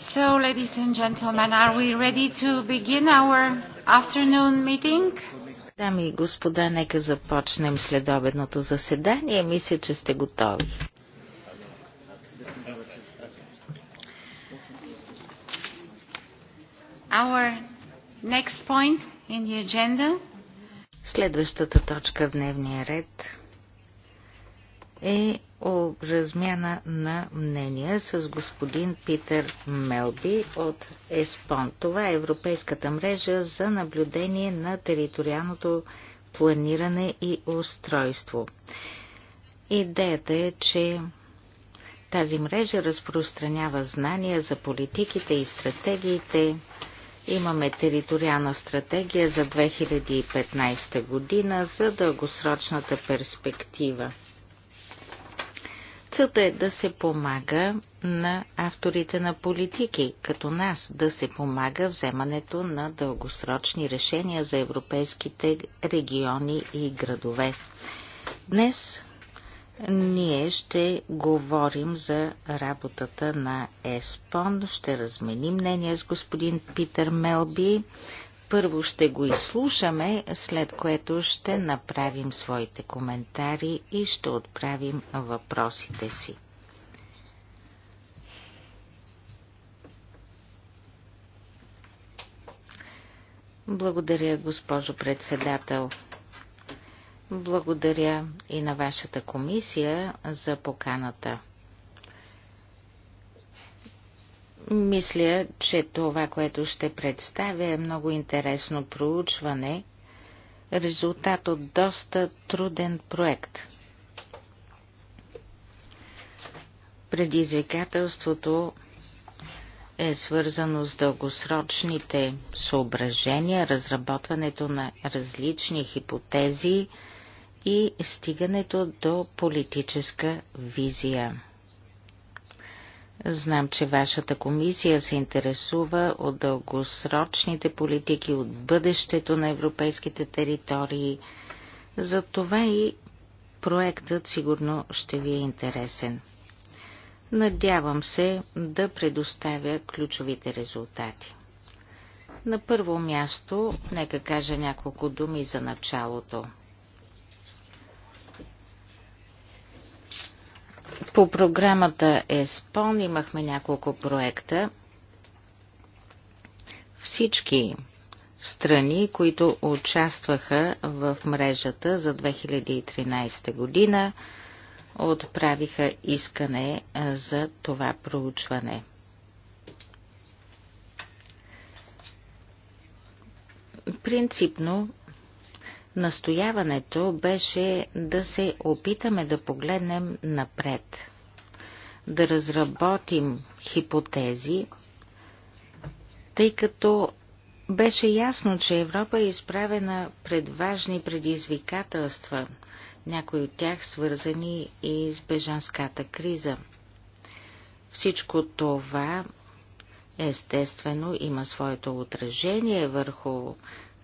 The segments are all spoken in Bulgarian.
So, ladies and gentlemen, are we ready to begin our afternoon meeting? Дами и господа, нека започнем следобедното заседание. Мисля, че сте готови. Our next point in the agenda. Следващата точка в дневния ред е размяна на мнения с господин Питер Мелби от ЕСПОН. Това е Европейската мрежа за наблюдение на териториалното планиране и устройство. Идеята е, че тази мрежа разпространява знания за политиките и стратегиите. Имаме териториална стратегия за 2015 година за дългосрочната перспектива. Целта е да се помага на авторите на политики, като нас, да се помага вземането на дългосрочни решения за европейските региони и градове. Днес ние ще говорим за работата на ЕСПОН, ще разменим мнение с господин Питър Мелби, първо ще го изслушаме, след което ще направим своите коментари и ще отправим въпросите си. Благодаря, госпожо председател. Благодаря и на вашата комисия за поканата. Мисля, че това, което ще представя е много интересно проучване, резултат от доста труден проект. Предизвикателството е свързано с дългосрочните съображения, разработването на различни хипотези и стигането до политическа визия. Знам, че вашата комисия се интересува от дългосрочните политики, от бъдещето на европейските територии. За това и проектът сигурно ще ви е интересен. Надявам се да предоставя ключовите резултати. На първо място, нека кажа няколко думи за началото – По програмата ЕСПОН имахме няколко проекта. Всички страни, които участваха в мрежата за 2013 година, отправиха искане за това проучване. Принципно Настояването беше да се опитаме да погледнем напред, да разработим хипотези, тъй като беше ясно, че Европа е изправена пред важни предизвикателства, някои от тях свързани и с бежанската криза. Всичко това естествено има своето отражение върху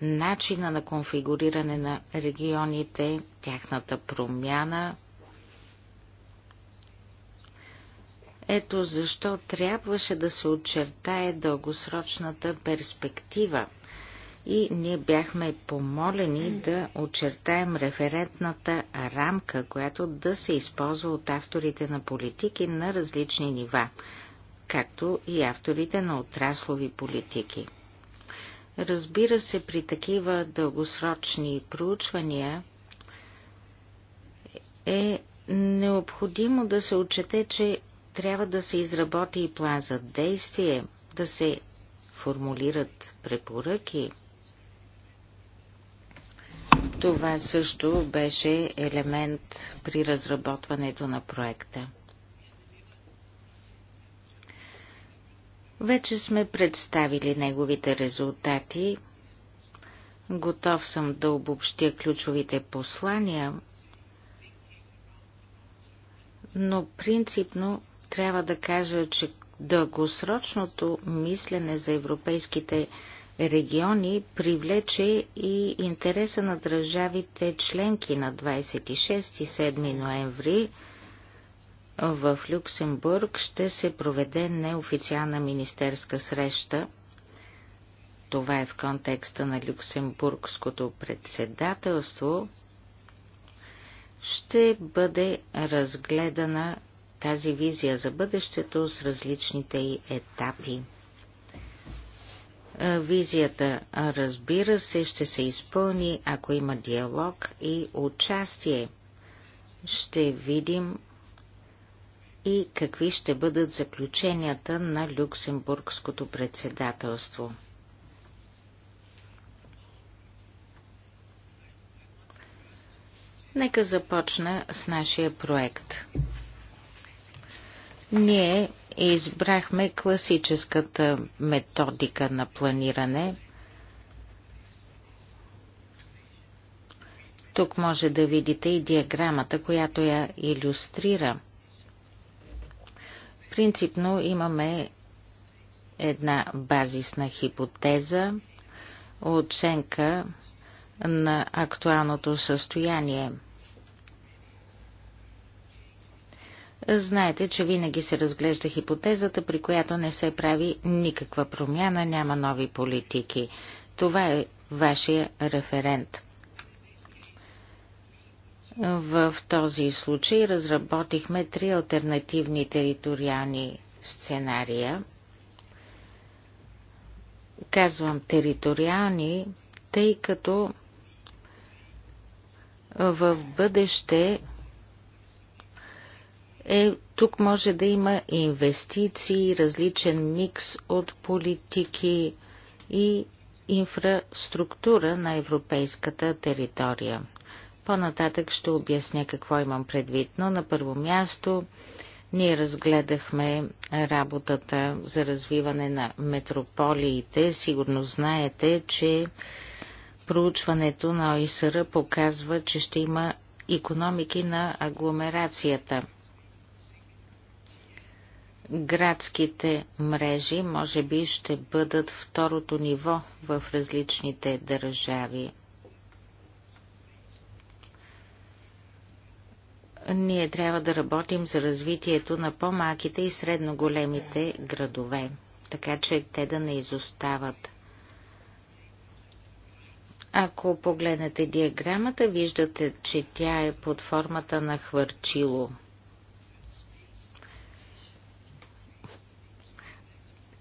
начина на конфигуриране на регионите, тяхната промяна. Ето защо трябваше да се очертае дългосрочната перспектива и ние бяхме помолени да очертаем референтната рамка, която да се използва от авторите на политики на различни нива, както и авторите на отраслови политики – Разбира се, при такива дългосрочни проучвания е необходимо да се отчете, че трябва да се изработи и план за действие, да се формулират препоръки. Това също беше елемент при разработването на проекта. Вече сме представили неговите резултати. Готов съм да обобщя ключовите послания, но принципно трябва да кажа, че дългосрочното мислене за европейските региони привлече и интереса на държавите членки на 26 и 7 ноември – в Люксембург ще се проведе неофициална министерска среща. Това е в контекста на люксембургското председателство. Ще бъде разгледана тази визия за бъдещето с различните й етапи. Визията, разбира се, ще се изпълни, ако има диалог и участие. Ще видим и какви ще бъдат заключенията на Люксембургското председателство. Нека започна с нашия проект. Ние избрахме класическата методика на планиране. Тук може да видите и диаграмата, която я иллюстрира – Принципно имаме една базисна хипотеза, оценка на актуалното състояние. Знаете, че винаги се разглежда хипотезата, при която не се прави никаква промяна, няма нови политики. Това е вашия референт. В този случай разработихме три альтернативни териториални сценария. Казвам териториални, тъй като в бъдеще е, тук може да има инвестиции, различен микс от политики и инфраструктура на европейската територия. По-нататък ще обясня какво имам предвид, но на първо място ние разгледахме работата за развиване на метрополиите. Сигурно знаете, че проучването на ОИСР показва, че ще има економики на агломерацията. Градските мрежи може би ще бъдат второто ниво в различните държави ние трябва да работим за развитието на по-малките и средно големите градове, така че те да не изостават. Ако погледнете диаграмата, виждате, че тя е под формата на хвърчило.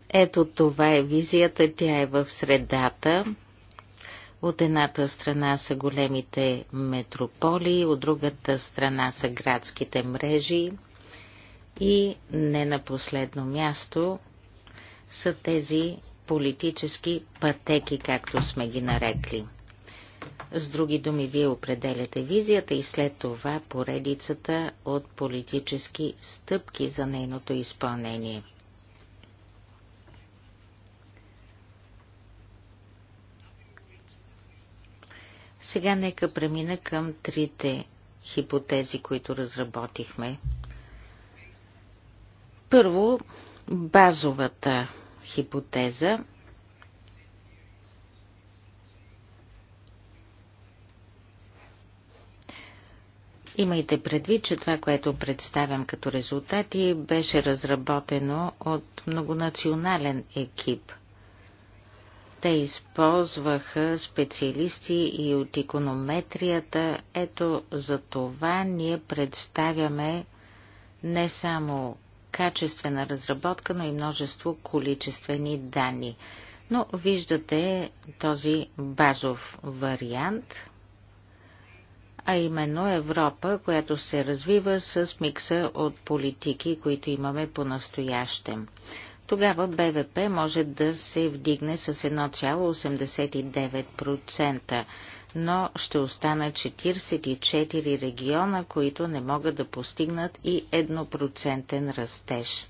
Ето това е визията, тя е в средата от едната страна са големите метрополи, от другата страна са градските мрежи и не на последно място са тези политически пътеки, както сме ги нарекли. С други думи, вие определяте визията и след това поредицата от политически стъпки за нейното изпълнение – Сега нека премина към трите хипотези, които разработихме. Първо, базовата хипотеза. Имайте предвид, че това, което представям като резултати, беше разработено от многонационален екип – те използваха специалисти и от иконометрията. Ето за това ние представяме не само качествена разработка, но и множество количествени данни. Но виждате този базов вариант, а именно Европа, която се развива с микса от политики, които имаме по-настоящем тогава БВП може да се вдигне с 1,89%, но ще остана 44 региона, които не могат да постигнат и 1% растеж.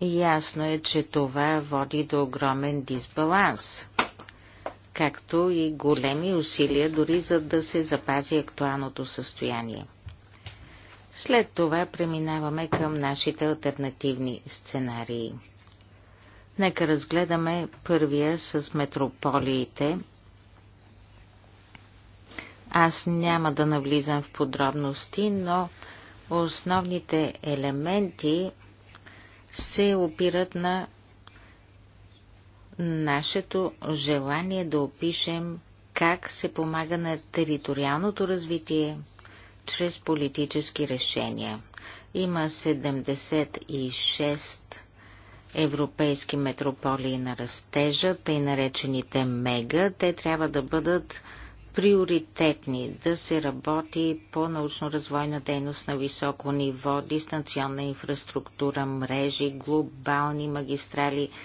Ясно е, че това води до огромен дисбаланс, както и големи усилия дори за да се запази актуалното състояние. След това преминаваме към нашите альтернативни сценарии. Нека разгледаме първия с метрополиите. Аз няма да навлизам в подробности, но основните елементи се опират на нашето желание да опишем как се помага на териториалното развитие, чрез политически решения. Има 76 европейски метрополии на растежа, тъй наречените мега. Те трябва да бъдат приоритетни, да се работи по научно-развойна дейност на високо ниво, дистанционна инфраструктура, мрежи, глобални магистрали –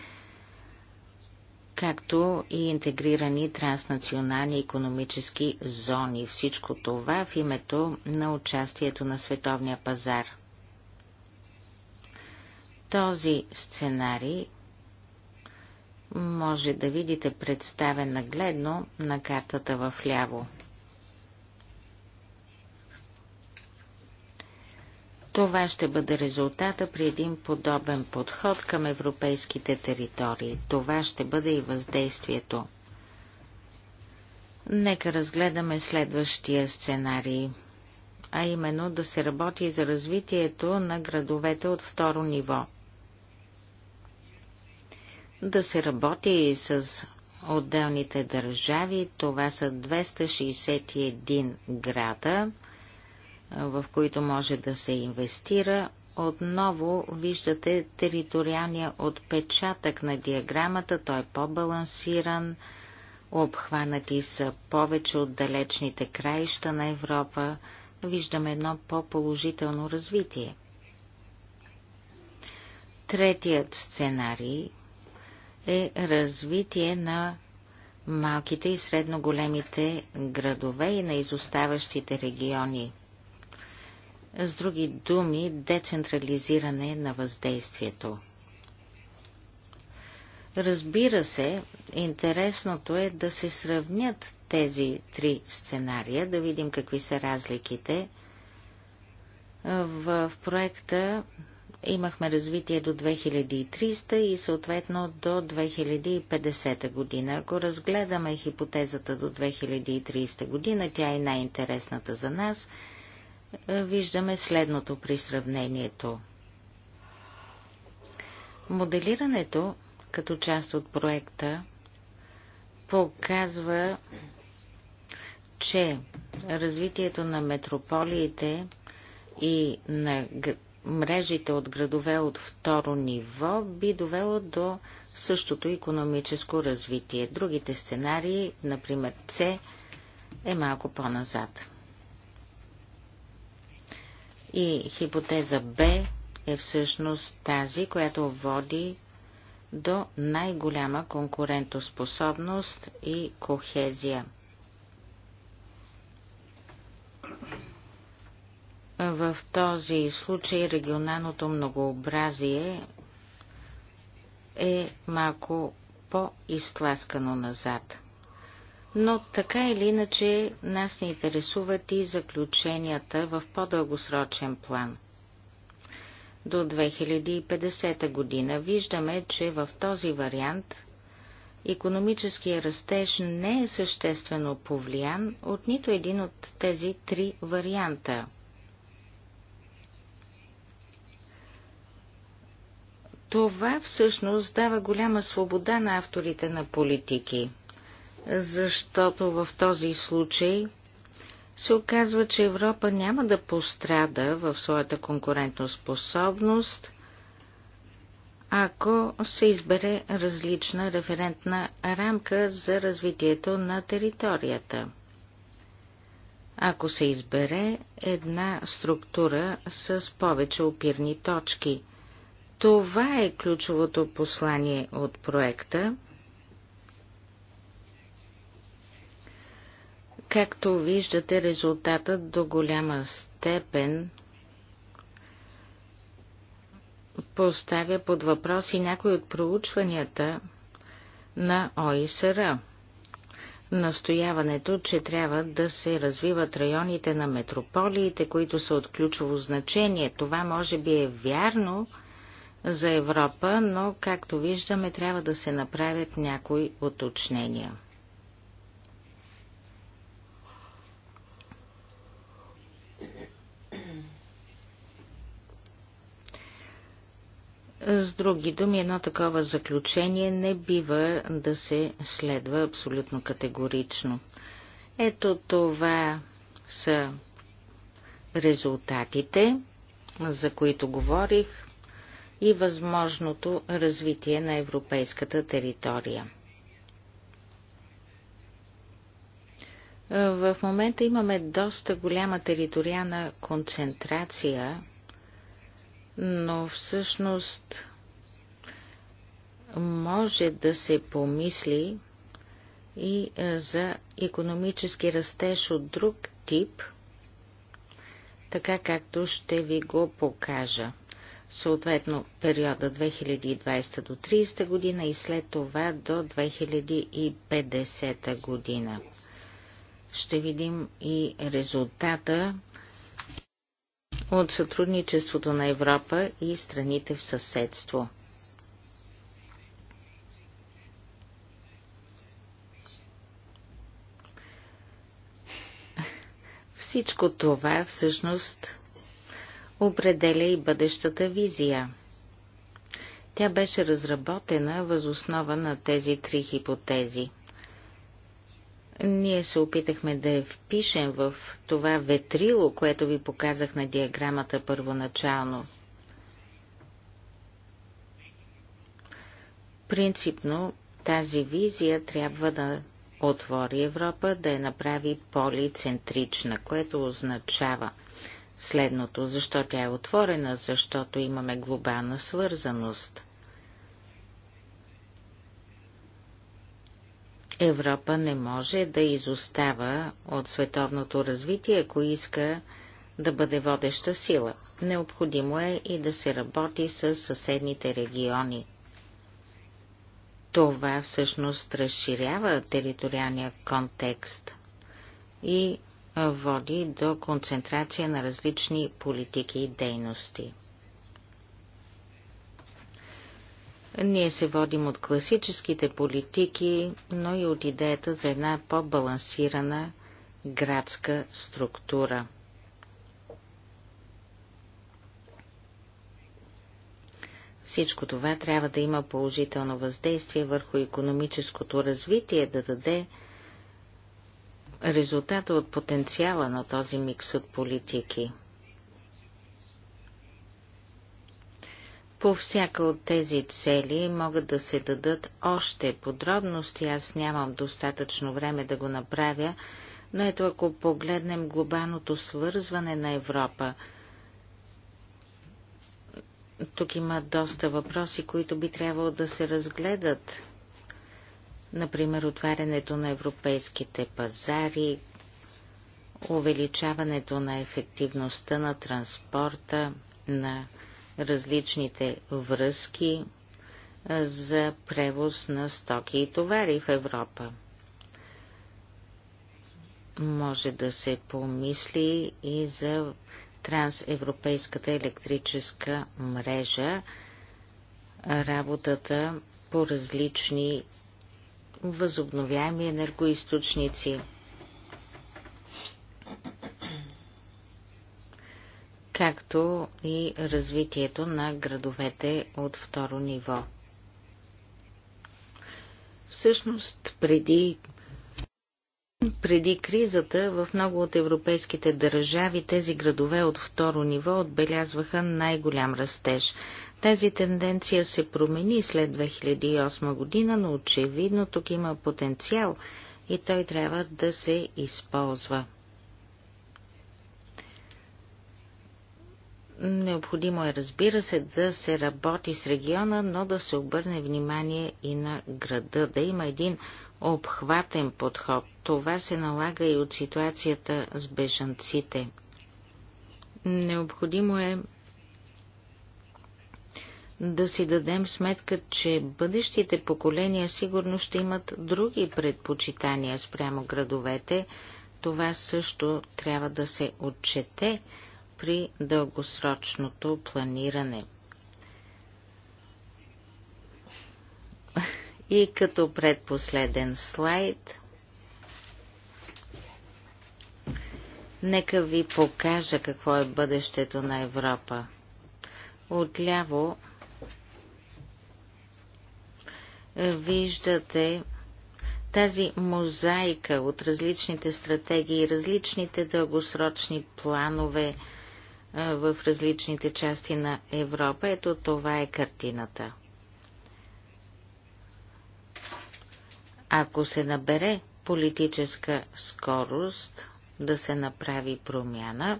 както и интегрирани транснационални економически зони. Всичко това в името на участието на световния пазар. Този сценарий може да видите представен нагледно на картата в ляво. Това ще бъде резултата при един подобен подход към европейските територии. Това ще бъде и въздействието. Нека разгледаме следващия сценарий, а именно да се работи за развитието на градовете от второ ниво. Да се работи с отделните държави, това са 261 града – в които може да се инвестира. Отново виждате териториалния отпечатък на диаграмата, той е по-балансиран, обхванати са повече от далечните краища на Европа, виждаме едно по-положително развитие. Третият сценарий е развитие на малките и средно големите градове и на изоставащите региони. С други думи, децентрализиране на въздействието. Разбира се, интересното е да се сравнят тези три сценария, да видим какви са разликите. В проекта имахме развитие до 2300 и съответно до 2050 година. Ако разгледаме хипотезата до 2300 година, тя е най-интересната за нас – е, виждаме следното при сравнението. Моделирането като част от проекта показва, че развитието на метрополиите и на мрежите от градове от второ ниво би довело до същото економическо развитие. Другите сценарии, например С, е малко по-назад. И хипотеза Б е всъщност тази, която води до най-голяма конкурентоспособност и кохезия. В този случай регионалното многообразие е малко по-изтласкано назад. Но така или иначе нас не интересуват и заключенията в по-дългосрочен план. До 2050 година виждаме, че в този вариант економическия растеж не е съществено повлиян от нито един от тези три варианта. Това всъщност дава голяма свобода на авторите на политики – защото в този случай се оказва, че Европа няма да пострада в своята конкурентоспособност, ако се избере различна референтна рамка за развитието на територията. Ако се избере една структура с повече опирни точки. Това е ключовото послание от проекта – Както виждате, резултатът до голяма степен поставя под въпрос и някои от проучванията на ОИСР. Настояването, че трябва да се развиват районите на метрополиите, които са от ключово значение. Това може би е вярно за Европа, но, както виждаме, трябва да се направят някои уточнения. С други думи, едно такова заключение не бива да се следва абсолютно категорично. Ето това са резултатите, за които говорих, и възможното развитие на европейската територия. В момента имаме доста голяма териториална концентрация но всъщност може да се помисли и е, за економически растеж от друг тип, така както ще ви го покажа. Съответно, периода 2020 до 30 година и след това до 2050 година. Ще видим и резултата от сътрудничеството на Европа и страните в съседство. Всичко това всъщност определя и бъдещата визия. Тя беше разработена възоснова на тези три хипотези – ние се опитахме да я впишем в това ветрило, което ви показах на диаграмата първоначално. Принципно тази визия трябва да отвори Европа, да я направи полицентрична, което означава следното. Защо тя е отворена? Защото имаме глобална свързаност – Европа не може да изостава от световното развитие, ако иска да бъде водеща сила. Необходимо е и да се работи с съседните региони. Това всъщност разширява териториалния контекст и води до концентрация на различни политики и дейности. Ние се водим от класическите политики, но и от идеята за една по-балансирана градска структура. Всичко това трябва да има положително въздействие върху економическото развитие, да даде резултата от потенциала на този микс от политики – По всяка от тези цели могат да се дадат още подробности, аз нямам достатъчно време да го направя, но ето ако погледнем глобалното свързване на Европа, тук има доста въпроси, които би трябвало да се разгледат. Например, отварянето на европейските пазари, увеличаването на ефективността на транспорта, на различните връзки за превоз на стоки и товари в Европа. Може да се помисли и за трансевропейската електрическа мрежа, работата по различни възобновяеми енергоисточници – както и развитието на градовете от второ ниво. Всъщност, преди, преди кризата в много от европейските държави тези градове от второ ниво отбелязваха най-голям растеж. Тази тенденция се промени след 2008 година, но очевидно тук има потенциал и той трябва да се използва. Необходимо е, разбира се, да се работи с региона, но да се обърне внимание и на града, да има един обхватен подход. Това се налага и от ситуацията с бежанците. Необходимо е да си дадем сметка, че бъдещите поколения сигурно ще имат други предпочитания спрямо градовете. Това също трябва да се отчете при дългосрочното планиране. И като предпоследен слайд, нека ви покажа какво е бъдещето на Европа. Отляво виждате тази мозайка от различните стратегии, различните дългосрочни планове – в различните части на Европа. Ето това е картината. Ако се набере политическа скорост да се направи промяна,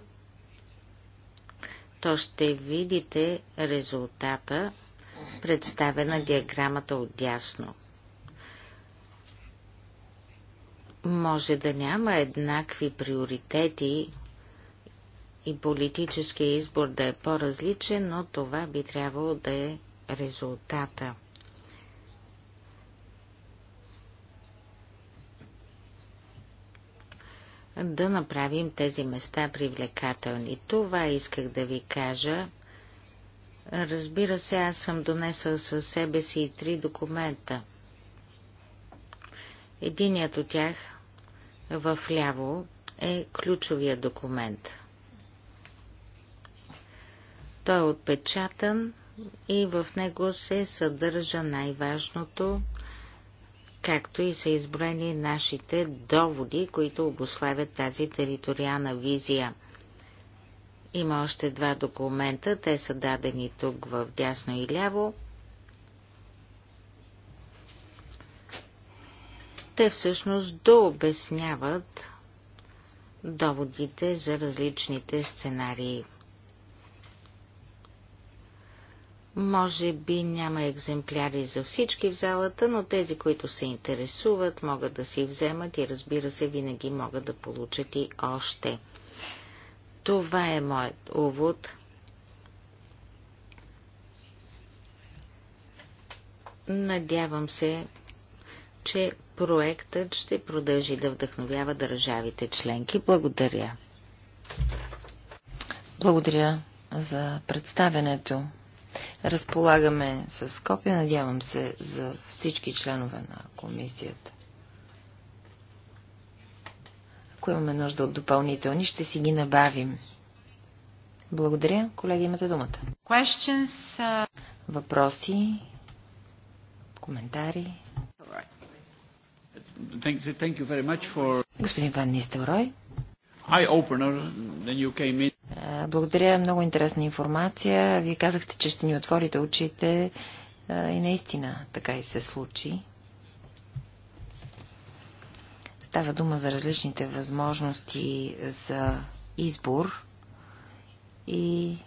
то ще видите резултата, представена диаграмата дясно. Може да няма еднакви приоритети и политическия избор да е по-различен, но това би трябвало да е резултата. Да направим тези места привлекателни. Това исках да ви кажа. Разбира се, аз съм донесъл със себе си и три документа. Единият от тях в ляво е ключовия документ – той е отпечатан и в него се съдържа най-важното, както и са изброени нашите доводи, които обославят тази териториална визия. Има още два документа, те са дадени тук в дясно и ляво. Те всъщност дообясняват доводите за различните сценарии. Може би няма екземпляри за всички в залата, но тези, които се интересуват, могат да си вземат и разбира се, винаги могат да получат и още. Това е моят увод. Надявам се, че проектът ще продължи да вдъхновява държавите членки. Благодаря. Благодаря за представянето. Разполагаме с копия, надявам се, за всички членове на комисията. Ако имаме нужда от допълнителни, ще си ги набавим. Благодаря. Колеги, имате думата. Questions, uh, Въпроси? Коментари? For... Господин Ван Нистелрой. Благодаря, много интересна информация. Вие казахте, че ще ни отворите очите и наистина така и се случи. Става дума за различните възможности за избор и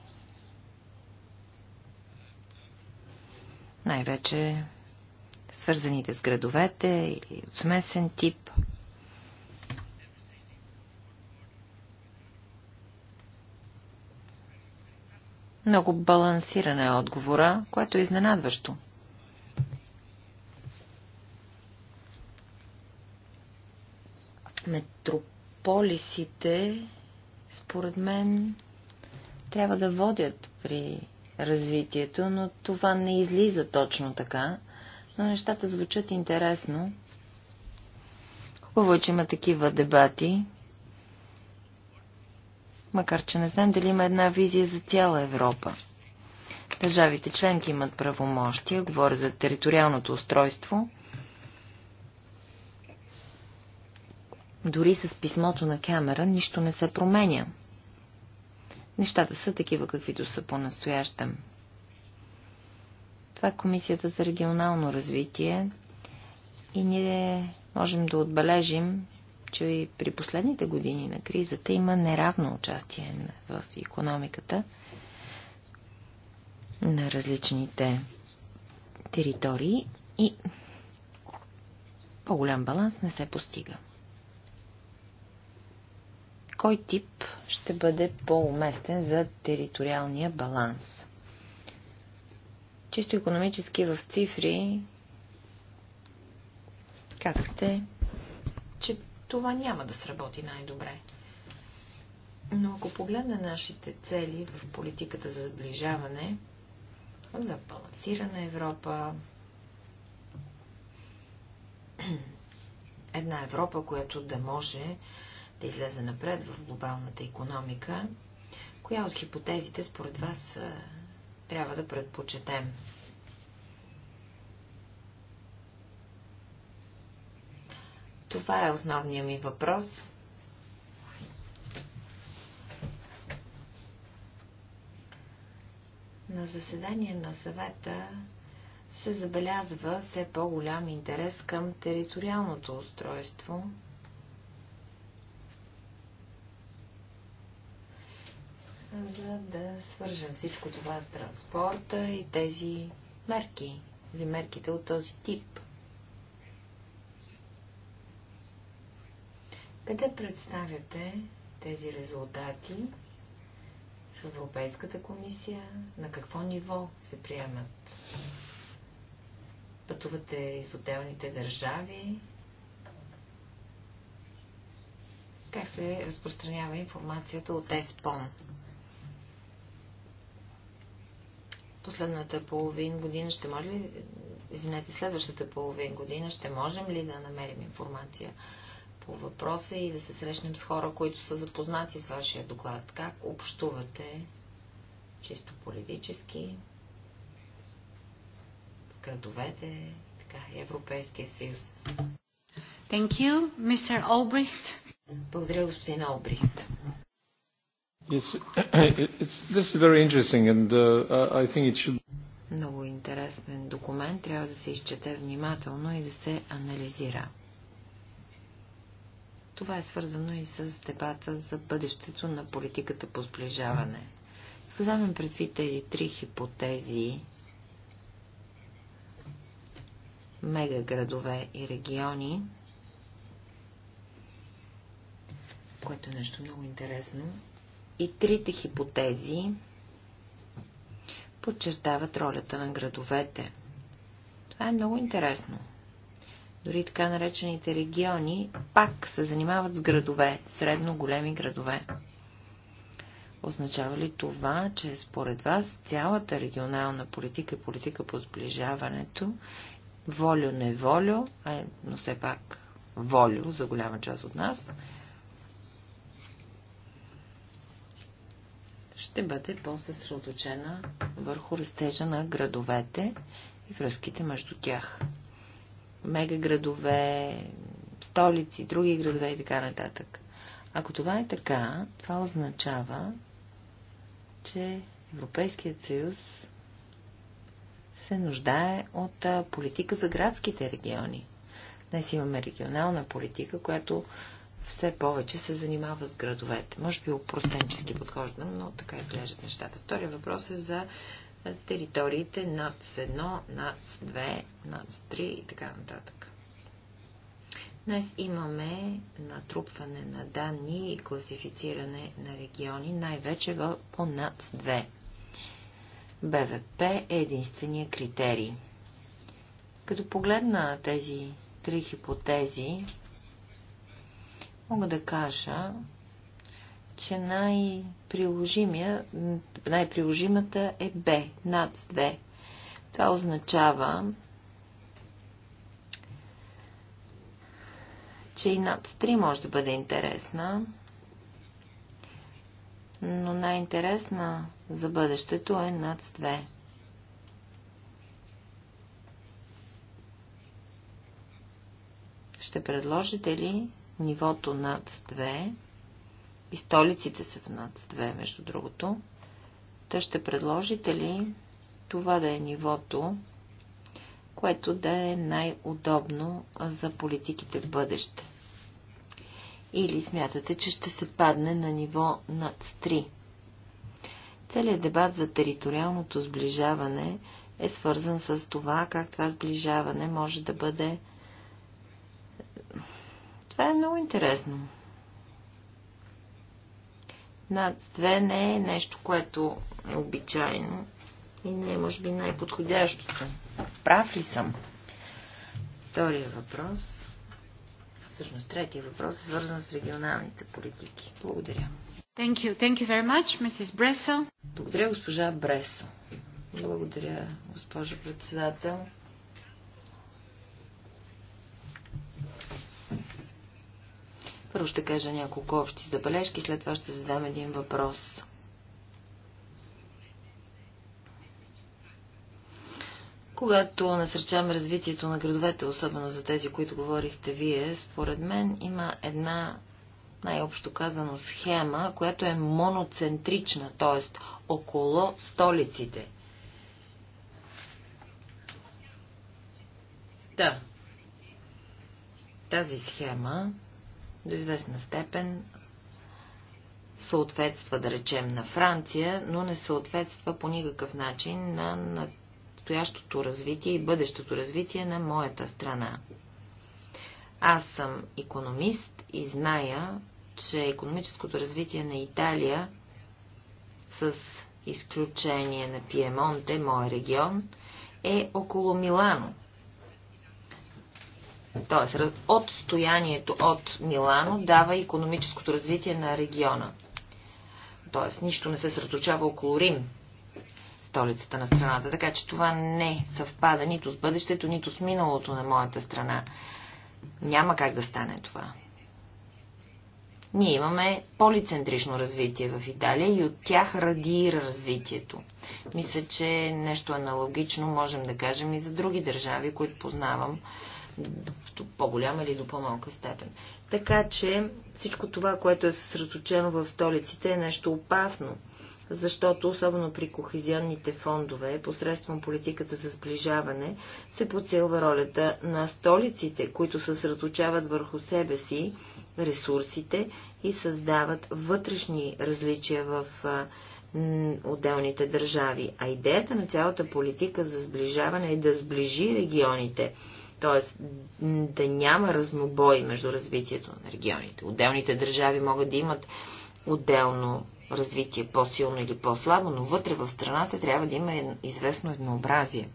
най-вече свързаните с градовете или от смесен тип Много балансиране е отговора, което е изненадващо. Метрополисите, според мен, трябва да водят при развитието, но това не излиза точно така. Но нещата звучат интересно. Хубаво, е, че има такива дебати макар че не знам дали има една визия за цяла Европа. Държавите членки имат правомощия, говоря за териториалното устройство. Дори с писмото на камера нищо не се променя. Нещата са такива, каквито са по-настоящем. Това е Комисията за регионално развитие и ние можем да отбележим, че и при последните години на кризата има неравно участие в економиката на различните територии и по-голям баланс не се постига. Кой тип ще бъде по-уместен за териториалния баланс? Чисто економически в цифри казахте, това няма да сработи най-добре. Но ако погледна нашите цели в политиката за сближаване, за балансирана Европа, една Европа, която да може да излезе напред в глобалната економика, коя от хипотезите според вас е, трябва да предпочетем? Това е основният ми въпрос. На заседание на съвета се забелязва все по-голям интерес към териториалното устройство. за да свържем всичко това с транспорта и тези мерки или мерките от този тип. Къде представяте тези резултати в Европейската комисия? На какво ниво се приемат? Пътувате из отделните държави? Как се разпространява информацията от ЕСПОН? Последната половин година ще може ли, извинете, следващата половин година ще можем ли да намерим информация? по въпроса и да се срещнем с хора, които са запознати с вашия доклад. Как общувате чисто политически с градовете, така, Европейския съюз? Thank you, Mr. Albrecht. Благодаря, господин Олбрихт. Yes, it's, this is very interesting and uh, I think it should много интересен документ, трябва да се изчете внимателно и да се анализира. Това е свързано и с дебата за бъдещето на политиката по сближаване. Ако предвид тези три хипотези, мегаградове и региони, което е нещо много интересно, и трите хипотези подчертават ролята на градовете. Това е много интересно. Дори така наречените региони пак се занимават с градове, средно големи градове. Означава ли това, че според вас цялата регионална политика и е политика по сближаването, волю-неволю, но все пак волю за голяма част от нас, ще бъде по-съсредоточена върху растежа на градовете и връзките между тях мегаградове, столици, други градове и така нататък. Ако това е така, това означава, че Европейският съюз се нуждае от политика за градските региони. Днес имаме регионална политика, която все повече се занимава с градовете. Може би упростенчески подхождам, но така изглеждат нещата. Втория въпрос е за териториите над 1, над 2, над 3 и така нататък. Днес имаме натрупване на данни и класифициране на региони, най-вече по над 2. БВП е единствения критерий. Като погледна тези три хипотези, мога да кажа, че най-приложимата най е Б, над 2. Това означава, че и над 3 може да бъде интересна, но най-интересна за бъдещето е над 2. Ще предложите ли нивото над 2 и столиците са в НАЦ-2, между другото. Та ще предложите ли това да е нивото, което да е най-удобно за политиките в бъдеще? Или смятате, че ще се падне на ниво над 3? Целият дебат за териториалното сближаване е свързан с това, как това сближаване може да бъде... Това е много интересно над две не е нещо, което е обичайно и не е, може би, най-подходящото. Прав ли съм? Втория въпрос, всъщност третия въпрос е свързан с регионалните политики. Благодаря. Thank you. Thank you very much, Mrs. Bresso. Благодаря, госпожа Бресо. Благодаря, госпожо председател. Първо ще кажа няколко общи забележки, след това ще задам един въпрос. Когато насърчаваме развитието на градовете, особено за тези, които говорихте вие, според мен има една най-общо казано схема, която е моноцентрична, т.е. около столиците. Да. Тази схема до известна степен съответства, да речем, на Франция, но не съответства по никакъв начин на настоящото развитие и бъдещото развитие на моята страна. Аз съм економист и зная, че економическото развитие на Италия с изключение на Пиемонте, моя регион, е около Милано – Тоест, отстоянието от Милано дава економическото развитие на региона. Тоест, нищо не се сръточава около Рим, столицата на страната. Така че това не съвпада нито с бъдещето, нито с миналото на моята страна. Няма как да стане това. Ние имаме полицентрично развитие в Италия и от тях радиира развитието. Мисля, че нещо аналогично можем да кажем и за други държави, които познавам до по-голяма или до по-малка степен. Така че всичко това, което е съсредоточено в столиците, е нещо опасно, защото особено при кохезионните фондове, посредством политиката за сближаване, се подсилва ролята на столиците, които съсредоточават върху себе си ресурсите и създават вътрешни различия в отделните държави. А идеята на цялата политика за сближаване е да сближи регионите т.е. да няма разнобой между развитието на регионите. Отделните държави могат да имат отделно развитие, по-силно или по-слабо, но вътре в страната трябва да има известно еднообразие.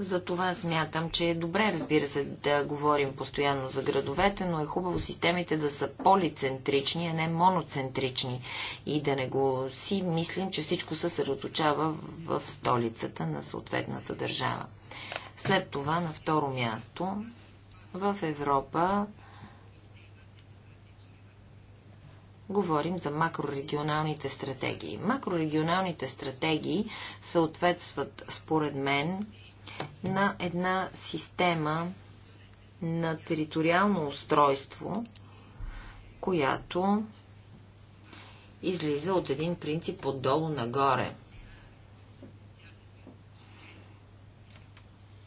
За това смятам, че е добре, разбира се, да говорим постоянно за градовете, но е хубаво системите да са полицентрични, а не моноцентрични и да не го си мислим, че всичко се съсредоточава в столицата на съответната държава. След това на второ място в Европа говорим за макрорегионалните стратегии. Макрорегионалните стратегии съответстват, според мен, на една система на териториално устройство, която излиза от един принцип отдолу нагоре.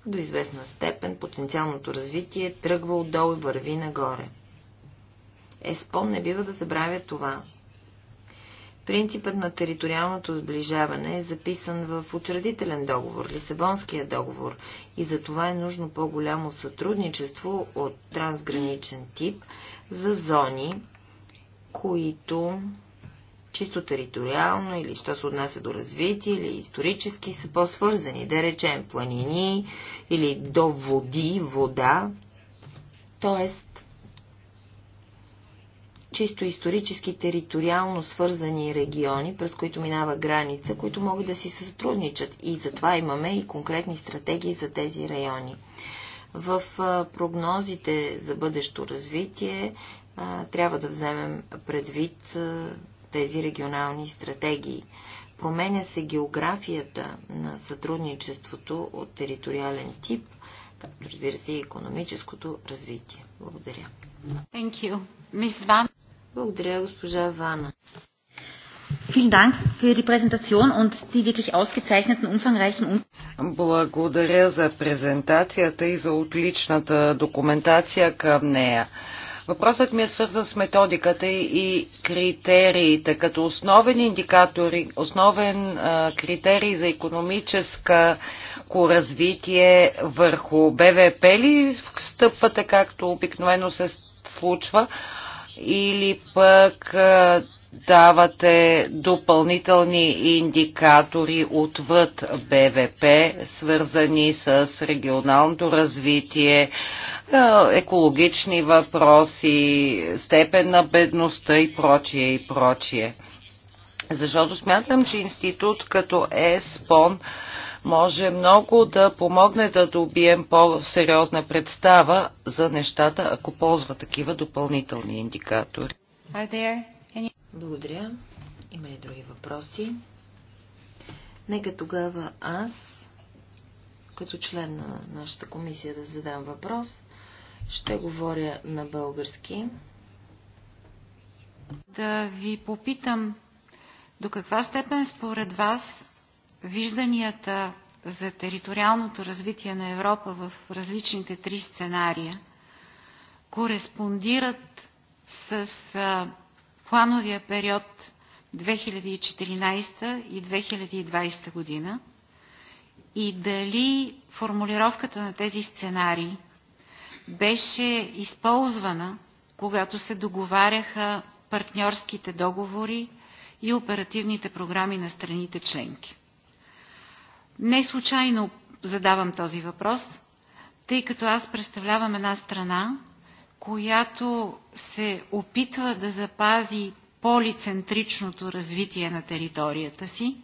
До известна степен потенциалното развитие тръгва отдолу и върви нагоре. ЕСПОН не бива да забравя това. Принципът на териториалното сближаване е записан в учредителен договор, Лисабонския договор, и за това е нужно по-голямо сътрудничество от трансграничен тип за зони, които чисто териториално или що се отнася до развитие или исторически са по-свързани, да речем планини или до води, вода, т.е чисто исторически териториално свързани региони, през които минава граница, които могат да си сътрудничат. И затова имаме и конкретни стратегии за тези райони. В прогнозите за бъдещо развитие трябва да вземем предвид тези регионални стратегии. Променя се географията на сътрудничеството от териториален тип, както разбира се и економическото развитие. Благодаря. Thank you. Van... Благодаря, госпожа Вана. Благодаря за презентацията и за отличната документация към нея. Въпросът ми е свързан с методиката и критериите. Като основен индикатор, основен а, критерий за економическа развитие върху БВП ли стъпвате, както обикновено се случва, или пък давате допълнителни индикатори отвъд БВП, свързани с регионалното развитие, екологични въпроси, степен на бедността и прочие и прочие. Защото смятам, че институт като ЕСПОН може много да помогне да добием по-сериозна представа за нещата, ако ползва такива допълнителни индикатори. Any... Благодаря. Има ли други въпроси? Нека тогава аз, като член на нашата комисия, да задам въпрос. Ще говоря на български. Да ви попитам до каква степен според вас вижданията за териториалното развитие на Европа в различните три сценария кореспондират с плановия период 2014 и 2020 година и дали формулировката на тези сценарии беше използвана, когато се договаряха партньорските договори и оперативните програми на страните членки. Не случайно задавам този въпрос, тъй като аз представлявам една страна, която се опитва да запази полицентричното развитие на територията си,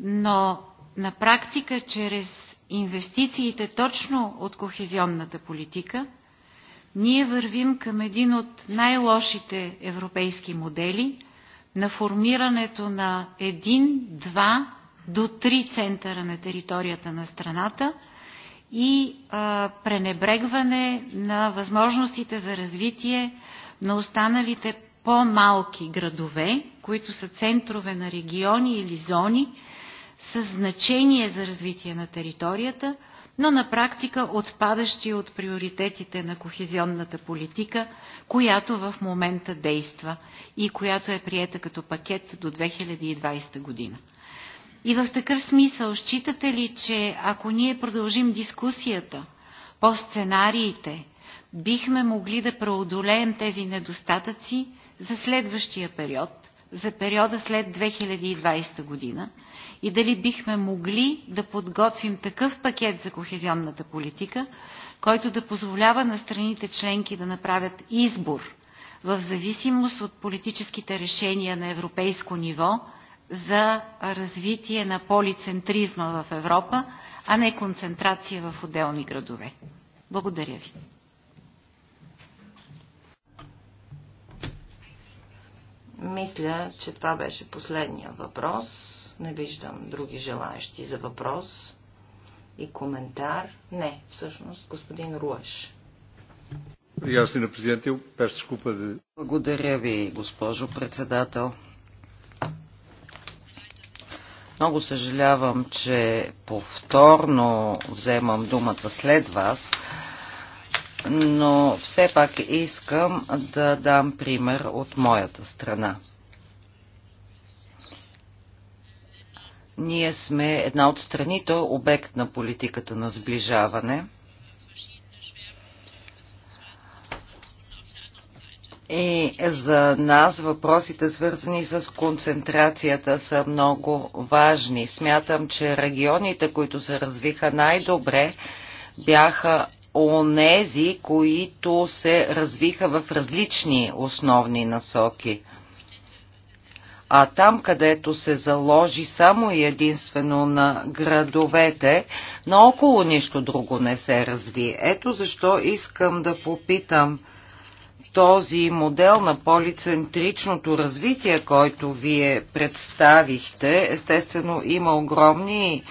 но на практика чрез инвестициите точно от кохезионната политика, ние вървим към един от най-лошите европейски модели на формирането на един, два до три центъра на територията на страната и а, пренебрегване на възможностите за развитие на останалите по-малки градове, които са центрове на региони или зони с значение за развитие на територията, но на практика отпадащи от приоритетите на кохезионната политика, която в момента действа и която е приета като пакет до 2020 година. И в такъв смисъл, считате ли, че ако ние продължим дискусията по сценариите, бихме могли да преодолеем тези недостатъци за следващия период, за периода след 2020 година и дали бихме могли да подготвим такъв пакет за кохезионната политика, който да позволява на страните членки да направят избор в зависимост от политическите решения на европейско ниво – за развитие на полицентризма в Европа, а не концентрация в отделни градове. Благодаря ви. Мисля, че това беше последния въпрос. Не виждам други желаящи за въпрос и коментар. Не, всъщност, господин Руаш. Благодаря ви, госпожо председател. Много съжалявам, че повторно вземам думата след вас, но все пак искам да дам пример от моята страна. Ние сме една от страните обект на политиката на сближаване – И за нас въпросите, свързани с концентрацията, са много важни. Смятам, че регионите, които се развиха най-добре, бяха онези, които се развиха в различни основни насоки. А там, където се заложи само и единствено на градовете, наоколо нищо друго не се разви. Ето защо искам да попитам – този модел на полицентричното развитие, който вие представихте, естествено има огромни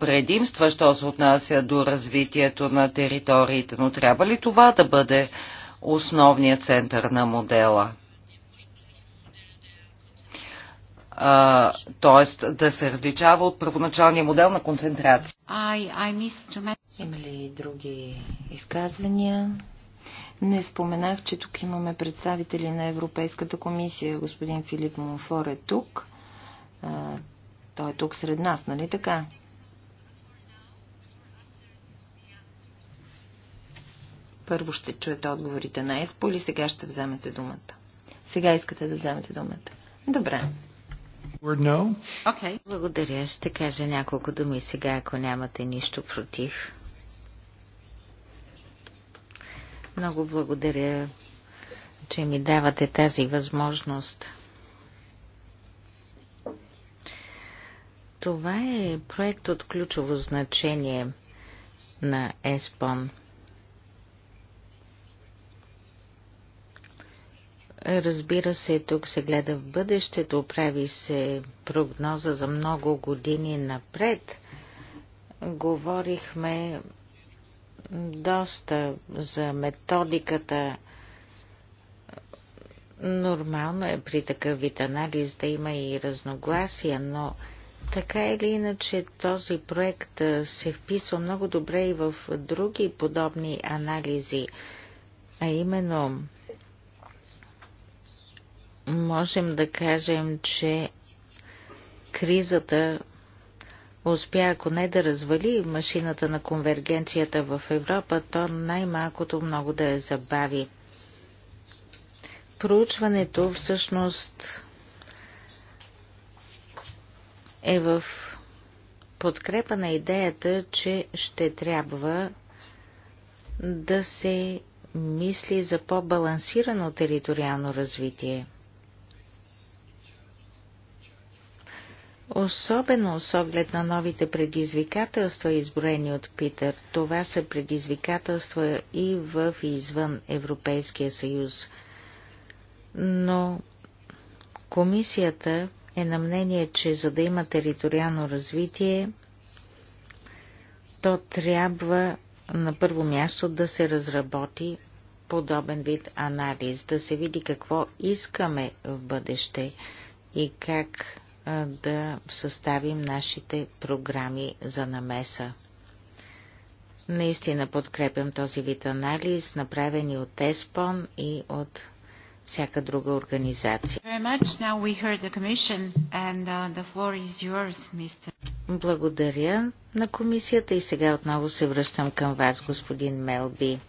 предимства, що се отнася до развитието на териториите, но трябва ли това да бъде основният център на модела? т.е. да се различава от първоначалния модел на концентрация. Има ли други изказвания? Не споменах, че тук имаме представители на Европейската комисия. Господин Филип Монфор е тук. А, той е тук сред нас, нали така? Първо ще чуете отговорите на ЕСПО или сега ще вземете думата? Сега искате да вземете думата. Добре. Okay. Благодаря. Ще кажа няколко думи сега, ако нямате нищо против. Много благодаря, че ми давате тази възможност. Това е проект от ключово значение на ЕСПОН. Разбира се, тук се гледа в бъдещето, прави се прогноза за много години напред. Говорихме доста за методиката. Нормално е при такъв вид анализ да има и разногласия, но така или иначе този проект се вписва много добре и в други подобни анализи, а именно можем да кажем, че кризата успя, ако не да развали машината на конвергенцията в Европа, то най-малкото много да я забави. Проучването всъщност е в подкрепа на идеята, че ще трябва да се мисли за по-балансирано териториално развитие – Особено с оглед на новите предизвикателства, изброени от Питър, това са предизвикателства и в и извън Европейския съюз. Но комисията е на мнение, че за да има териториално развитие, то трябва на първо място да се разработи подобен вид анализ, да се види какво искаме в бъдеще и как да съставим нашите програми за намеса. Наистина подкрепям този вид анализ, направени от ЕСПОН и от всяка друга организация. Uh, благодаря на комисията и сега отново се връщам към вас, господин Мелби.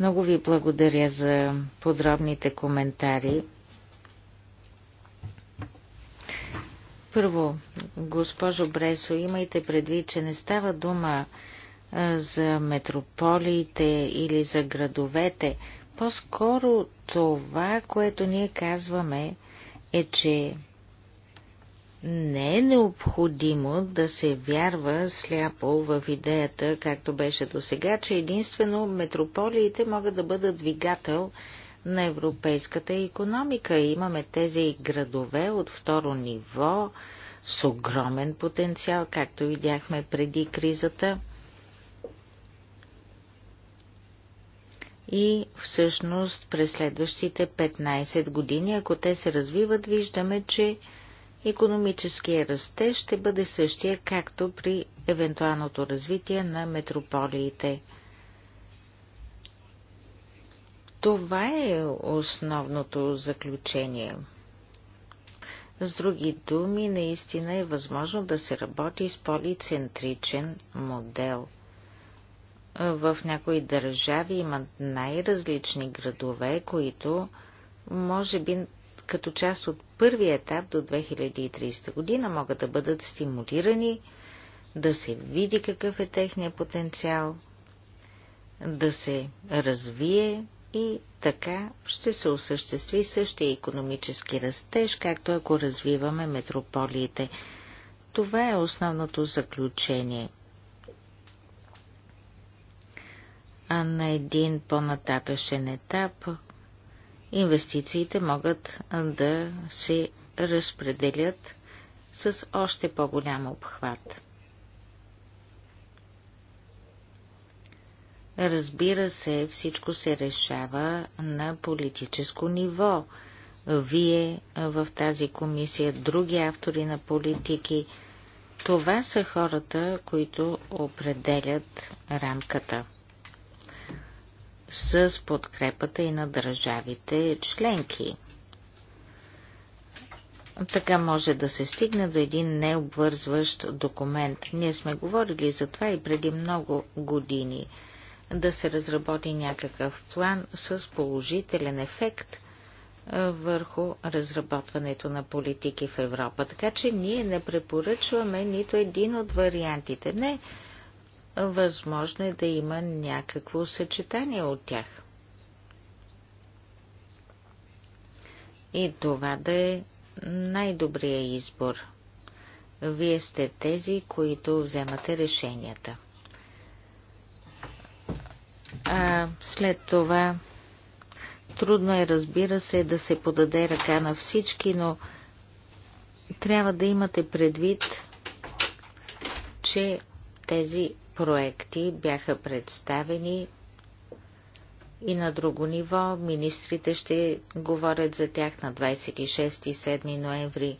Много ви благодаря за подробните коментари. Първо, госпожо Бресо, имайте предвид, че не става дума за метрополиите или за градовете. По-скоро това, което ние казваме, е, че не е необходимо да се вярва сляпо в идеята, както беше до сега, че единствено метрополиите могат да бъдат двигател на европейската економика. Имаме тези градове от второ ниво с огромен потенциал, както видяхме преди кризата. И всъщност през следващите 15 години, ако те се развиват, виждаме, че економическия растеж ще бъде същия, както при евентуалното развитие на метрополиите – това е основното заключение. С други думи, наистина е възможно да се работи с полицентричен модел. В някои държави имат най-различни градове, които може би като част от първи етап до 2030 година могат да бъдат стимулирани, да се види какъв е техния потенциал, да се развие и така ще се осъществи същия економически растеж, както ако развиваме метрополиите. Това е основното заключение. А на един по-нататъшен етап инвестициите могат да се разпределят с още по-голям обхват. Разбира се, всичко се решава на политическо ниво. Вие в тази комисия, други автори на политики, това са хората, които определят рамката с подкрепата и на държавите членки. Така може да се стигне до един необвързващ документ. Ние сме говорили за това и преди много години – да се разработи някакъв план с положителен ефект е, върху разработването на политики в Европа. Така че ние не препоръчваме нито един от вариантите. Не, възможно е да има някакво съчетание от тях. И това да е най-добрия избор. Вие сте тези, които вземате решенията. А, след това трудно е, разбира се, да се подаде ръка на всички, но трябва да имате предвид, че тези проекти бяха представени и на друго ниво. Министрите ще говорят за тях на 26 и 7 ноември.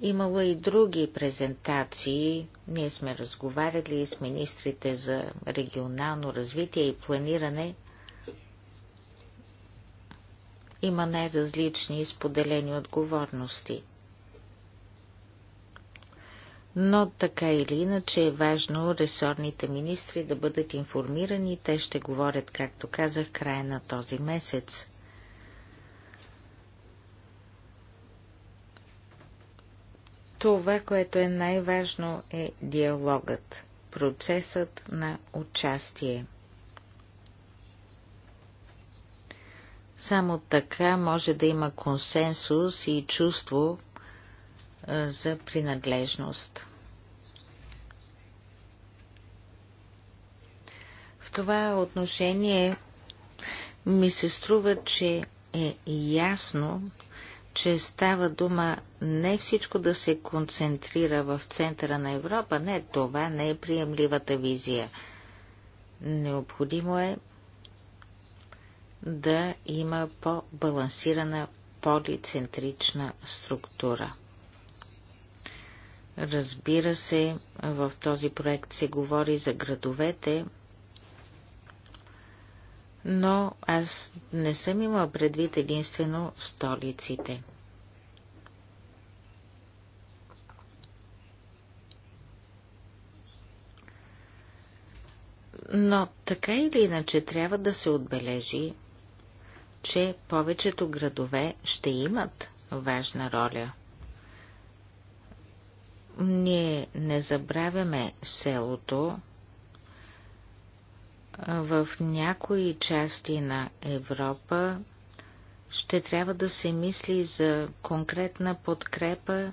Имало и други презентации. Ние сме разговаряли с министрите за регионално развитие и планиране. Има най-различни споделени отговорности. Но така или иначе е важно ресорните министри да бъдат информирани. Те ще говорят, както казах, края на този месец. Това, което е най-важно е диалогът, процесът на участие. Само така може да има консенсус и чувство за принадлежност. В това отношение ми се струва, че е ясно, че става дума не всичко да се концентрира в центъра на Европа. Не, това не е приемливата визия. Необходимо е да има по-балансирана полицентрична структура. Разбира се, в този проект се говори за градовете, но аз не съм имал предвид единствено столиците. Но така или иначе трябва да се отбележи, че повечето градове ще имат важна роля. Ние не забравяме селото, в някои части на Европа ще трябва да се мисли за конкретна подкрепа,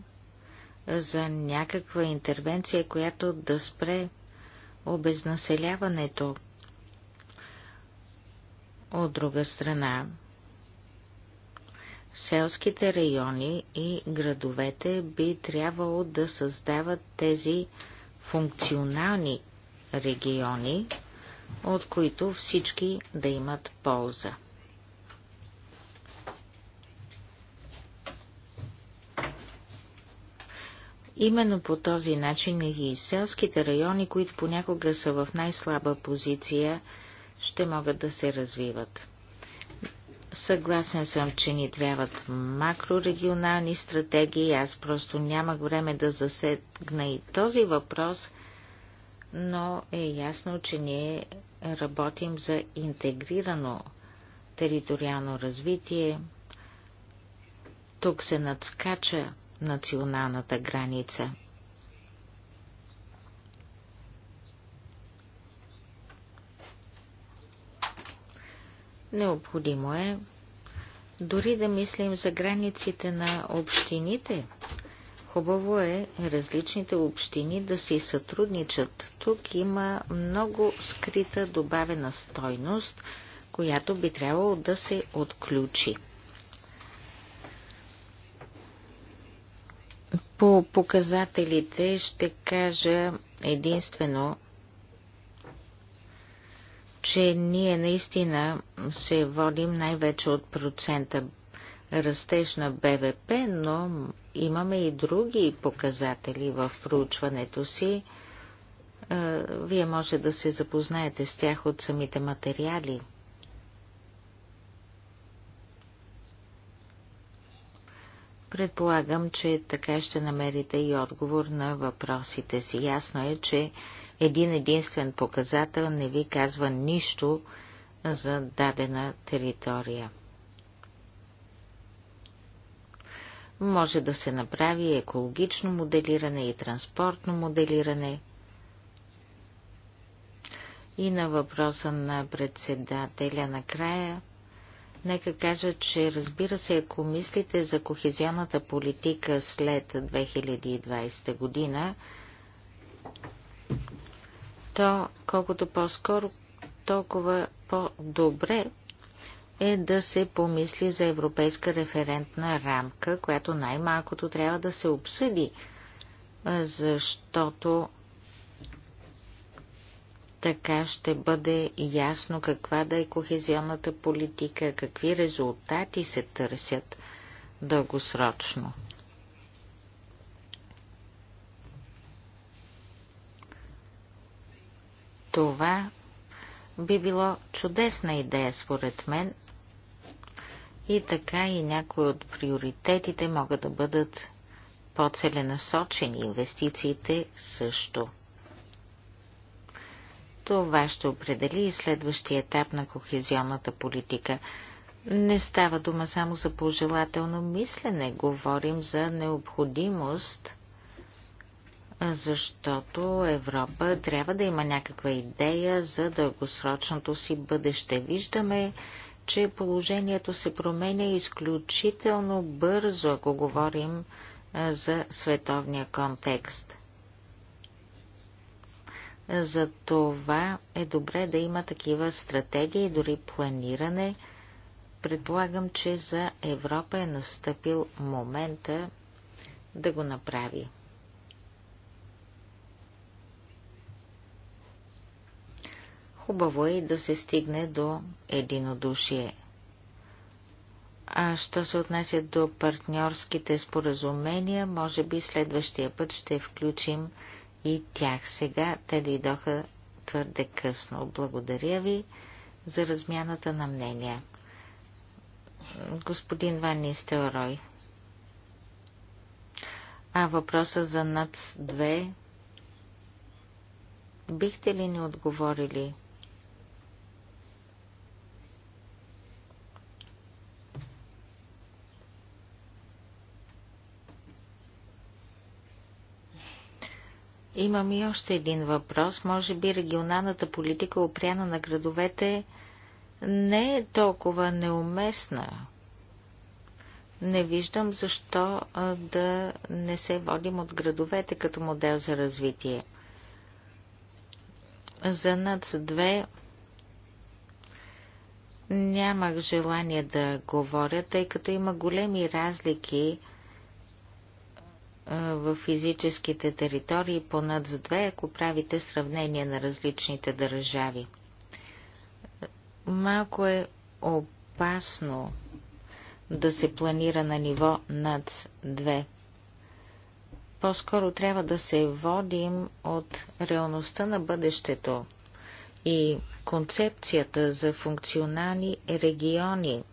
за някаква интервенция, която да спре обезнаселяването. От друга страна, селските райони и градовете би трябвало да създават тези функционални региони, от които всички да имат полза. Именно по този начин и селските райони, които понякога са в най-слаба позиция, ще могат да се развиват. Съгласен съм, че ни трябват макрорегионални стратегии. Аз просто нямах време да засегна и този въпрос, но е ясно, че ние работим за интегрирано териториално развитие. Тук се надскача националната граница. Необходимо е дори да мислим за границите на общините – Хубаво е различните общини да си сътрудничат. Тук има много скрита добавена стойност, която би трябвало да се отключи. По показателите ще кажа единствено, че ние наистина се водим най-вече от процента растеж на БВП, но имаме и други показатели в проучването си. Е, вие може да се запознаете с тях от самите материали. Предполагам, че така ще намерите и отговор на въпросите си. Ясно е, че един единствен показател не ви казва нищо за дадена територия. Може да се направи екологично моделиране и транспортно моделиране. И на въпроса на председателя накрая, нека кажа, че разбира се, ако мислите за кохезионната политика след 2020 година, то колкото по-скоро, толкова по-добре, е да се помисли за европейска референтна рамка, която най-малкото трябва да се обсъди, защото така ще бъде ясно каква да е кохезионната политика, какви резултати се търсят дългосрочно. Това би било чудесна идея, според мен, и така и някои от приоритетите могат да бъдат по-целенасочени, инвестициите също. Това ще определи и следващия етап на кохезионната политика. Не става дума само за пожелателно мислене, говорим за необходимост, защото Европа трябва да има някаква идея за дългосрочното си бъдеще. Виждаме, че положението се променя изключително бързо, ако говорим за световния контекст. За това е добре да има такива стратегии, дори планиране. Предполагам, че за Европа е настъпил момента да го направи. Хубаво е да се стигне до единодушие. А що се отнася до партньорските споразумения, може би следващия път ще включим и тях. Сега те дойдоха твърде късно. Благодаря ви за размяната на мнения. Господин Ванни Нистелрой. А въпроса за НАЦ-2 бихте ли ни отговорили? Имам и още един въпрос. Може би регионалната политика, опряна на градовете, не е толкова неуместна. Не виждам защо да не се водим от градовете като модел за развитие. За над две нямах желание да говоря, тъй като има големи разлики – в физическите територии по НАЦ две ако правите сравнение на различните държави. Малко е опасно да се планира на ниво над 2. По-скоро трябва да се водим от реалността на бъдещето и концепцията за функционални региони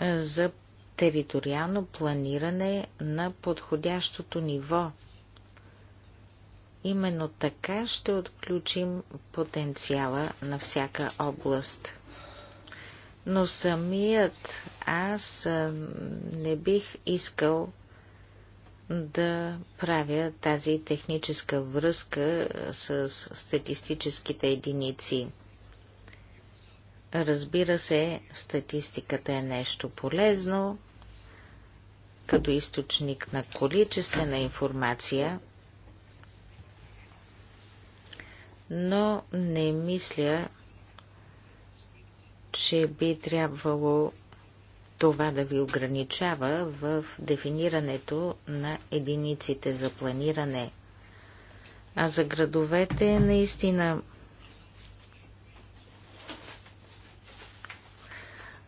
за териториално планиране на подходящото ниво. Именно така ще отключим потенциала на всяка област. Но самият аз не бих искал да правя тази техническа връзка с статистическите единици. Разбира се, статистиката е нещо полезно, като източник на количествена информация, но не мисля, че би трябвало това да ви ограничава в дефинирането на единиците за планиране. А за градовете наистина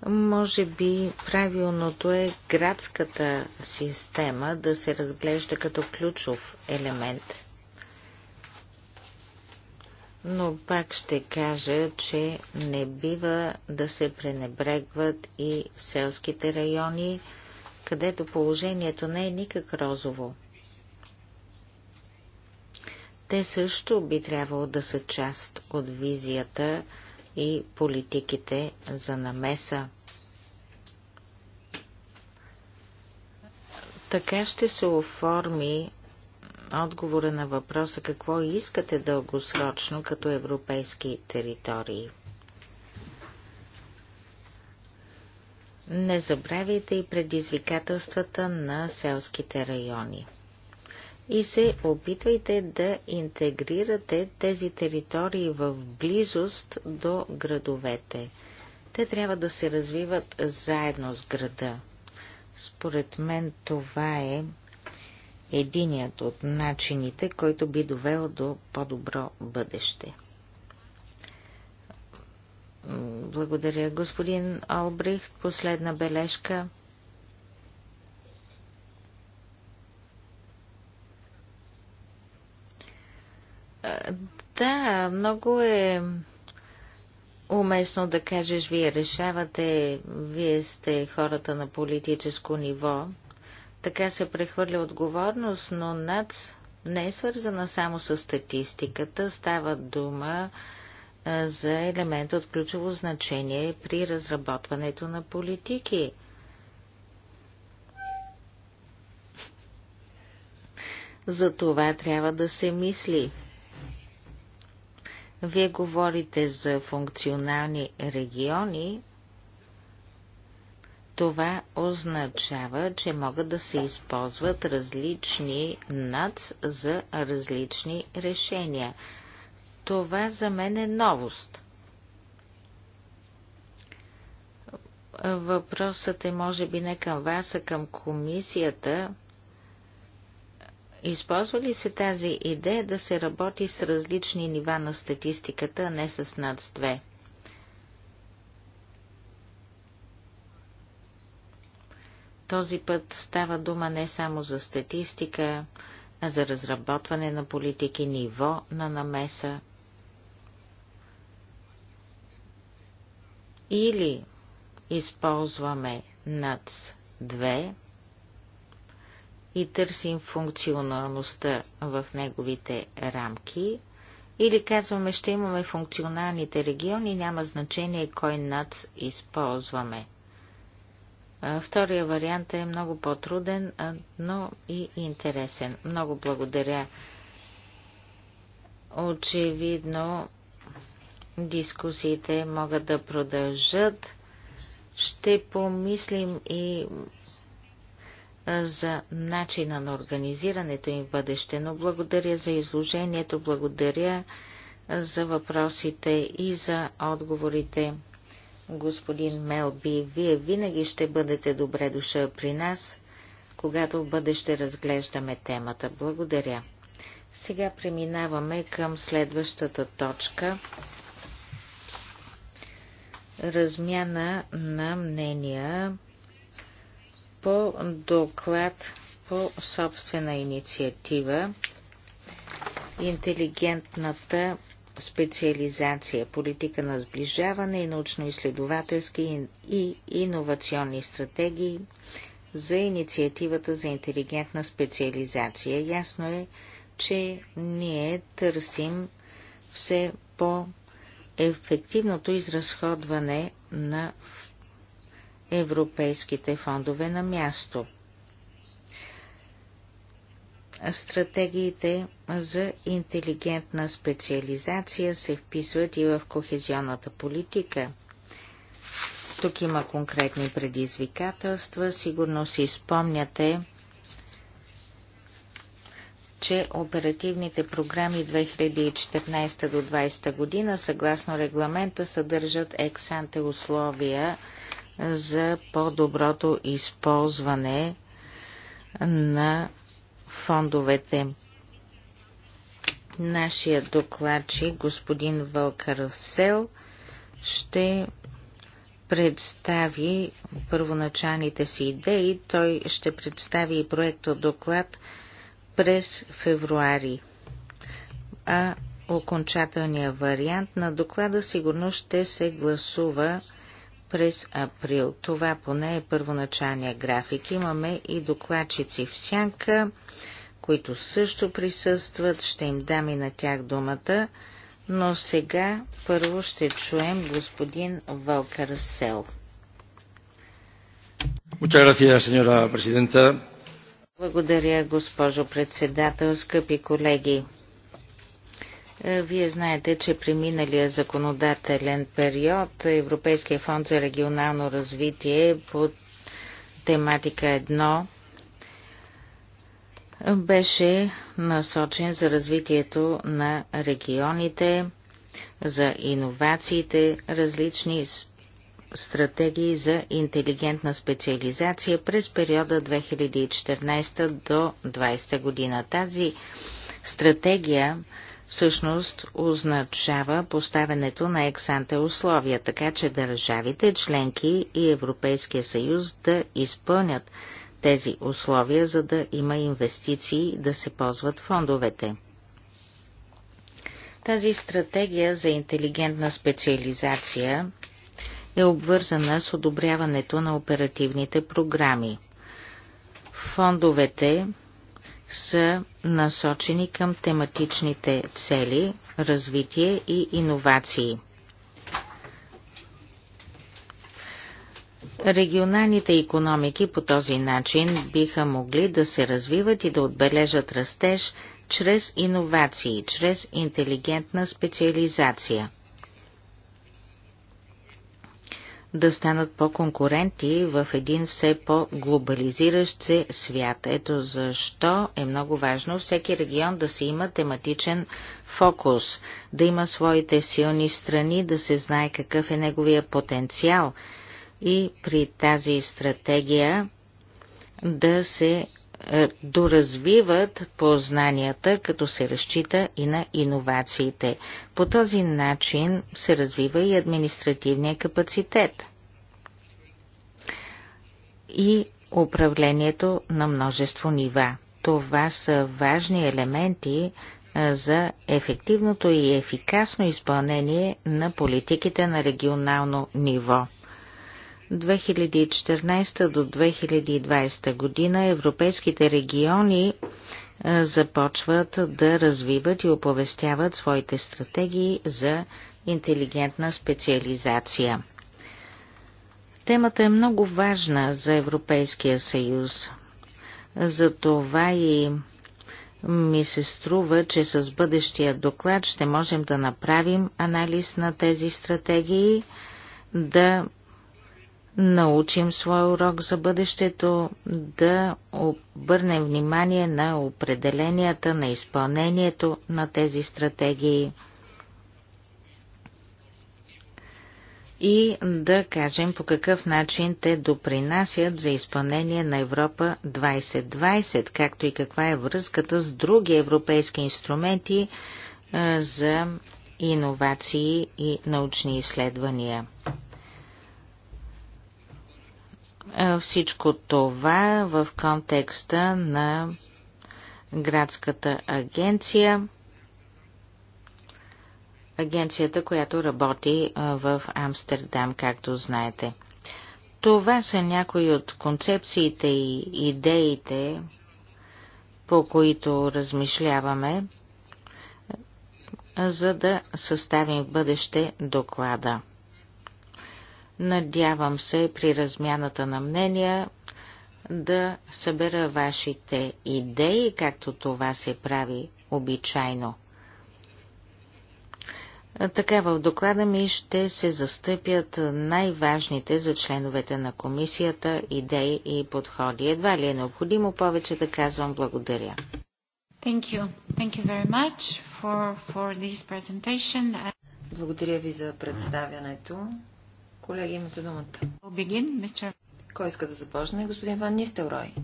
Може би правилното е градската система да се разглежда като ключов елемент. Но пак ще кажа, че не бива да се пренебрегват и селските райони, където положението не е никак розово. Те също би трябвало да са част от визията, и политиките за намеса. Така ще се оформи отговора на въпроса какво искате дългосрочно като европейски територии. Не забравяйте и предизвикателствата на селските райони – и се опитвайте да интегрирате тези територии в близост до градовете. Те трябва да се развиват заедно с града. Според мен това е единият от начините, който би довел до по-добро бъдеще. Благодаря, господин Албрихт. Последна бележка. много е уместно да кажеш, вие решавате, вие сте хората на политическо ниво. Така се прехвърля отговорност, но НАЦ не е свързана само с статистиката. Става дума за елемент от ключово значение при разработването на политики. За това трябва да се мисли. Вие говорите за функционални региони. Това означава, че могат да се използват различни НАЦ за различни решения. Това за мен е новост. Въпросът е може би не към вас, а към комисията. Използва ли се тази идея да се работи с различни нива на статистиката, а не с над 2? Този път става дума не само за статистика, а за разработване на политики, ниво на намеса. Или използваме НАЦ 2 и търсим функционалността в неговите рамки, или казваме, ще имаме функционалните региони, няма значение кой НАЦ използваме. Втория вариант е много по-труден, но и интересен. Много благодаря. Очевидно, дискусиите могат да продължат. Ще помислим и за начина на организирането им в бъдеще, но благодаря за изложението, благодаря за въпросите и за отговорите. Господин Мелби, вие винаги ще бъдете добре душа при нас, когато в бъдеще разглеждаме темата. Благодаря. Сега преминаваме към следващата точка. Размяна на мнения по доклад по собствена инициатива интелигентната специализация, политика на сближаване и научно-изследователски и иновационни стратегии за инициативата за интелигентна специализация. Ясно е, че ние търсим все по-ефективното изразходване на европейските фондове на място. Стратегиите за интелигентна специализация се вписват и в кохезионната политика. Тук има конкретни предизвикателства. Сигурно си спомняте, че оперативните програми 2014 до 2020 година, съгласно регламента, съдържат ексанте условия – за по-доброто използване на фондовете. Нашия докладчик, господин Вълкарсел, ще представи първоначалните си идеи. Той ще представи и проекта доклад през февруари. А окончателният вариант на доклада сигурно ще се гласува през април. Това поне е първоначалния график. Имаме и докладчици в сянка, които също присъстват. Ще им дам и на тях думата. Но сега първо ще чуем господин Вълкарсел. Благодаря, госпожо председател, скъпи колеги. Е, вие знаете, че при миналия законодателен период Европейския фонд за регионално развитие по тематика 1 беше насочен за развитието на регионите, за иновациите, различни стратегии за интелигентна специализация през периода 2014 до 2020 година. Тази стратегия всъщност означава поставянето на ексанте условия, така че държавите, членки и Европейския съюз да изпълнят тези условия, за да има инвестиции да се ползват фондовете. Тази стратегия за интелигентна специализация е обвързана с одобряването на оперативните програми. Фондовете са насочени към тематичните цели, развитие и иновации. Регионалните економики по този начин биха могли да се развиват и да отбележат растеж чрез иновации, чрез интелигентна специализация – да станат по-конкуренти в един все по-глобализиращ се свят. Ето защо е много важно всеки регион да се има тематичен фокус, да има своите силни страни, да се знае какъв е неговия потенциал и при тази стратегия да се е, доразвиват познанията, като се разчита и на иновациите. По този начин се развива и административния капацитет и управлението на множество нива. Това са важни елементи е, за ефективното и ефикасно изпълнение на политиките на регионално ниво. 2014 до 2020 година европейските региони е, започват да развиват и оповестяват своите стратегии за интелигентна специализация. Темата е много важна за Европейския съюз. Затова и ми се струва, че с бъдещия доклад ще можем да направим анализ на тези стратегии, да научим своя урок за бъдещето, да обърнем внимание на определенията, на изпълнението на тези стратегии и да кажем по какъв начин те допринасят за изпълнение на Европа 2020, както и каква е връзката с други европейски инструменти е, за иновации и научни изследвания. Е, всичко това в контекста на градската агенция, агенцията, която работи е, в Амстердам, както знаете. Това са някои от концепциите и идеите, по които размишляваме, за да съставим в бъдеще доклада. Надявам се при размяната на мнения да събера вашите идеи, както това се прави обичайно. Така в доклада ми ще се застъпят най-важните за членовете на комисията идеи и подходи. Едва ли е необходимо повече да казвам благодаря. Thank you. Thank you very much for, for this presentation. Благодаря ви за представянето. Колеги, имате думата. Кой иска да започне? Господин Ван Нистелрой.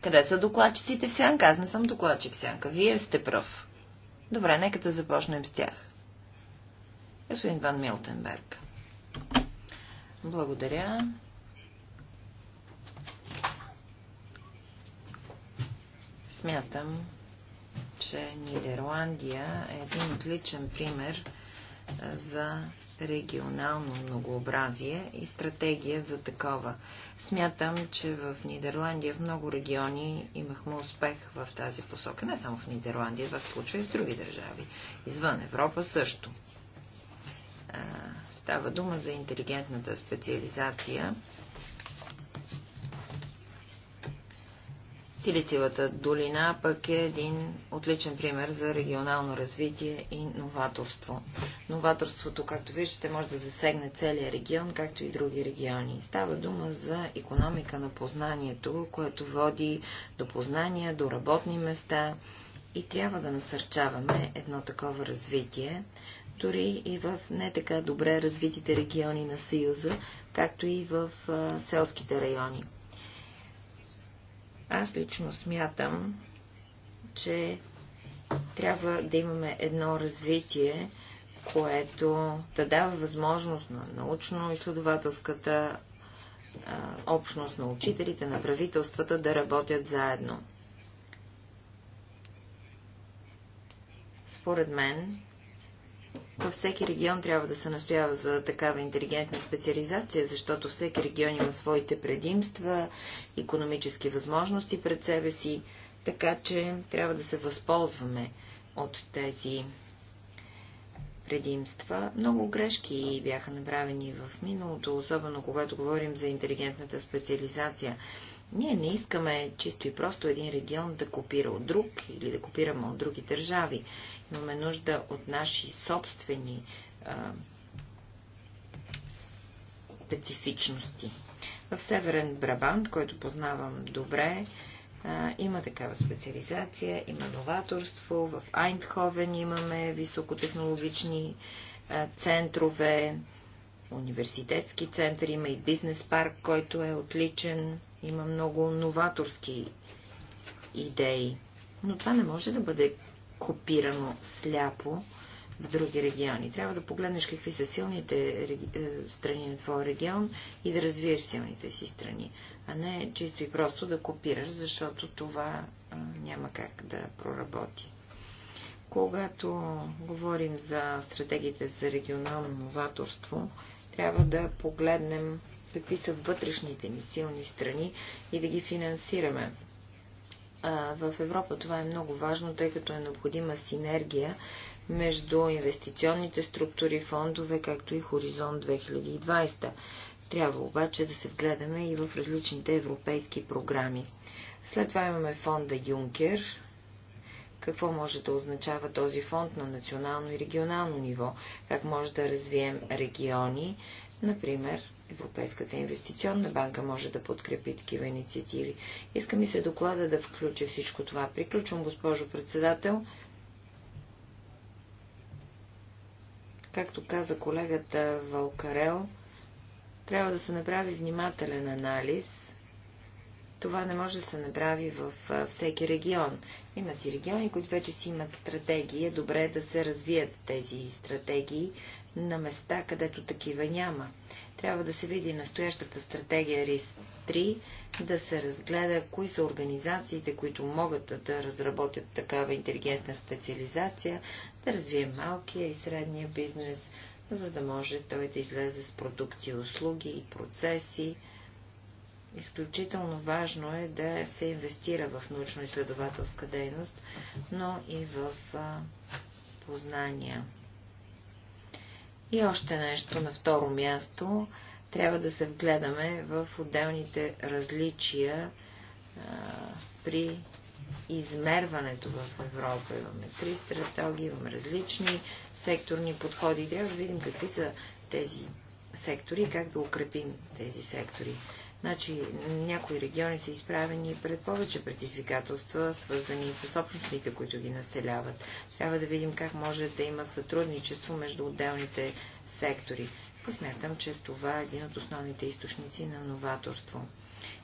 Къде са докладчиците в сянка? Аз не съм докладчик в сянка. Вие сте пръв. Добре, нека да започнем с тях. Господин Ван Милтенберг. Благодаря. Смятам, че Нидерландия е един отличен пример за регионално многообразие и стратегия за такова. Смятам, че в Нидерландия в много региони имахме успех в тази посока. Не само в Нидерландия, това се случва и в други държави. Извън Европа също. Става дума за интелигентната специализация Силицевата долина пък е един отличен пример за регионално развитие и новаторство. Новаторството, както виждате, може да засегне целия регион, както и други региони. Става дума за економика на познанието, което води до познания, до работни места и трябва да насърчаваме едно такова развитие, дори и в не така добре развитите региони на Съюза, както и в селските райони. Аз лично смятам, че трябва да имаме едно развитие, което да дава възможност на научно-изследователската общност, на учителите, на правителствата да работят заедно. Според мен, във всеки регион трябва да се настоява за такава интелигентна специализация, защото всеки регион има своите предимства, економически възможности пред себе си, така че трябва да се възползваме от тези предимства. Много грешки бяха направени в миналото, особено когато говорим за интелигентната специализация. Ние не искаме чисто и просто един регион да копира от друг или да копираме от други държави. Имаме нужда от наши собствени а, специфичности. В Северен Брабант, който познавам добре, а, има такава специализация, има новаторство. В Айндховен имаме високотехнологични а, центрове университетски център, има и бизнес парк, който е отличен, има много новаторски идеи. Но това не може да бъде копирано сляпо в други региони. Трябва да погледнеш какви са силните реги... Е, страни на твоя регион и да развиеш силните си страни, а не чисто и просто да копираш, защото това а, няма как да проработи. Когато говорим за стратегиите за регионално новаторство, трябва да погледнем какви са вътрешните ни силни страни и да ги финансираме. В Европа това е много важно, тъй като е необходима синергия между инвестиционните структури, фондове, както и Хоризонт 2020. Трябва обаче да се вгледаме и в различните европейски програми. След това имаме фонда Юнкер, какво може да означава този фонд на национално и регионално ниво, как може да развием региони, например Европейската инвестиционна банка може да подкрепи такива инициативи. Иска ми се доклада да включи всичко това. Приключвам, госпожо председател. Както каза колегата Валкарел, трябва да се направи внимателен анализ. Това не може да се направи във всеки регион. Има си региони, които вече си имат Е Добре да се развият тези стратегии на места, където такива няма. Трябва да се види настоящата стратегия РИС-3, да се разгледа кои са организациите, които могат да разработят такава интелигентна специализация, да развие малкия и средния бизнес, за да може той да излезе с продукти, услуги и процеси, Изключително важно е да се инвестира в научно-изследователска дейност, но и в познания. И още нещо на второ място. Трябва да се вгледаме в отделните различия а, при измерването в Европа. Имаме три стратегии, имаме различни секторни подходи. Трябва да видим какви са тези сектори и как да укрепим тези сектори. Значи, някои региони са изправени пред повече предизвикателства, свързани с общностите, които ги населяват. Трябва да видим как може да има сътрудничество между отделните сектори. И смятам, че това е един от основните източници на новаторство.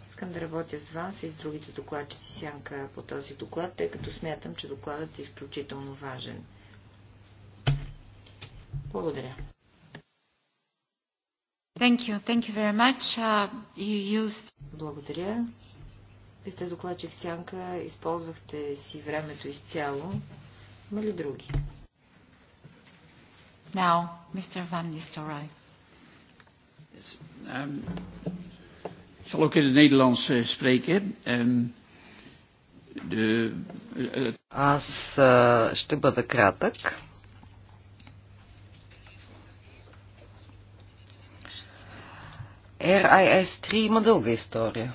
Искам да работя с вас и с другите докладчици сянка по този доклад, тъй като смятам, че докладът е изключително важен. Благодаря. Thank you. Thank you very much. Uh, you used... Благодаря. Вие сте докладчик Сянка, използвахте си времето изцяло. Има ли други? Now, Mr. Van Nistelrooy. Yes. Um, ik zal ook in het Nederlands uh, spreken. Um, de, uh, Аз uh, ще бъда кратък. RIS-3 има дълга история.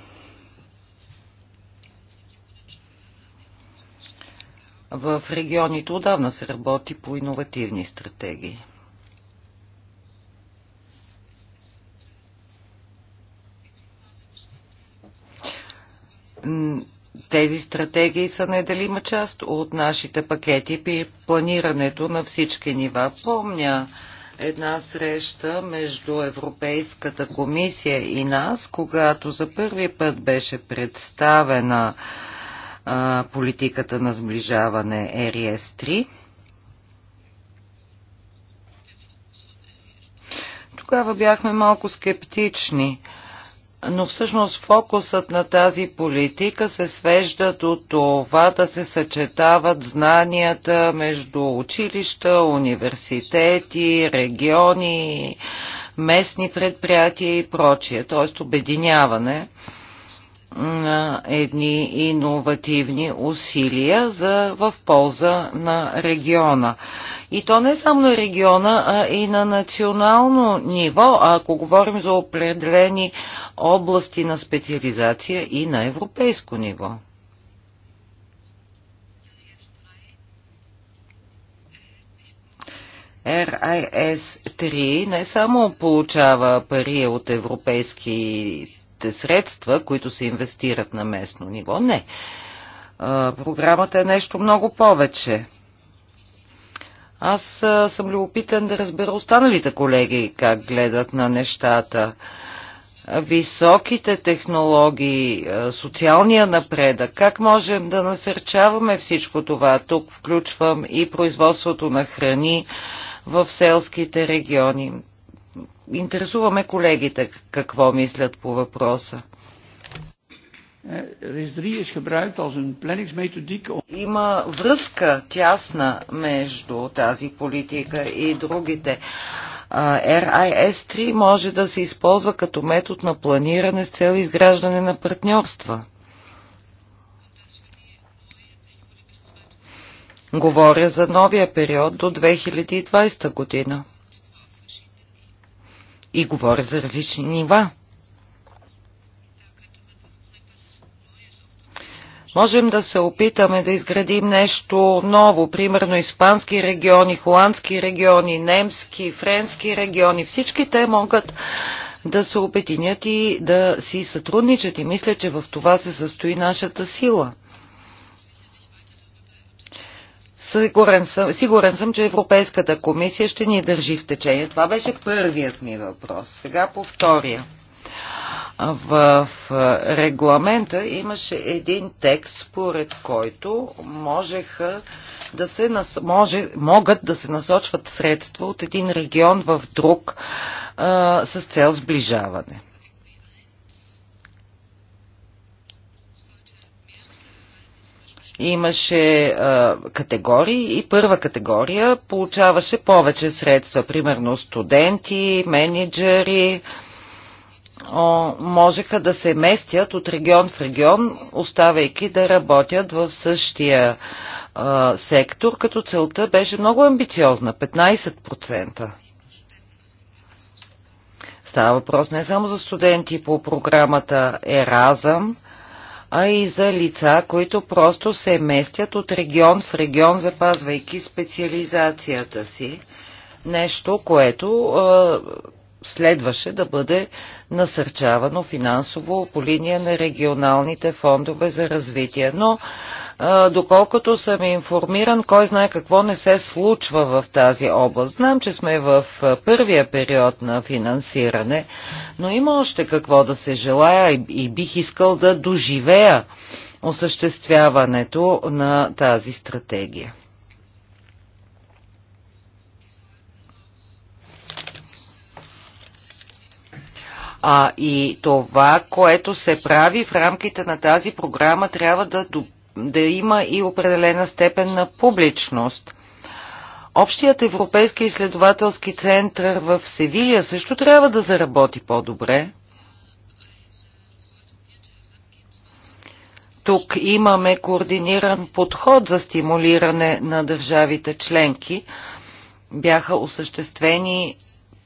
В регионите отдавна се работи по иновативни стратегии. Тези стратегии са неделима част от нашите пакети при планирането на всички нива. Помня една среща между Европейската комисия и нас, когато за първи път беше представена а, политиката на сближаване РС-3. Тогава бяхме малко скептични. А, но всъщност фокусът на тази политика се свежда до това да се съчетават знанията между училища, университети, региони, местни предприятия и прочие, т.е. обединяване едни иновативни усилия за, в полза на региона. И то не само на региона, а и на национално ниво, а ако говорим за определени области на специализация и на европейско ниво. RIS-3 не само получава пари от европейски бюджетните средства, които се инвестират на местно ниво. Не. Програмата е нещо много повече. Аз съм любопитен да разбера останалите колеги как гледат на нещата. Високите технологии, социалния напредък, как можем да насърчаваме всичко това? Тук включвам и производството на храни в селските региони интересуваме колегите какво мислят по въпроса. Е, е, Има връзка тясна между тази политика и другите. RIS-3 може да се използва като метод на планиране с цел изграждане на партньорства. Говоря за новия период до 2020 година. И говоря за различни нива. Можем да се опитаме да изградим нещо ново, примерно испански региони, холандски региони, немски, френски региони. Всички те могат да се обединят и да си сътрудничат и мисля, че в това се състои нашата сила. Сигурен съм, сигурен съм, че Европейската комисия ще ни държи в течение. Това беше първият ми въпрос. Сега по втория. В регламента имаше един текст, според който можеха да се нас... може, могат да се насочват средства от един регион в друг а, с цел сближаване. имаше а, категории и първа категория получаваше повече средства, примерно студенти, менеджери, о, можеха да се местят от регион в регион, оставайки да работят в същия а, сектор, като целта беше много амбициозна 15%. Става въпрос не само за студенти по програмата Еразъм, а и за лица, които просто се местят от регион в регион, запазвайки специализацията си. Нещо, което следваше да бъде насърчавано финансово по линия на регионалните фондове за развитие. Но, доколкото съм информиран, кой знае какво не се случва в тази област. Знам, че сме в първия период на финансиране, но има още какво да се желая и бих искал да доживея осъществяването на тази стратегия. А и това, което се прави в рамките на тази програма, трябва да, да има и определена степен на публичност. Общият европейски изследователски център в Севилия също трябва да заработи по-добре. Тук имаме координиран подход за стимулиране на държавите членки. Бяха осъществени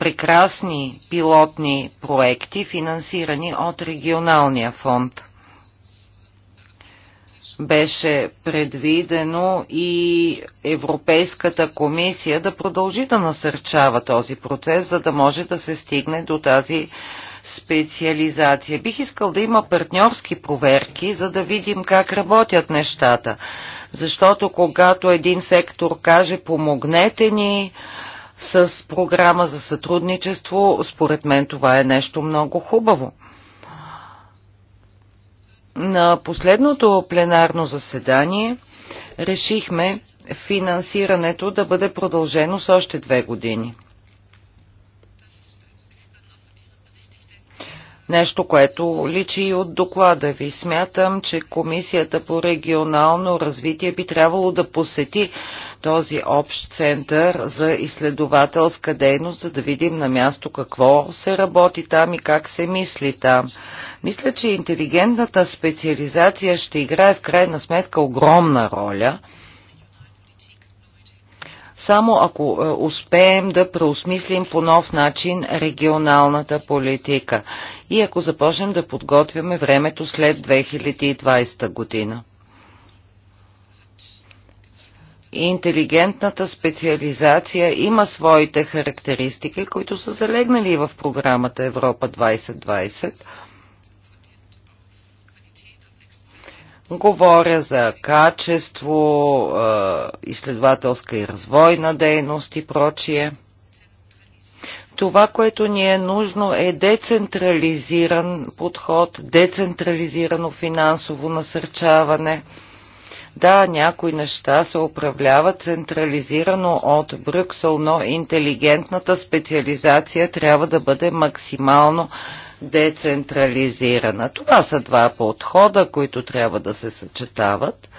прекрасни пилотни проекти, финансирани от регионалния фонд. Беше предвидено и Европейската комисия да продължи да насърчава този процес, за да може да се стигне до тази специализация. Бих искал да има партньорски проверки, за да видим как работят нещата. Защото когато един сектор каже помогнете ни, с програма за сътрудничество. Според мен това е нещо много хубаво. На последното пленарно заседание решихме финансирането да бъде продължено с още две години – Нещо, което личи и от доклада ви. Смятам, че Комисията по регионално развитие би трябвало да посети този общ център за изследователска дейност, за да видим на място какво се работи там и как се мисли там. Мисля, че интелигентната специализация ще играе в крайна сметка огромна роля – само ако е, успеем да преосмислим по нов начин регионалната политика и ако започнем да подготвяме времето след 2020 година. Интелигентната специализация има своите характеристики, които са залегнали в програмата Европа 2020 Говоря за качество, изследователска и развойна дейност и прочие. Това, което ни е нужно е децентрализиран подход, децентрализирано финансово насърчаване. Да, някои неща се управляват централизирано от Брюксел, но интелигентната специализация трябва да бъде максимално децентрализирана. Това са два подхода, които трябва да се съчетават,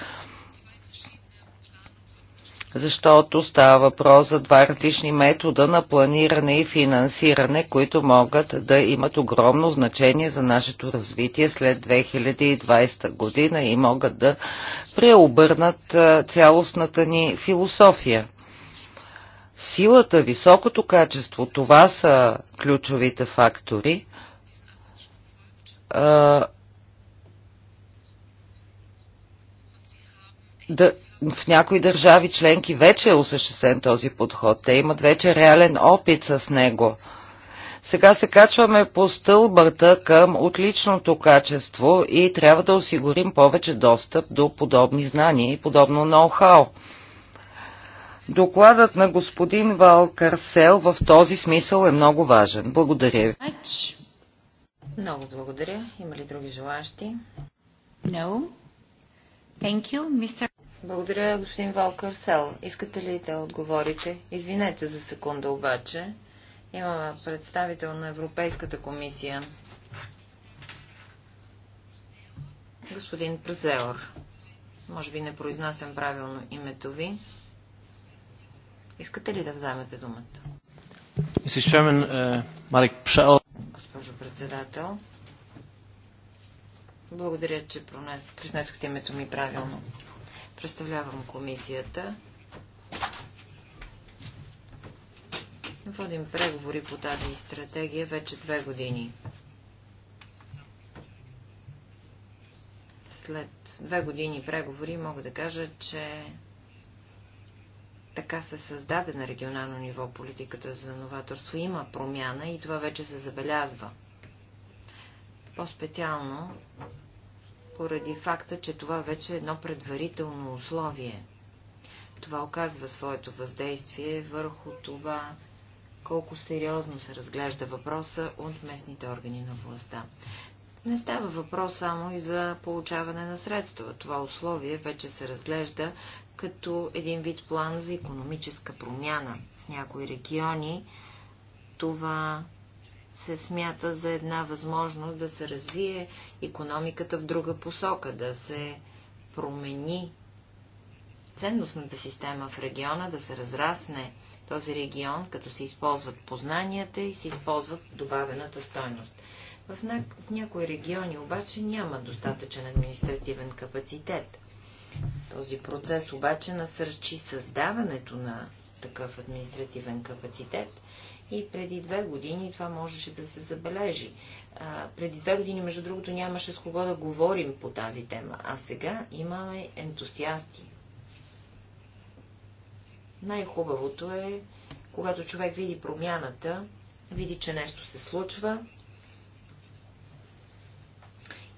защото става въпрос за два различни метода на планиране и финансиране, които могат да имат огромно значение за нашето развитие след 2020 година и могат да преобърнат цялостната ни философия. Силата, високото качество, това са ключовите фактори, да, в някои държави членки вече е осъществен този подход. Те имат вече реален опит с него. Сега се качваме по стълбата към отличното качество и трябва да осигурим повече достъп до подобни знания и подобно ноу-хау. Докладът на господин Вал Карсел в този смисъл е много важен. Благодаря ви. Много благодаря. Има ли други желащи? No. Thank you, Mr. Благодаря, господин Сел. Искате ли да отговорите? Извинете за секунда обаче. Има представител на Европейската комисия. Господин Празеор. Може би не произнасям правилно името ви. Искате ли да вземете думата? Мисля, че uh, Marek председател. Благодаря, че произнесохте името ми правилно. Представлявам комисията. Водим преговори по тази стратегия вече две години. След две години преговори мога да кажа, че така се създаде на регионално ниво политиката за новаторство. Има промяна и това вече се забелязва – по-специално поради факта, че това вече е едно предварително условие. Това оказва своето въздействие върху това, колко сериозно се разглежда въпроса от местните органи на властта. Не става въпрос само и за получаване на средства. Това условие вече се разглежда като един вид план за економическа промяна. В някои региони това се смята за една възможност да се развие економиката в друга посока, да се промени ценностната система в региона, да се разрасне този регион, като се използват познанията и се използват добавената стойност. В, на... в някои региони обаче няма достатъчен административен капацитет. Този процес обаче насърчи създаването на такъв административен капацитет и преди две години това можеше да се забележи. А, преди две години, между другото, нямаше с кого да говорим по тази тема, а сега имаме ентусиасти. Най-хубавото е, когато човек види промяната, види, че нещо се случва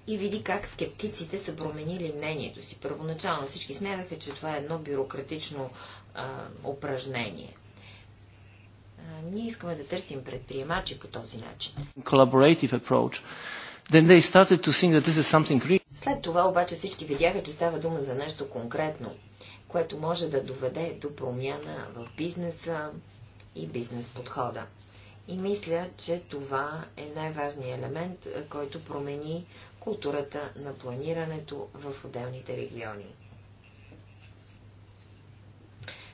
и види как скептиците са променили мнението си. Първоначално всички смятаха, че това е едно бюрократично а, упражнение ние искаме да търсим предприемачи по този начин. След това обаче всички видяха, че става дума за нещо конкретно, което може да доведе до промяна в бизнеса и бизнес подхода. И мисля, че това е най-важният елемент, който промени културата на планирането в отделните региони.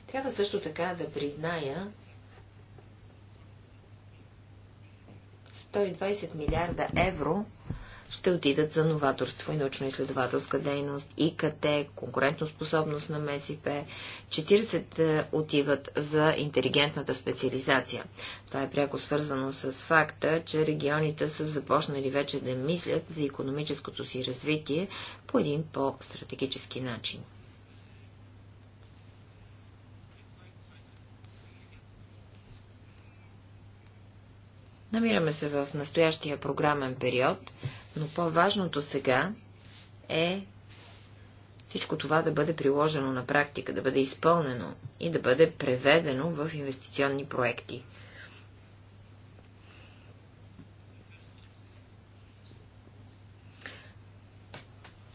Трябва също така да призная, 120 милиарда евро ще отидат за новаторство и научно-изследователска дейност, ИКТ, конкурентоспособност на МСП, 40 е, отиват за интелигентната специализация. Това е пряко свързано с факта, че регионите са започнали вече да мислят за економическото си развитие по един по-стратегически начин. Намираме се в настоящия програмен период, но по-важното сега е всичко това да бъде приложено на практика, да бъде изпълнено и да бъде преведено в инвестиционни проекти.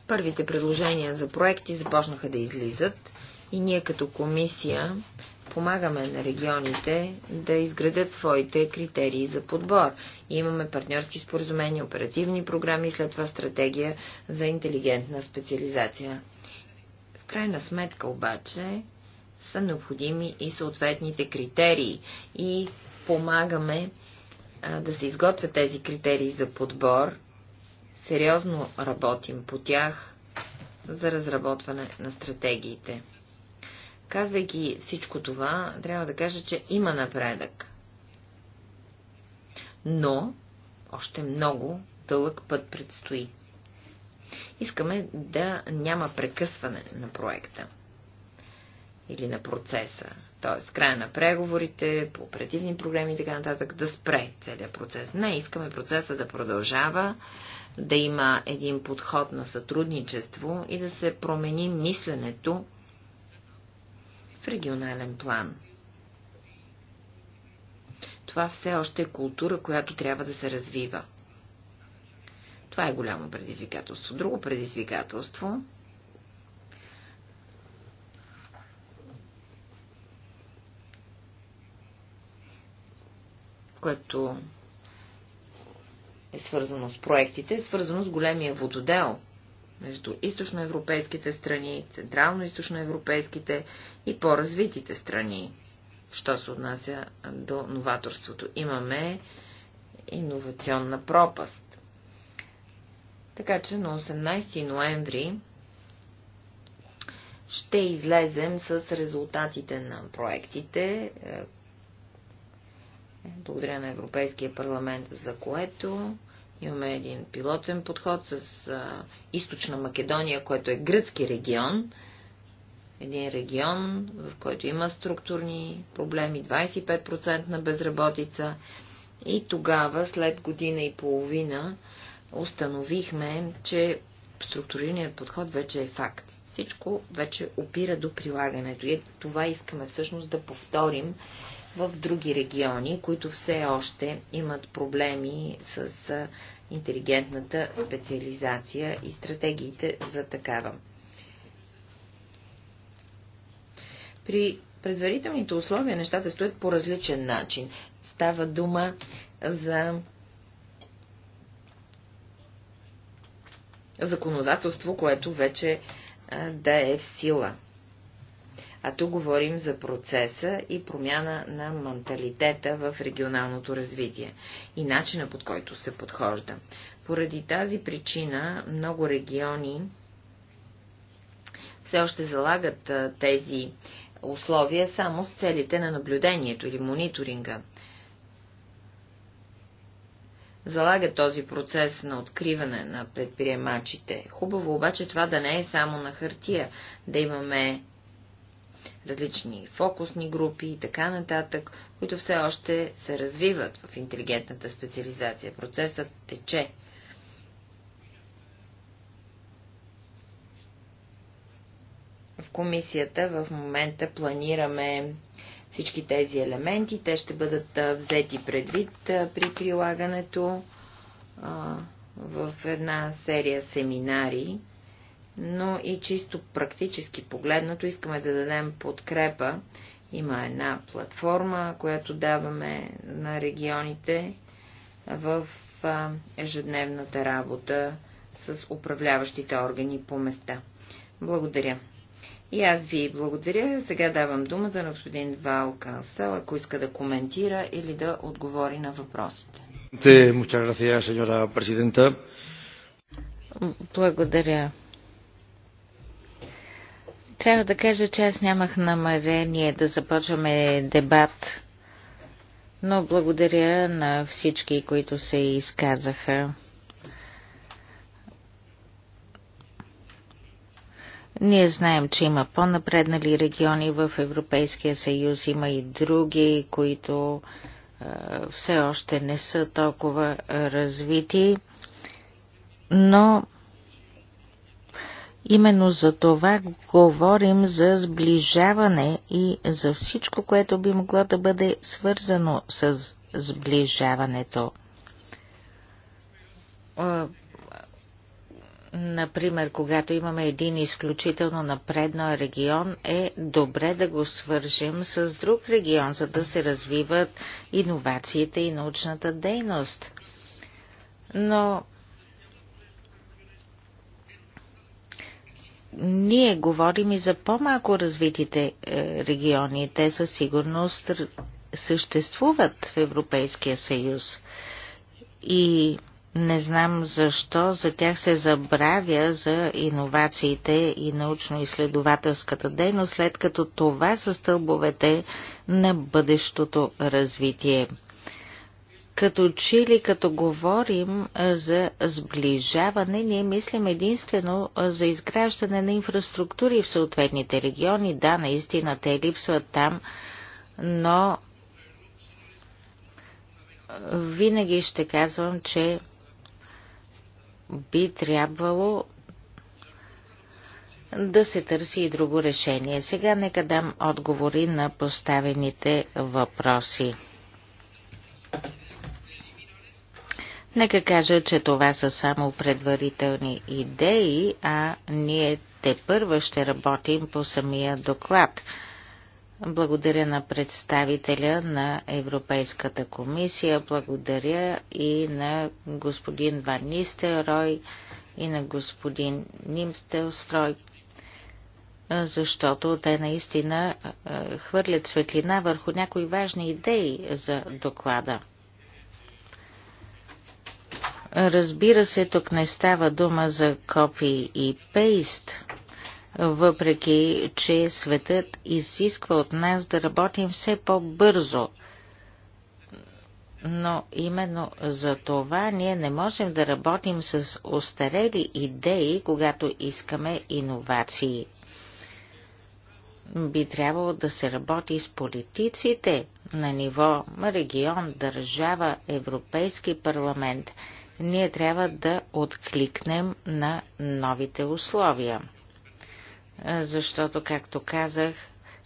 Първите предложения за проекти започнаха да излизат и ние като комисия помагаме на регионите да изградят своите критерии за подбор. И имаме партньорски споразумения, оперативни програми и след това стратегия за интелигентна специализация. В крайна сметка обаче са необходими и съответните критерии и помагаме а, да се изготвят тези критерии за подбор. Сериозно работим по тях за разработване на стратегиите. Казвайки всичко това, трябва да кажа, че има напредък. Но още много дълъг път предстои. Искаме да няма прекъсване на проекта или на процеса, т.е. края на преговорите, по оперативни програми и така нататък, да спре целият процес. Не, искаме процеса да продължава, да има един подход на сътрудничество и да се промени мисленето в регионален план. Това все още е култура, която трябва да се развива. Това е голямо предизвикателство. Друго предизвикателство което е свързано с проектите, е свързано с големия вододел – между източноевропейските страни, централно-източноевропейските и по-развитите страни, що се отнася до новаторството. Имаме иновационна пропаст. Така че на 18 ноември ще излезем с резултатите на проектите. Е, благодаря на Европейския парламент за което Имаме един пилотен подход с а, източна Македония, който е гръцки регион. Един регион, в който има структурни проблеми, 25% на безработица. И тогава, след година и половина, установихме, че структурираният подход вече е факт. Всичко вече опира до прилагането. И това искаме всъщност да повторим в други региони, които все още имат проблеми с интелигентната специализация и стратегиите за такава. При предварителните условия нещата стоят по различен начин. Става дума за законодателство, което вече да е в сила. А тук говорим за процеса и промяна на менталитета в регионалното развитие и начина под който се подхожда. Поради тази причина много региони все още залагат тези условия само с целите на наблюдението или мониторинга. Залага този процес на откриване на предприемачите. Хубаво обаче това да не е само на хартия, да имаме различни фокусни групи и така нататък, които все още се развиват в интелигентната специализация. Процесът тече. В комисията в момента планираме всички тези елементи. Те ще бъдат взети предвид при прилагането в една серия семинари, но и чисто практически погледнато искаме да дадем подкрепа. Има една платформа, която даваме на регионите в ежедневната работа с управляващите органи по места. Благодаря. И аз ви благодаря. Сега давам думата на господин Вал Кансел, ако иска да коментира или да отговори на въпросите. Благодаря, благодаря трябва да кажа, че аз нямах намерение да започваме дебат, но благодаря на всички, които се изказаха. Ние знаем, че има по-напреднали региони в Европейския съюз, има и други, които е, все още не са толкова развити, но Именно за това говорим за сближаване и за всичко, което би могло да бъде свързано с сближаването. Например, когато имаме един изключително напредно регион, е добре да го свържем с друг регион, за да се развиват иновациите и научната дейност. Но ние говорим и за по-малко развитите е, региони. Те със сигурност съществуват в Европейския съюз. И не знам защо за тях се забравя за иновациите и научно-изследователската дейност, след като това са стълбовете на бъдещото развитие. Като че ли като говорим за сближаване, ние мислим единствено за изграждане на инфраструктури в съответните региони. Да, наистина те липсват там, но винаги ще казвам, че би трябвало да се търси и друго решение. Сега нека дам отговори на поставените въпроси. Нека кажа, че това са само предварителни идеи, а ние те първа ще работим по самия доклад. Благодаря на представителя на Европейската комисия, благодаря и на господин Ван Нистелрой и на господин Нимстелстрой, защото те наистина хвърлят светлина върху някои важни идеи за доклада. Разбира се, тук не става дума за копи и пейст, въпреки че светът изисква от нас да работим все по-бързо. Но именно за това ние не можем да работим с остарели идеи, когато искаме иновации. Би трябвало да се работи с политиците на ниво регион, държава, Европейски парламент – ние трябва да откликнем на новите условия. Защото, както казах,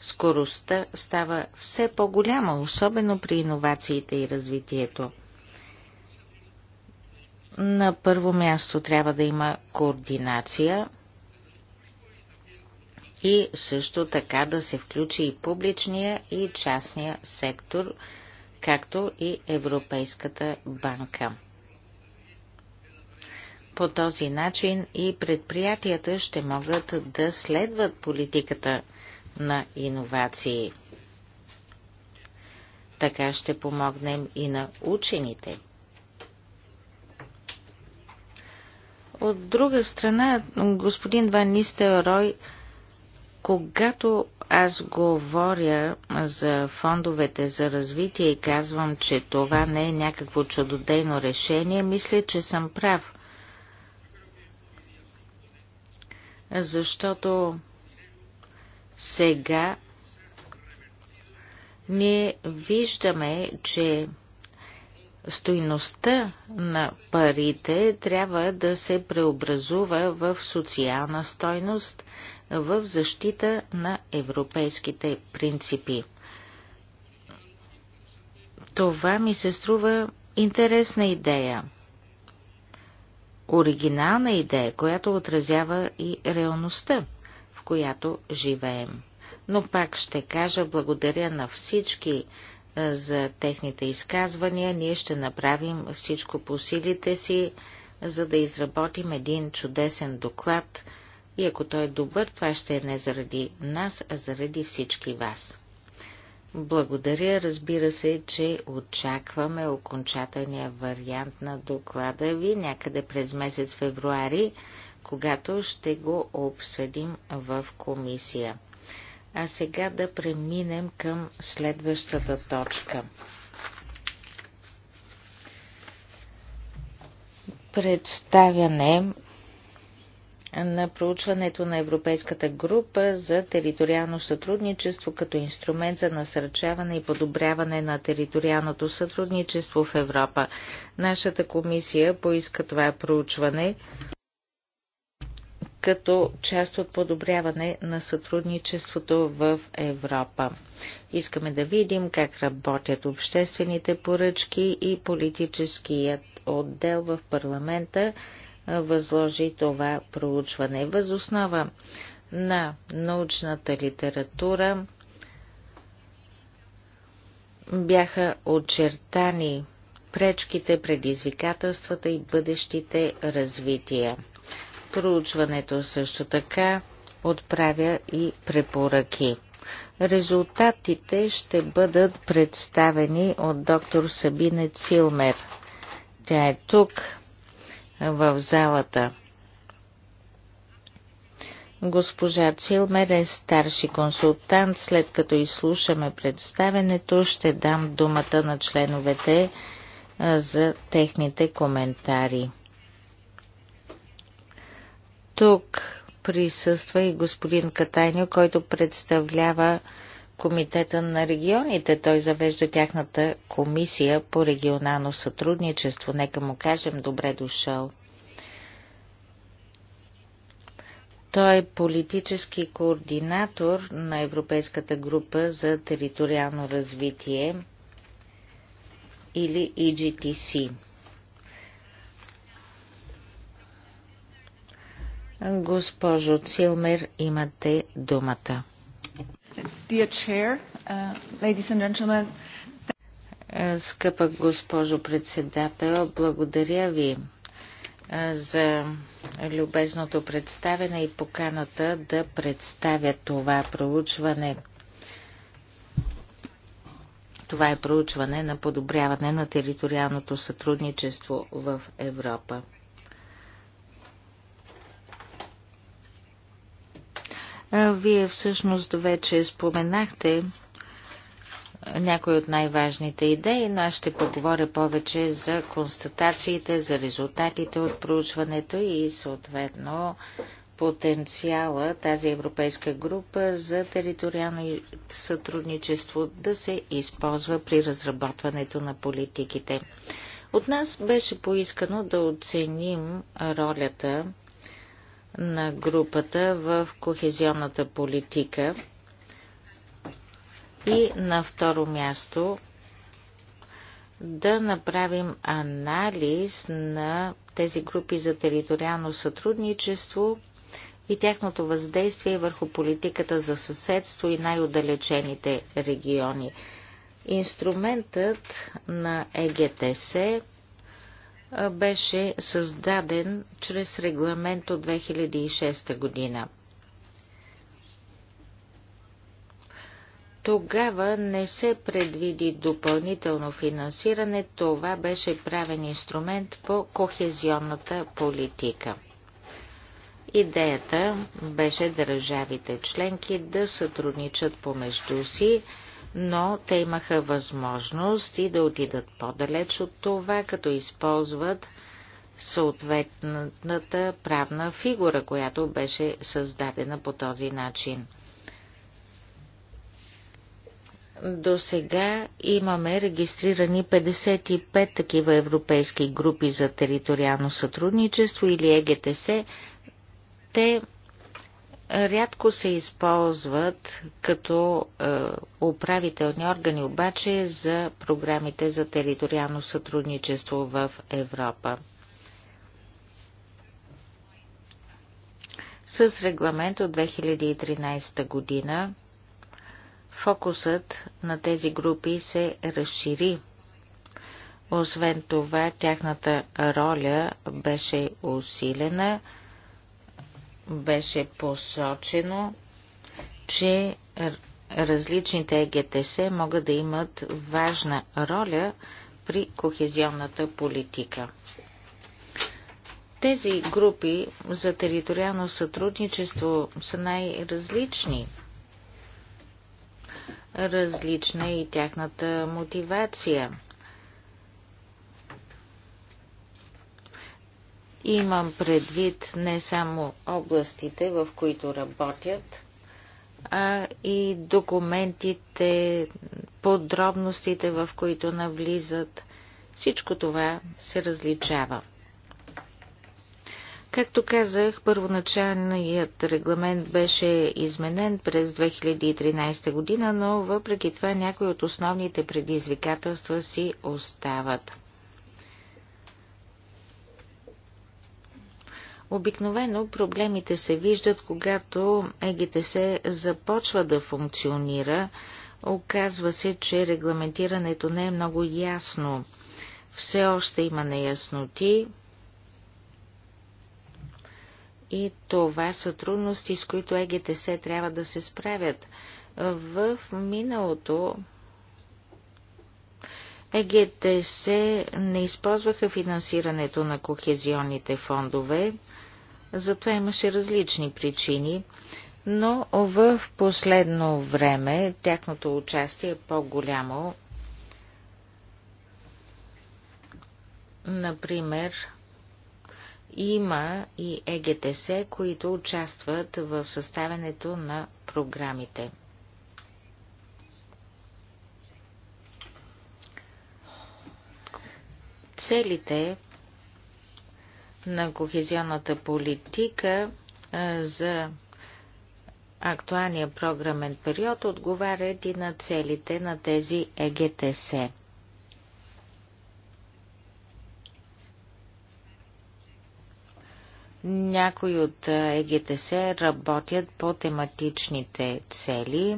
скоростта става все по-голяма, особено при иновациите и развитието. На първо място трябва да има координация и също така да се включи и публичния и частния сектор, както и Европейската банка. По този начин и предприятията ще могат да следват политиката на иновации. Така ще помогнем и на учените. От друга страна, господин Ван Нистелрой, когато аз говоря за фондовете за развитие и казвам, че това не е някакво чудодейно решение, мисля, че съм прав. защото сега ние виждаме, че стойността на парите трябва да се преобразува в социална стойност, в защита на европейските принципи. Това ми се струва интересна идея оригинална идея, която отразява и реалността, в която живеем. Но пак ще кажа благодаря на всички е, за техните изказвания. Ние ще направим всичко по силите си, за да изработим един чудесен доклад. И ако той е добър, това ще е не заради нас, а заради всички вас. Благодаря. Разбира се, че очакваме окончателния вариант на доклада ви някъде през месец февруари, когато ще го обсъдим в комисия. А сега да преминем към следващата точка. Представяне на проучването на Европейската група за териториално сътрудничество като инструмент за насърчаване и подобряване на териториалното сътрудничество в Европа. Нашата комисия поиска това проучване като част от подобряване на сътрудничеството в Европа. Искаме да видим как работят обществените поръчки и политическият отдел в парламента възложи това проучване. Възоснова на научната литература бяха очертани пречките, предизвикателствата и бъдещите развития. Проучването също така отправя и препоръки. Резултатите ще бъдат представени от доктор Сабине Цилмер. Тя е тук в залата. Госпожа Чилмер е старши консултант. След като изслушаме представенето, ще дам думата на членовете за техните коментари. Тук присъства и господин Катайньо, който представлява Комитета на регионите. Той завежда тяхната комисия по регионално сътрудничество. Нека му кажем добре дошъл. Той е политически координатор на Европейската група за териториално развитие или EGTC. Госпожо Цилмер, имате думата. Dear Chair, uh, ladies and gentlemen. Е, скъпа госпожо председател, благодаря ви е, за любезното представене и поканата да представя това проучване. Това е проучване на подобряване на териториалното сътрудничество в Европа. Вие всъщност вече споменахте някои от най-важните идеи, но аз ще поговоря повече за констатациите, за резултатите от проучването и съответно потенциала тази европейска група за териториално сътрудничество да се използва при разработването на политиките. От нас беше поискано да оценим ролята на групата в кохезионната политика. И на второ място да направим анализ на тези групи за териториално сътрудничество и тяхното въздействие върху политиката за съседство и най-отдалечените региони. Инструментът на ЕГТС беше създаден чрез регламент от 2006 година. Тогава не се предвиди допълнително финансиране, това беше правен инструмент по кохезионната политика. Идеята беше държавите членки да сътрудничат помежду си, но те имаха възможност и да отидат по-далеч от това, като използват съответната правна фигура, която беше създадена по този начин. До сега имаме регистрирани 55 такива европейски групи за териториално сътрудничество или ЕГТС. Те рядко се използват като е, управителни органи, обаче за програмите за териториално сътрудничество в Европа. С регламент от 2013 година фокусът на тези групи се разшири. Освен това, тяхната роля беше усилена – беше посочено, че различните ЕГТС могат да имат важна роля при кохезионната политика. Тези групи за териториално сътрудничество са най-различни. Различна е и тяхната мотивация. Имам предвид не само областите, в които работят, а и документите, подробностите, в които навлизат. Всичко това се различава. Както казах, първоначалният регламент беше изменен през 2013 година, но въпреки това някои от основните предизвикателства си остават. Обикновено проблемите се виждат, когато ЕГТС започва да функционира. Оказва се, че регламентирането не е много ясно. Все още има неясноти и това са трудности, с които ЕГТС трябва да се справят. В миналото ЕГТС не използваха финансирането на кохезионните фондове, затова имаше различни причини, но в последно време тяхното участие е по-голямо. Например, има и ЕГТС, които участват в съставянето на програмите. Целите на кохезионната политика за актуалния програмен период отговарят и на целите на тези ЕГТС. Някои от ЕГТС работят по тематичните цели,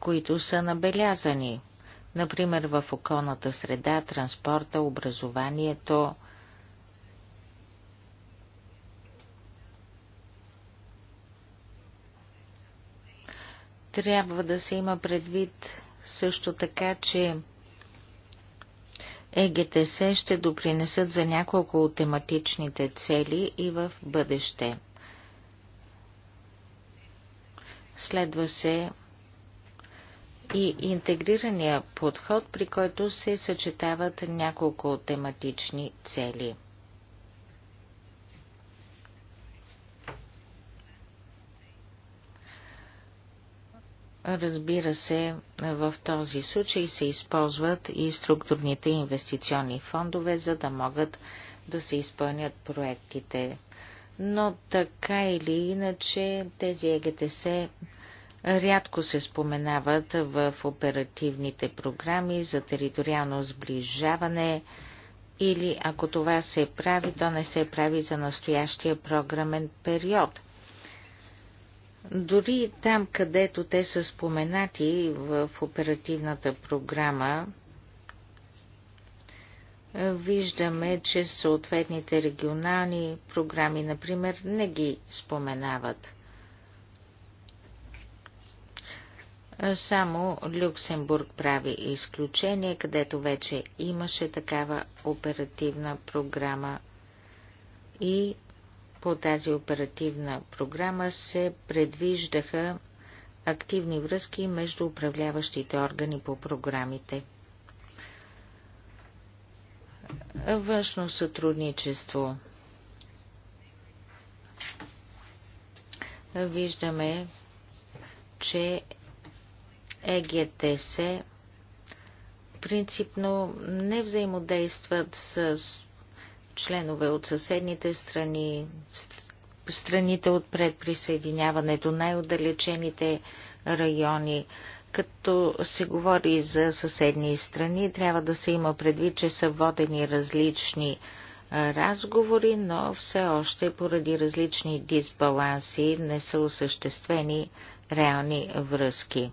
които са набелязани – например в околната среда, транспорта, образованието. Трябва да се има предвид също така, че ЕГТС ще допринесат за няколко от тематичните цели и в бъдеще. Следва се и интегрирания подход, при който се съчетават няколко тематични цели. Разбира се, в този случай се използват и структурните инвестиционни фондове, за да могат да се изпълнят проектите. Но така или иначе тези ЕГТС рядко се споменават в оперативните програми за териториално сближаване или ако това се прави, то не се прави за настоящия програмен период. Дори там, където те са споменати в оперативната програма, виждаме, че съответните регионални програми, например, не ги споменават. Само Люксембург прави изключение, където вече имаше такава оперативна програма и по тази оперативна програма се предвиждаха активни връзки между управляващите органи по програмите. Външно сътрудничество. Виждаме, че ЕГТС принципно не взаимодействат с членове от съседните страни, страните от предприсъединяването, най-отдалечените райони. Като се говори за съседни страни, трябва да се има предвид, че са водени различни разговори, но все още поради различни дисбаланси не са осъществени реални връзки.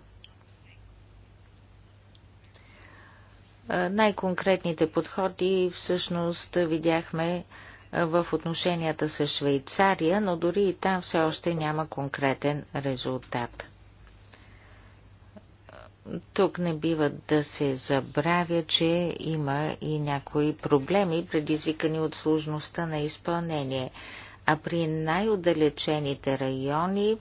Най-конкретните подходи всъщност видяхме в отношенията с Швейцария, но дори и там все още няма конкретен резултат. Тук не бива да се забравя, че има и някои проблеми, предизвикани от сложността на изпълнение. А при най-отдалечените райони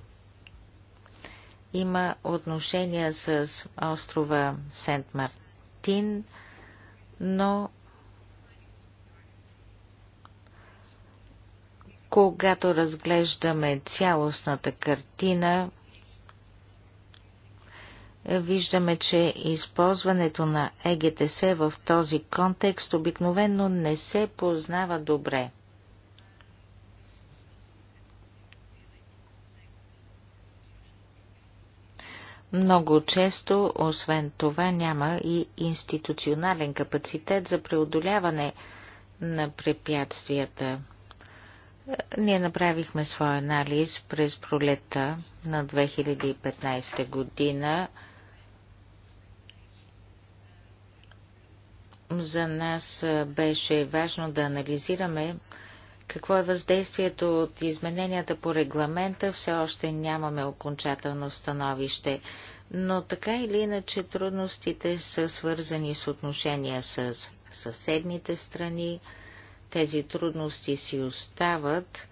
има отношения с острова Сент-Мартин Мартин, но когато разглеждаме цялостната картина, виждаме, че използването на ЕГТС в този контекст обикновенно не се познава добре. Много често, освен това, няма и институционален капацитет за преодоляване на препятствията. Ние направихме своя анализ през пролета на 2015 година. За нас беше важно да анализираме какво е въздействието от измененията по регламента? Все още нямаме окончателно становище, но така или иначе трудностите са свързани с отношения с съседните страни. Тези трудности си остават.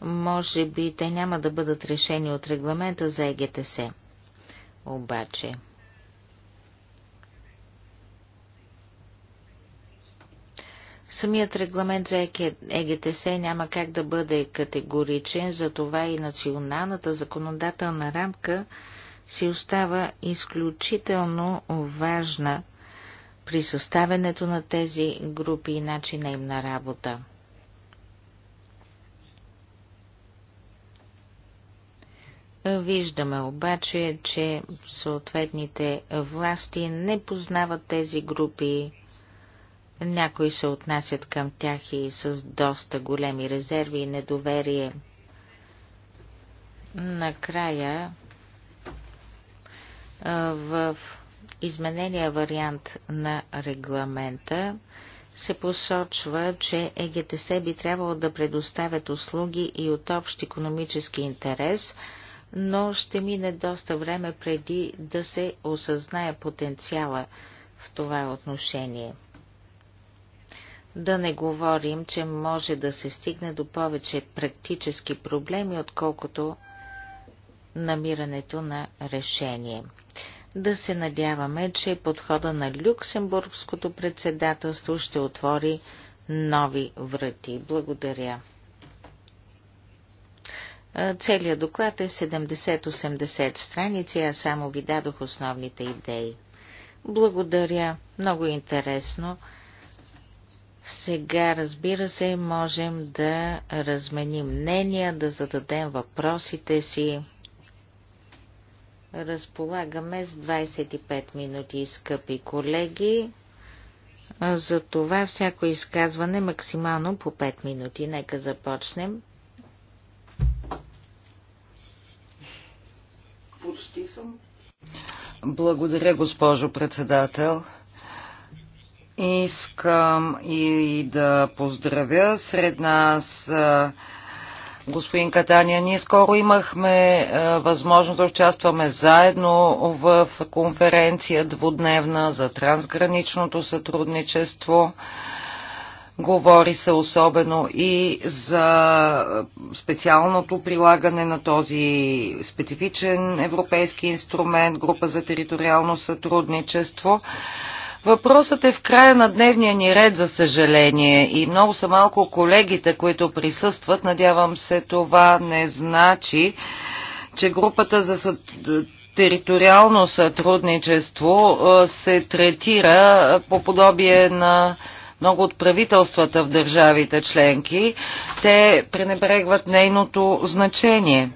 Може би те няма да бъдат решени от регламента за ЕГТС. Обаче, Самият регламент за ЕГТС няма как да бъде категоричен, затова и националната законодателна рамка си остава изключително важна при съставянето на тези групи и начина им на работа. Виждаме обаче, че съответните власти не познават тези групи, някои се отнасят към тях и с доста големи резерви и недоверие. Накрая в изменения вариант на регламента се посочва, че ЕГТС би трябвало да предоставят услуги и от общ економически интерес, но ще мине доста време преди да се осъзнае потенциала в това отношение. Да не говорим, че може да се стигне до повече практически проблеми, отколкото намирането на решение. Да се надяваме, че подхода на Люксембургското председателство ще отвори нови врати. Благодаря. Целият доклад е 70-80 страници, аз само ви дадох основните идеи. Благодаря, много интересно. Сега, разбира се, можем да разменим мнения, да зададем въпросите си. Разполагаме с 25 минути, скъпи колеги. За това всяко изказване максимално по 5 минути. Нека започнем. Почти съм. Благодаря, госпожо председател. Искам и да поздравя сред нас господин Катания. Ние скоро имахме възможност да участваме заедно в конференция двудневна за трансграничното сътрудничество. Говори се особено и за специалното прилагане на този специфичен европейски инструмент, група за териториално сътрудничество. Въпросът е в края на дневния ни ред, за съжаление, и много са малко колегите, които присъстват. Надявам се това не значи, че групата за териториално сътрудничество се третира по подобие на много от правителствата в държавите членки. Те пренебрегват нейното значение.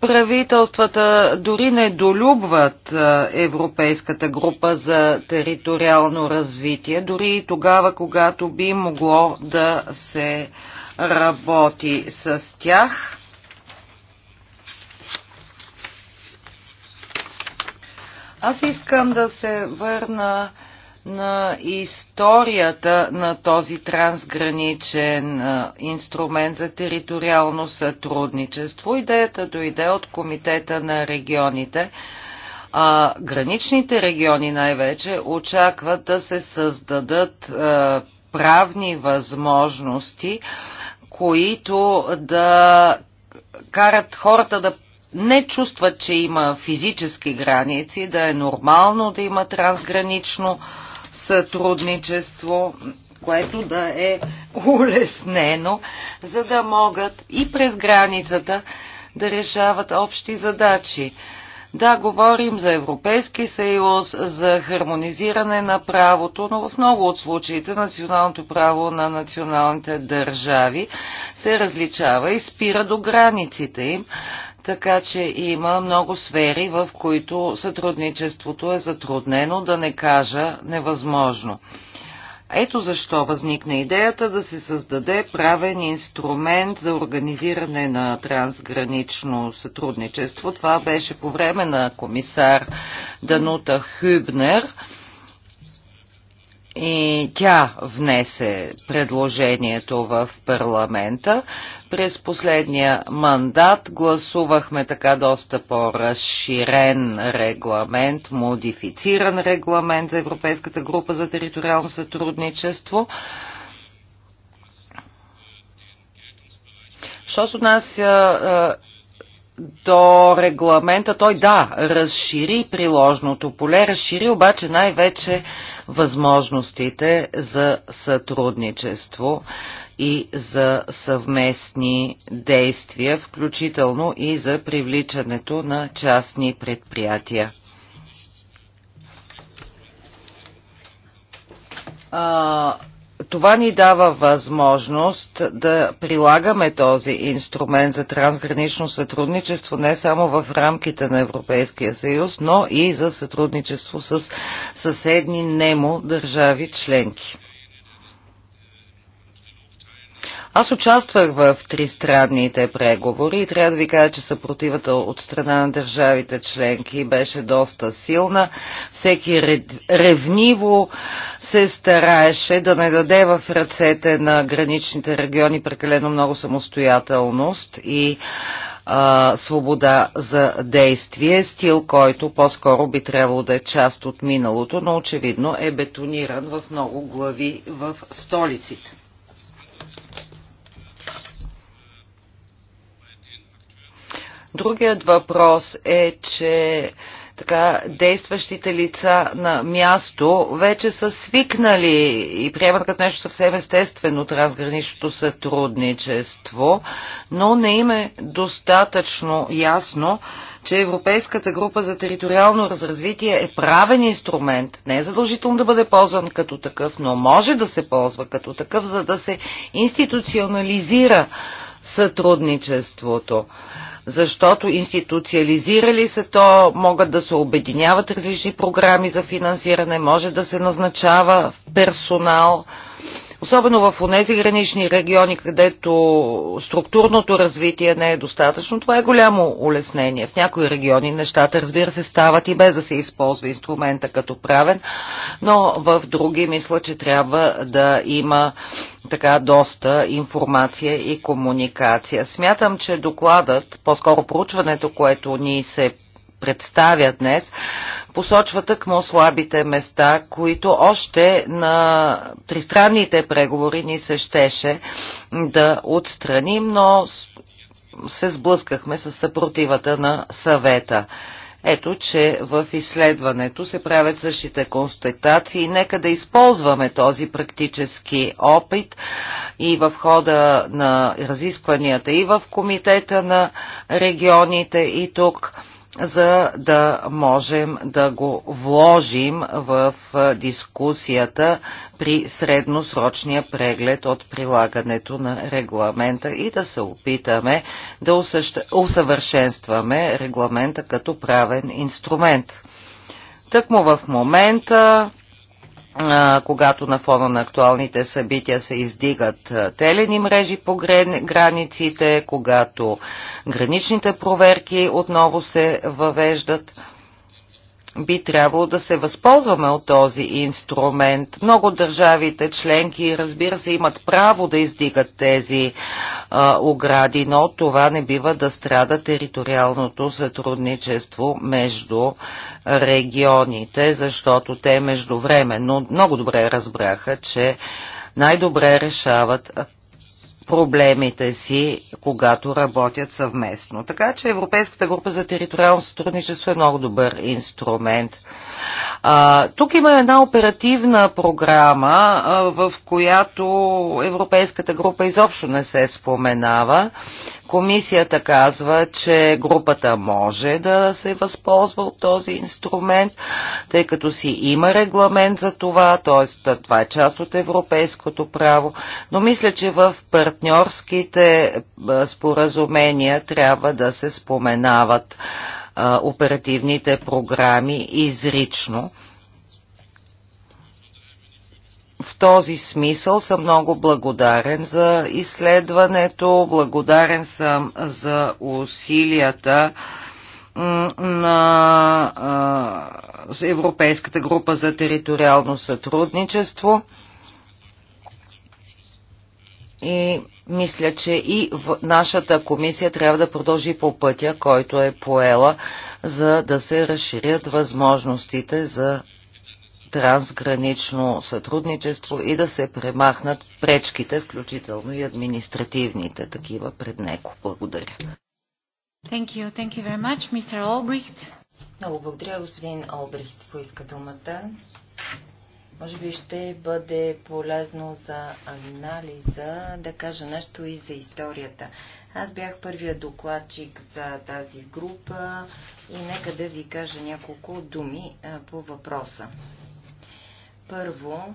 Правителствата дори не долюбват Европейската група за териториално развитие, дори и тогава, когато би могло да се работи с тях. Аз искам да се върна на историята на този трансграничен инструмент за териториално сътрудничество. Идеята дойде от Комитета на регионите. А граничните региони най-вече очакват да се създадат правни възможности, които да карат хората да не чувстват, че има физически граници, да е нормално да има трансгранично сътрудничество, което да е улеснено, за да могат и през границата да решават общи задачи. Да, говорим за Европейски съюз, за хармонизиране на правото, но в много от случаите националното право на националните държави се различава и спира до границите им, така че има много сфери, в които сътрудничеството е затруднено, да не кажа невъзможно. Ето защо възникна идеята да се създаде правен инструмент за организиране на трансгранично сътрудничество. Това беше по време на комисар Данута Хюбнер и тя внесе предложението в парламента. През последния мандат гласувахме така доста по-разширен регламент, модифициран регламент за Европейската група за териториално сътрудничество. Що се отнася е, до регламента, той да, разшири приложното поле, разшири обаче най-вече възможностите за сътрудничество и за съвместни действия, включително и за привличането на частни предприятия. А, това ни дава възможност да прилагаме този инструмент за трансгранично сътрудничество не само в рамките на Европейския съюз, но и за сътрудничество с съседни немо държави членки. Аз участвах в тристранните преговори и трябва да ви кажа, че съпротивата от страна на държавите членки беше доста силна. Всеки ревниво се стараеше да не даде в ръцете на граничните региони прекалено много самостоятелност и а, свобода за действие, стил, който по-скоро би трябвало да е част от миналото, но очевидно е бетониран в много глави в столиците. Другият въпрос е, че така, действащите лица на място вече са свикнали и приемат като нещо съвсем естествено от разграничното сътрудничество, но не им е достатъчно ясно, че Европейската група за териториално развитие е правен инструмент. Не е задължително да бъде ползван като такъв, но може да се ползва като такъв, за да се институционализира сътрудничеството. Защото институциализирали се то, могат да се обединяват различни програми за финансиране, може да се назначава персонал Особено в тези гранични региони, където структурното развитие не е достатъчно, това е голямо улеснение. В някои региони нещата, разбира се, стават и без да се използва инструмента като правен, но в други мисля, че трябва да има така доста информация и комуникация. Смятам, че докладът, по-скоро проучването, което ни се представя днес, посочва тъкмо слабите места, които още на тристранните преговори ни се щеше да отстраним, но се сблъскахме с съпротивата на съвета. Ето, че в изследването се правят същите констатации. Нека да използваме този практически опит и в хода на разискванията и в комитета на регионите и тук за да можем да го вложим в дискусията при средносрочния преглед от прилагането на регламента и да се опитаме да усъвършенстваме регламента като правен инструмент. Тъкмо в момента когато на фона на актуалните събития се издигат телени мрежи по границите, когато граничните проверки отново се въвеждат би трябвало да се възползваме от този инструмент. Много държавите членки, разбира се, имат право да издигат тези а, огради, но това не бива да страда териториалното сътрудничество между регионите, защото те междувременно много добре разбраха, че най-добре решават проблемите си, когато работят съвместно. Така че Европейската група за териториално сътрудничество е много добър инструмент. А, тук има една оперативна програма, а, в която Европейската група изобщо не се споменава. Комисията казва, че групата може да се възползва от този инструмент, тъй като си има регламент за това, т.е. това е част от европейското право, но мисля, че в партньорските споразумения трябва да се споменават а, оперативните програми изрично. В този смисъл съм много благодарен за изследването, благодарен съм за усилията на Европейската група за териториално сътрудничество – и мисля, че и в нашата комисия трябва да продължи по пътя, който е поела, за да се разширят възможностите за трансгранично сътрудничество и да се премахнат пречките, включително и административните такива пред него. Благодаря. Thank you. Thank you very much, Mr. Много благодаря, господин Олбрихт поиска думата. Може би ще бъде полезно за анализа да кажа нещо и за историята. Аз бях първия докладчик за тази група и нека да ви кажа няколко думи по въпроса. Първо,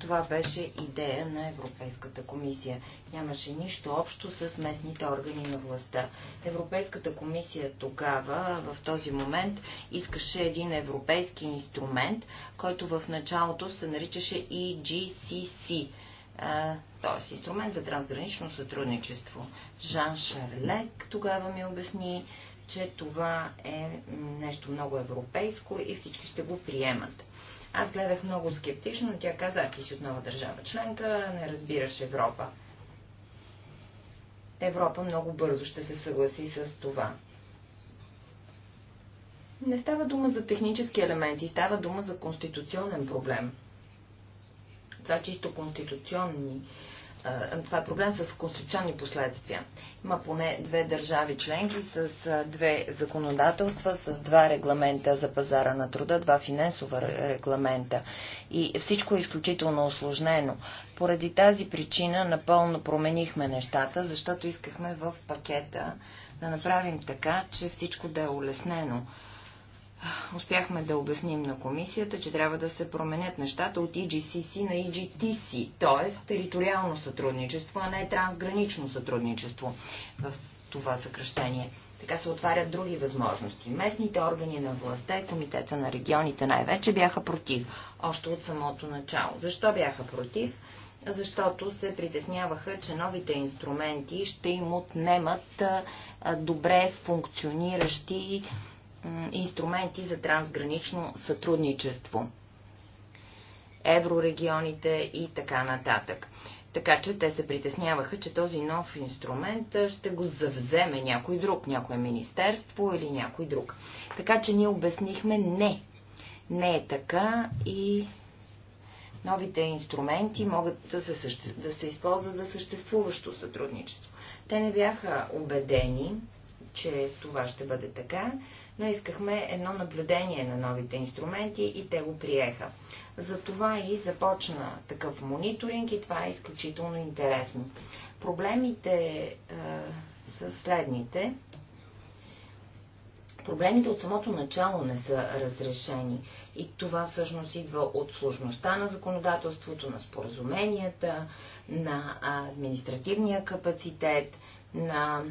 това беше идея на Европейската комисия. Нямаше нищо общо с местните органи на властта. Европейската комисия тогава, в този момент, искаше един европейски инструмент, който в началото се наричаше EGCC, т.е. инструмент за трансгранично сътрудничество. Жан Шарлек тогава ми обясни, че това е нещо много европейско и всички ще го приемат. Аз гледах много скептично, но тя каза, ти си от нова държава членка, не разбираш Европа. Европа много бързо ще се съгласи с това. Не става дума за технически елементи, става дума за конституционен проблем. Това чисто конституционни това е проблем с конституционни последствия. Има поне две държави членки с две законодателства, с два регламента за пазара на труда, два финансова регламента. И всичко е изключително осложнено. Поради тази причина напълно променихме нещата, защото искахме в пакета да направим така, че всичко да е улеснено успяхме да обясним на комисията, че трябва да се променят нещата от EGCC на EGTC, т.е. териториално сътрудничество, а не трансгранично сътрудничество в това съкръщение. Така се отварят други възможности. Местните органи на властта и комитета на регионите най-вече бяха против, още от самото начало. Защо бяха против? Защото се притесняваха, че новите инструменти ще им отнемат добре функциониращи инструменти за трансгранично сътрудничество, еврорегионите и така нататък. Така че те се притесняваха, че този нов инструмент ще го завземе някой друг, някое министерство или някой друг. Така че ние обяснихме не. Не е така и новите инструменти могат да се, съще... да се използват за съществуващо сътрудничество. Те не бяха убедени, че това ще бъде така, но искахме едно наблюдение на новите инструменти и те го приеха. Затова и започна такъв мониторинг и това е изключително интересно. Проблемите е, са следните. Проблемите от самото начало не са разрешени. И това всъщност идва от сложността на законодателството, на споразуменията, на административния капацитет, на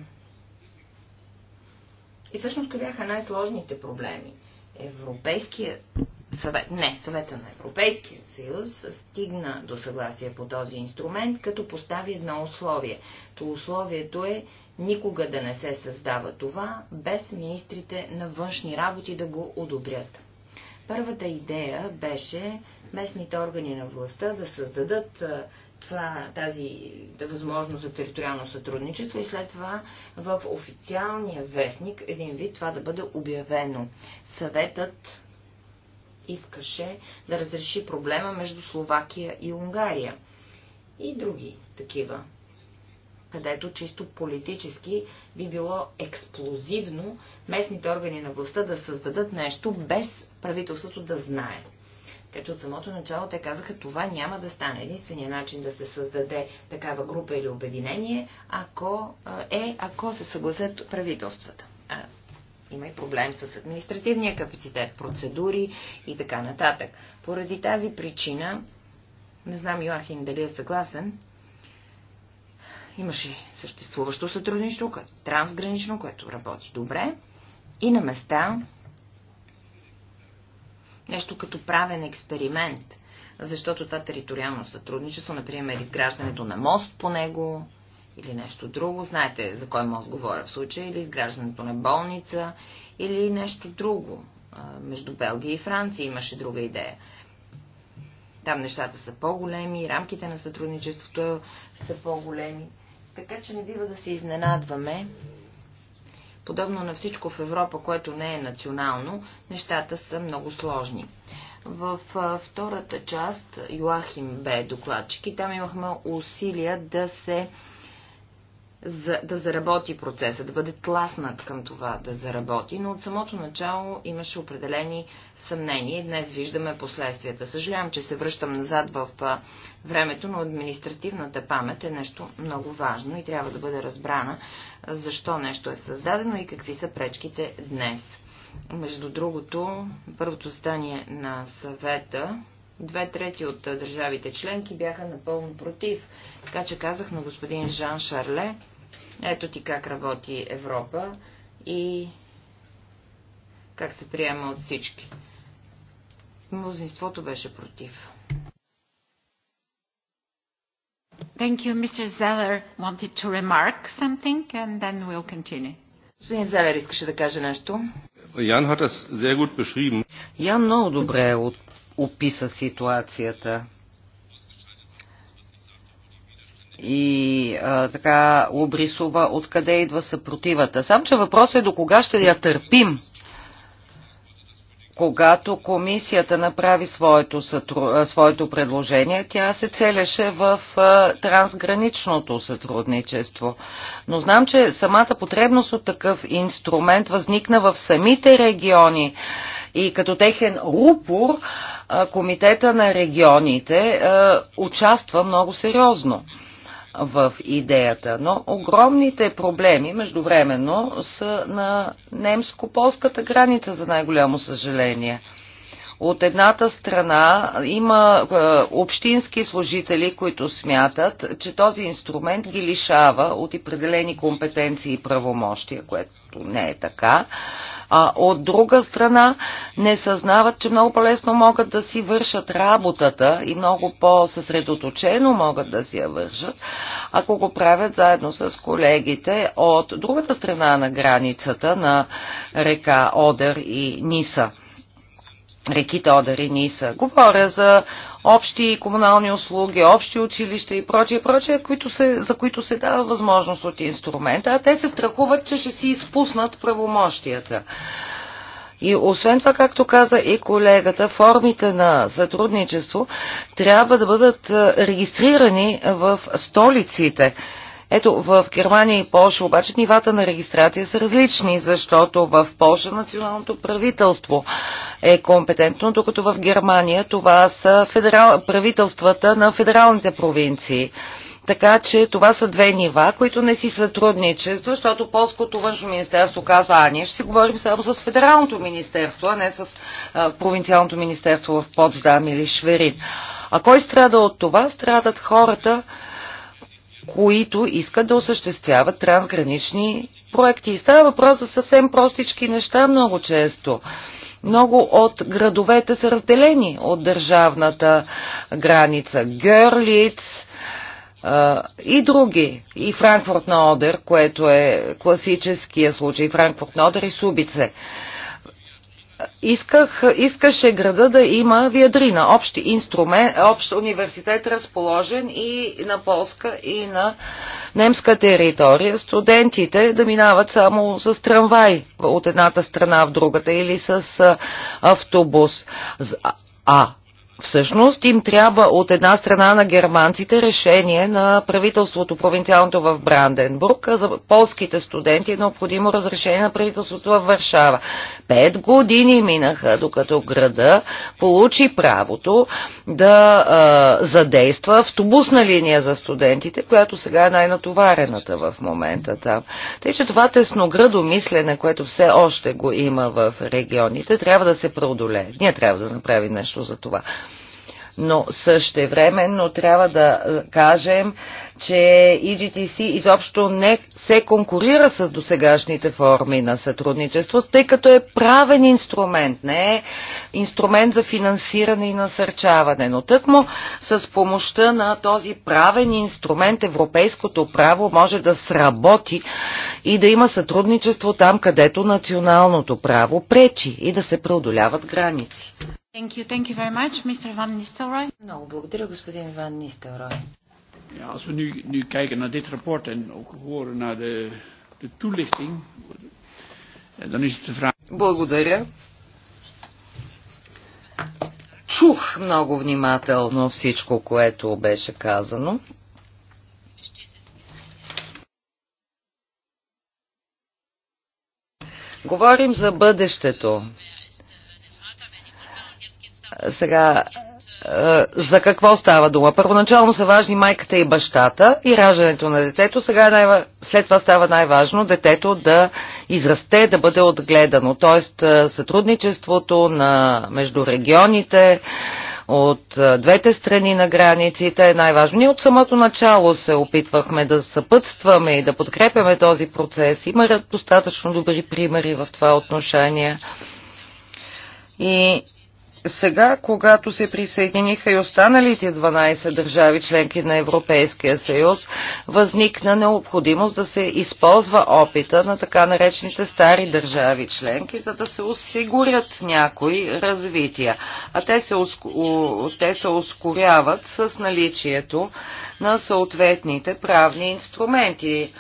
и всъщност кои бяха най-сложните проблеми? Европейския съвет, не, съвета на Европейския съюз стигна до съгласие по този инструмент, като постави едно условие. То условието е никога да не се създава това, без министрите на външни работи да го одобрят. Първата идея беше местните органи на властта да създадат това, тази възможност за териториално сътрудничество и след това в официалния вестник един вид това да бъде обявено. Съветът искаше да разреши проблема между Словакия и Унгария и други такива, където чисто политически би било експлозивно местните органи на властта да създадат нещо без правителството да знае. Така че от самото начало те казаха, това няма да стане. Единственият начин да се създаде такава група или обединение ако, е ако се съгласят правителствата. А, има и проблем с административния капацитет, процедури и така нататък. Поради тази причина, не знам Йоахин дали е съгласен, имаше съществуващо сътрудничество, трансгранично, което работи добре. И на места нещо като правен експеримент, защото това териториално сътрудничество, например изграждането на мост по него или нещо друго, знаете за кой мост говоря в случая, или изграждането на болница, или нещо друго. Между Белгия и Франция имаше друга идея. Там нещата са по-големи, рамките на сътрудничеството са по-големи. Така че не бива да се изненадваме, Подобно на всичко в Европа, което не е национално, нещата са много сложни. В втората част Йоахим бе е докладчик и там имахме усилия да се за, да заработи процеса, да бъде тласнат към това да заработи, но от самото начало имаше определени съмнения. Днес виждаме последствията. Съжалявам, че се връщам назад в времето, но административната памет е нещо много важно и трябва да бъде разбрана защо нещо е създадено и какви са пречките днес. Между другото, първото стание на съвета две трети от държавите членки бяха напълно против. Така че казах на господин Жан Шарле, ето ти как работи Европа и как се приема от всички. Мнозинството беше против. Thank you. Mr. Zeller wanted to remark something and then we'll continue. Господин Зелер искаше да каже нещо. Ян Ян много добре описа ситуацията. и а, така обрисува откъде идва съпротивата. Сам, че въпросът е до кога ще я търпим. Когато комисията направи своето, своето предложение, тя се целеше в а, трансграничното сътрудничество. Но знам, че самата потребност от такъв инструмент възникна в самите региони и като техен рупор а, Комитета на регионите а, участва много сериозно в идеята. Но огромните проблеми междувременно са на немско-полската граница, за най-голямо съжаление. От едната страна има е, общински служители, които смятат, че този инструмент ги лишава от определени компетенции и правомощия, което не е така а от друга страна не съзнават, че много по-лесно могат да си вършат работата и много по-съсредоточено могат да си я вършат, ако го правят заедно с колегите от другата страна на границата на река Одер и Ниса реките Одари Ниса. Говоря за общи комунални услуги, общи училища и прочие, прочие, които се, за които се дава възможност от инструмента, а те се страхуват, че ще си изпуснат правомощията. И освен това, както каза и колегата, формите на сътрудничество трябва да бъдат регистрирани в столиците ето, в Германия и Польша обаче нивата на регистрация са различни, защото в Польша националното правителство е компетентно, докато в Германия това са федерал... правителствата на федералните провинции. Така че това са две нива, които не си сътрудничат, защото Полското външно министерство казва, а ние ще си говорим само с Федералното министерство, а не с а, провинциалното министерство в Потсдам или Шверин. А кой страда от това? Страдат хората, които искат да осъществяват трансгранични проекти. И става въпрос за съвсем простички неща много често. Много от градовете са разделени от държавната граница. Гърлиц и други. И Франкфурт на Одер, което е класическия случай. Франкфурт на Одер и Субице исках, искаше града да има виадрина, общ, инструмент, общ университет разположен и на полска и на немска територия. Студентите да минават само с трамвай от едната страна в другата или с автобус. А Всъщност им трябва от една страна на германците решение на правителството провинциалното в Бранденбург, а за полските студенти е необходимо разрешение на правителството в Варшава. Пет години минаха, докато града получи правото да а, задейства автобусна линия за студентите, която сега е най-натоварената в момента там. Тъй, че това тесноградо мислене, което все още го има в регионите, трябва да се преодолее. Ние трябва да направим нещо за това но същевременно трябва да е, кажем, че EGTC изобщо не се конкурира с досегашните форми на сътрудничество, тъй като е правен инструмент, не е инструмент за финансиране и насърчаване. Но тъкмо с помощта на този правен инструмент европейското право може да сработи и да има сътрудничество там, където националното право пречи и да се преодоляват граници. Thank you, thank you very much, Mr. Van Nistelrooy. Много благодаря, господин Ван Нистелрой. Ja, als we nu, nu kijken naar dit rapport en ook horen naar de, de toelichting, dan is het de vraag. Благодаря. Чух много внимателно всичко, което беше казано. Говорим за бъдещето. Сега, е, за какво става дума? Първоначално са важни майката и бащата и раждането на детето. Сега е най- след това става най-важно детето да израсте, да бъде отгледано. Тоест е, сътрудничеството на, между регионите, от двете страни на границите е най-важно. Ние от самото начало се опитвахме да съпътстваме и да подкрепяме този процес. Има достатъчно добри примери в това отношение. И сега, когато се присъединиха и останалите 12 държави членки на Европейския съюз, възникна необходимост да се използва опита на така наречените стари държави членки, за да се осигурят някои развития. А те се, те се ускоряват с наличието на съответните правни инструменти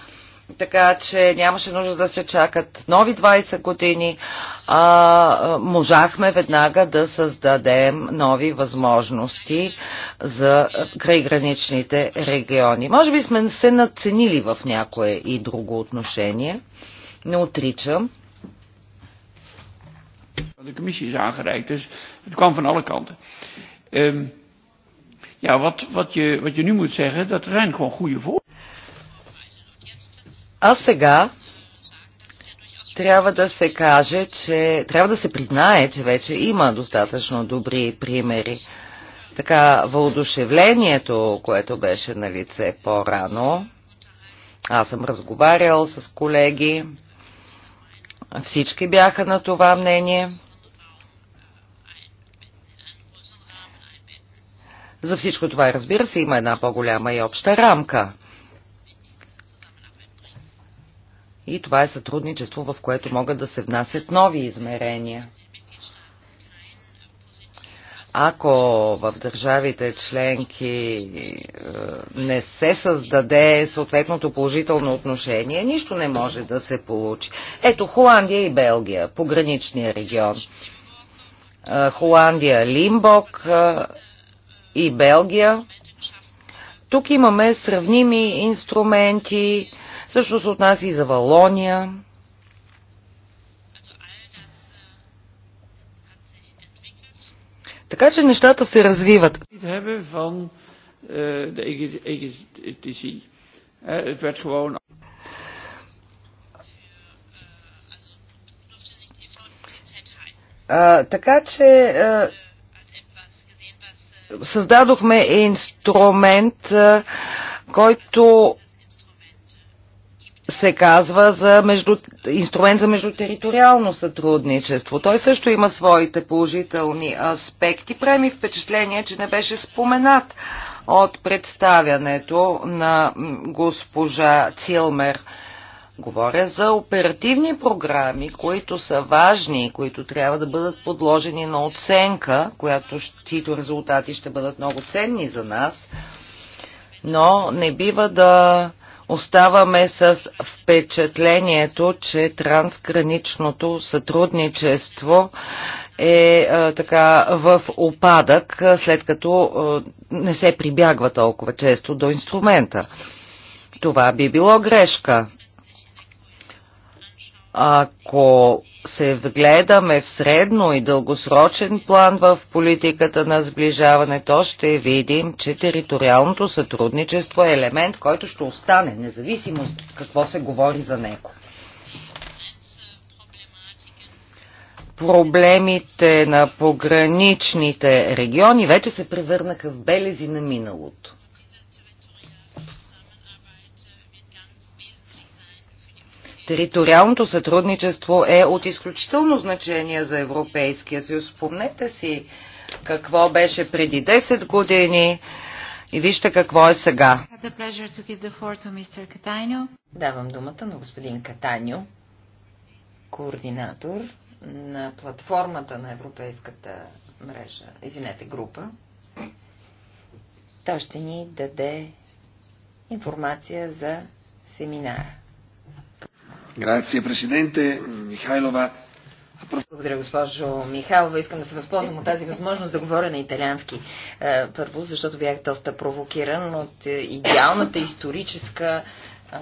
така че нямаше нужда да се чакат нови 20 години, а можахме веднага да създадем нови възможности за крайграничните региони. Може би сме се наценили в някое и друго отношение, не отричам. De commissie is aangereikt, dus het kwam van alle kanten. Um, ja, wat, wat, je, wat je nu moet zeggen, dat zijn gewoon goede voorbeelden. А сега трябва да се каже, че трябва да се признае, че вече има достатъчно добри примери. Така, въодушевлението, което беше на лице по-рано, аз съм разговарял с колеги, всички бяха на това мнение. За всичко това, разбира се, има една по-голяма и обща рамка. И това е сътрудничество, в което могат да се внасят нови измерения. Ако в държавите членки е, не се създаде съответното положително отношение, нищо не може да се получи. Ето Холандия и Белгия, пограничния регион. Е, Холандия, Лимбок е, и Белгия. Тук имаме сравними инструменти, също се отнася и за Валония. Така че нещата се развиват. Eh, а, така че а, създадохме инструмент, а, който се казва за между, инструмент за междутериториално сътрудничество. Той също има своите положителни аспекти. Преми впечатление, че не беше споменат от представянето на госпожа Цилмер. Говоря за оперативни програми, които са важни, и които трябва да бъдат подложени на оценка, която, чието резултати ще бъдат много ценни за нас, но не бива да Оставаме с впечатлението, че трансграничното сътрудничество е а, така в опадък, след като а, не се прибягва толкова често до инструмента. Това би било грешка. Ако се вгледаме в средно и дългосрочен план в политиката на сближаване, то ще видим, че териториалното сътрудничество е елемент, който ще остане, независимо какво се говори за него. Проблемите на пограничните региони вече се превърнаха в белези на миналото. Териториалното сътрудничество е от изключително значение за Европейския съюз. Спомнете си какво беше преди 10 години и вижте какво е сега. Давам думата на господин Катаню, координатор на платформата на Европейската мрежа, извинете, група. Той ще ни даде информация за семинара. Благодаря, госпожо Михайлова. Искам да се възползвам от тази възможност да говоря на италиански. Е, първо, защото бях доста провокиран от е, идеалната историческа е,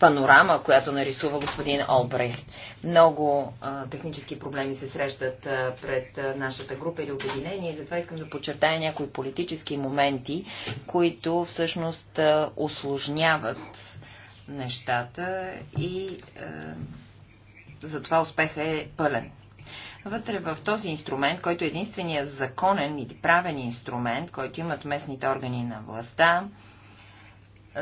панорама, която нарисува господин Олбрехт. Много а, технически проблеми се срещат а, пред а, нашата група или обединение и затова искам да подчертая някои политически моменти, които всъщност а, осложняват нещата и е, затова успехът е пълен. Вътре в този инструмент, който е единствения законен или правен инструмент, който имат местните органи на властта, е,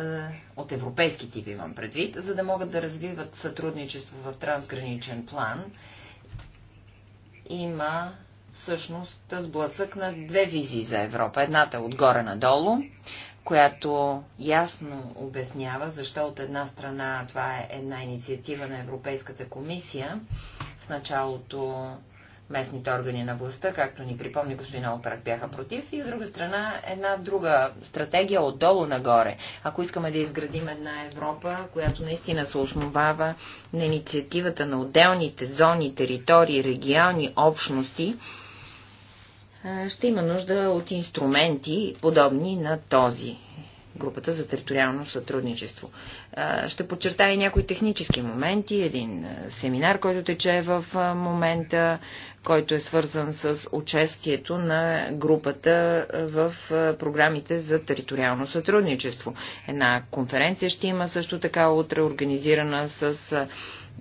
от европейски тип имам предвид, за да могат да развиват сътрудничество в трансграничен план, има всъщност сблъсък на две визии за Европа. Едната отгоре надолу, която ясно обяснява, защо от една страна това е една инициатива на Европейската комисия в началото местните органи на властта, както ни припомни господин Олтрак, бяха против, и от друга страна една друга стратегия отдолу нагоре. Ако искаме да изградим една Европа, която наистина се основава на инициативата на отделните зони, територии, региони, общности, е, ще има нужда от инструменти, подобни на този. Групата за териториално сътрудничество. Е, ще подчертая някои технически моменти. Един е, семинар, който тече в момента който е свързан с участието на групата в програмите за териториално сътрудничество. Една конференция ще има също така утре, организирана с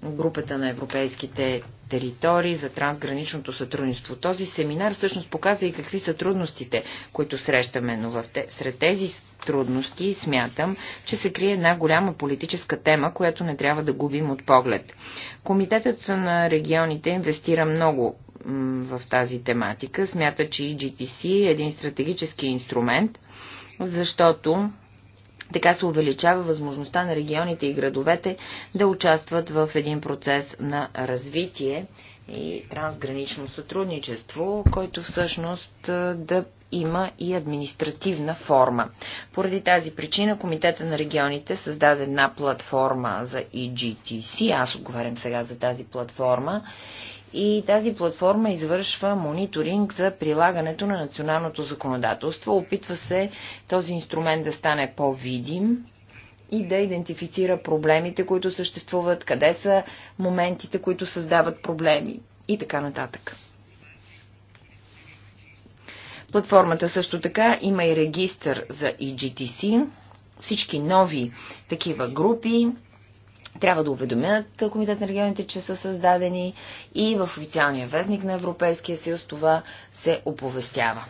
групата на европейските територии за трансграничното сътрудничество. Този семинар всъщност показа и какви са трудностите, които срещаме, но в те, сред тези трудности смятам, че се крие една голяма политическа тема, която не трябва да губим от поглед. Комитетът на регионите инвестира много в тази тематика. Смята, че и GTC е един стратегически инструмент, защото така се увеличава възможността на регионите и градовете да участват в един процес на развитие и трансгранично сътрудничество, който всъщност да има и административна форма. Поради тази причина Комитета на регионите създаде една платформа за EGTC. Аз отговарям сега за тази платформа. И тази платформа извършва мониторинг за прилагането на националното законодателство. Опитва се този инструмент да стане по-видим и да идентифицира проблемите, които съществуват, къде са моментите, които създават проблеми и така нататък. Платформата също така има и регистър за EGTC. Всички нови такива групи трябва да уведомят Комитет на регионите, че са създадени и в официалния вестник на Европейския съюз това се оповестява.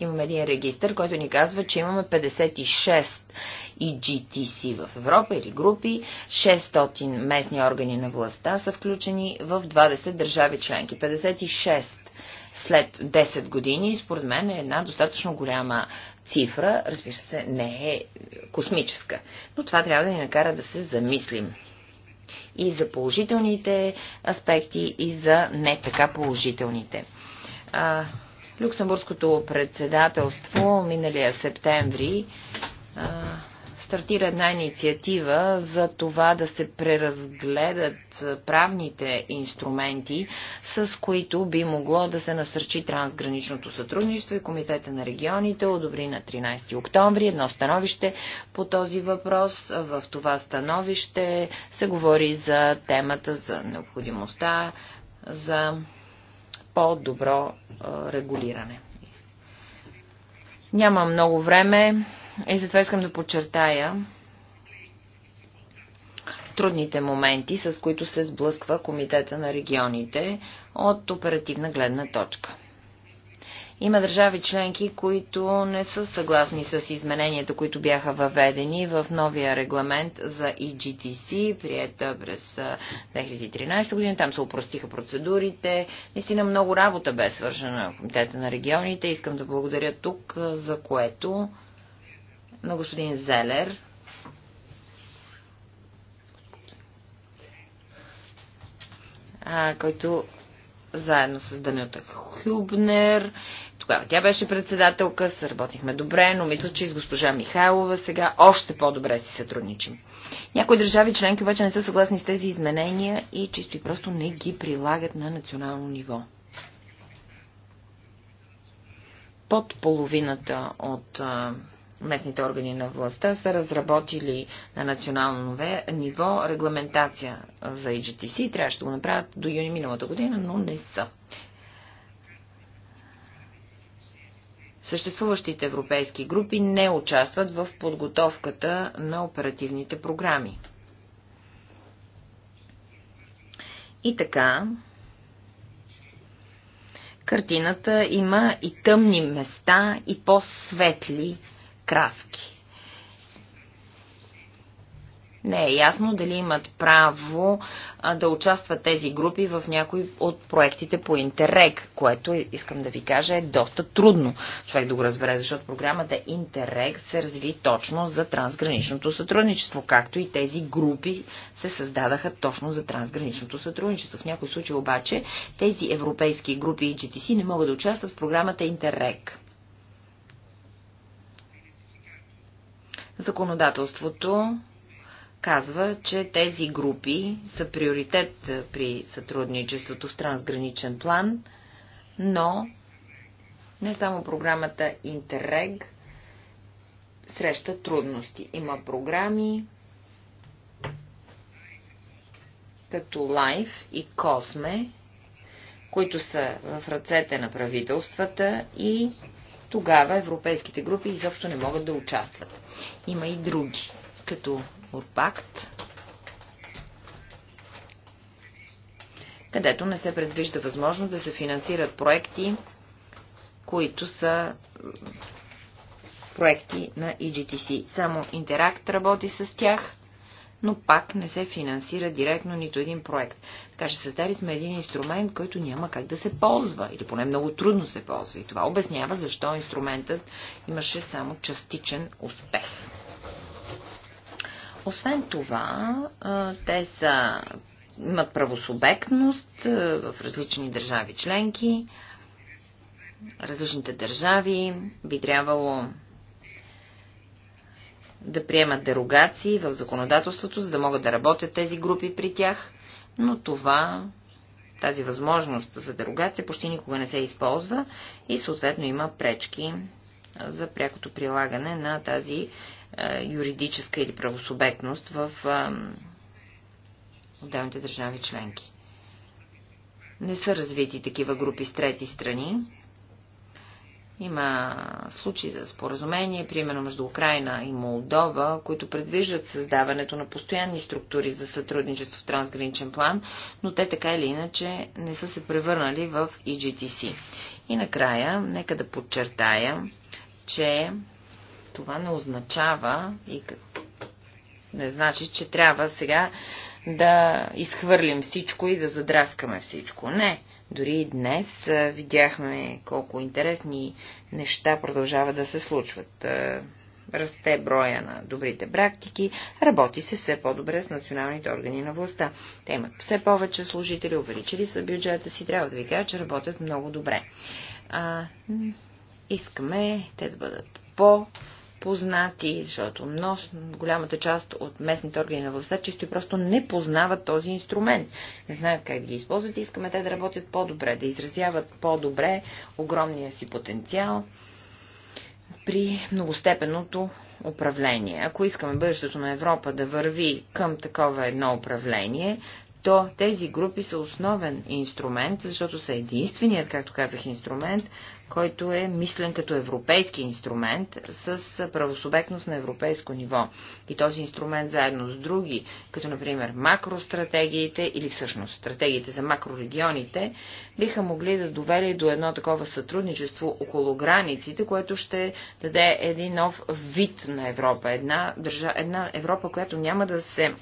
Имаме един регистр, който ни казва, че имаме 56 и GTC в Европа или групи, 600 местни органи на властта са включени в 20 държави членки. 56 след 10 години, според мен е една достатъчно голяма цифра, разбира се, не е космическа. Но това трябва да ни накара да се замислим и за положителните аспекти, и за не така положителните. А, Люксембургското председателство миналия септември а, стартира една инициатива за това да се преразгледат правните инструменти, с които би могло да се насърчи трансграничното сътрудничество и Комитета на регионите одобри на 13 октомври едно становище по този въпрос. В това становище се говори за темата за необходимостта за по-добро регулиране. Няма много време и затова искам да подчертая трудните моменти, с които се сблъсква Комитета на регионите от оперативна гледна точка. Има държави членки, които не са съгласни с измененията, които бяха въведени в новия регламент за EGTC, прият през 2013 година. Там се упростиха процедурите. Наистина много работа бе свършена в Комитета на регионите. Искам да благодаря тук, за което на господин Зелер, който заедно с Данилта Хюбнер тогава тя беше председателка, сработихме добре, но мисля, че и с госпожа Михайлова сега още по-добре си сътрудничим. Някои държави членки обаче не са съгласни с тези изменения и чисто и просто не ги прилагат на национално ниво. Под половината от местните органи на властта са разработили на национално ниво регламентация за IGTC. Трябваше да го направят до юни миналата година, но не са. Съществуващите европейски групи не участват в подготовката на оперативните програми. И така, картината има и тъмни места, и по-светли краски. Не е ясно дали имат право а, да участват тези групи в някои от проектите по Интерег, което, искам да ви кажа, е доста трудно човек да го разбере, защото програмата Интерег се разви точно за трансграничното сътрудничество, както и тези групи се създадаха точно за трансграничното сътрудничество. В някои случаи обаче тези европейски групи и GTC не могат да участват в програмата Интерег. Законодателството казва, че тези групи са приоритет при сътрудничеството в трансграничен план, но не само програмата Интеррег среща трудности. Има програми като ЛАЙФ и Косме, които са в ръцете на правителствата и тогава европейските групи изобщо не могат да участват. Има и други, като пакт, където не се предвижда възможност да се финансират проекти, които са проекти на EGTC. Само Интеракт работи с тях, но пак не се финансира директно нито един проект. Така че създали сме един инструмент, който няма как да се ползва, или поне много трудно се ползва. И това обяснява защо инструментът имаше само частичен успех. Освен това, те са, имат правосубектност в различни държави членки. Различните държави би трябвало да приемат дерогации в законодателството, за да могат да работят тези групи при тях, но това, тази възможност за дерогация почти никога не се използва и съответно има пречки за прякото прилагане на тази е, юридическа или правосубектност в е, отделните държави членки. Не са развити такива групи с трети страни. Има случаи за споразумение, примерно между Украина и Молдова, които предвиждат създаването на постоянни структури за сътрудничество в трансграничен план, но те така или иначе не са се превърнали в EGTC. И накрая, нека да подчертая, че това не означава и не значи, че трябва сега да изхвърлим всичко и да задраскаме всичко. Не. Дори и днес видяхме колко интересни неща продължават да се случват. Расте броя на добрите практики, работи се все по-добре с националните органи на властта. Те имат все повече служители, увеличили са бюджета си, трябва да ви кажа, че работят много добре. А, искаме те да бъдат по- познати, защото много, голямата част от местните органи на властта чисто и просто не познават този инструмент. Не знаят как да ги използват и искаме те да работят по-добре, да изразяват по-добре огромния си потенциал при многостепенното управление. Ако искаме бъдещето на Европа да върви към такова едно управление, то тези групи са основен инструмент, защото са единственият, както казах, инструмент, който е мислен като европейски инструмент с правосубектност на европейско ниво. И този инструмент заедно с други, като например макростратегиите или всъщност стратегиите за макрорегионите, биха могли да довели до едно такова сътрудничество около границите, което ще даде един нов вид на Европа. Една, държа, една Европа, която няма да се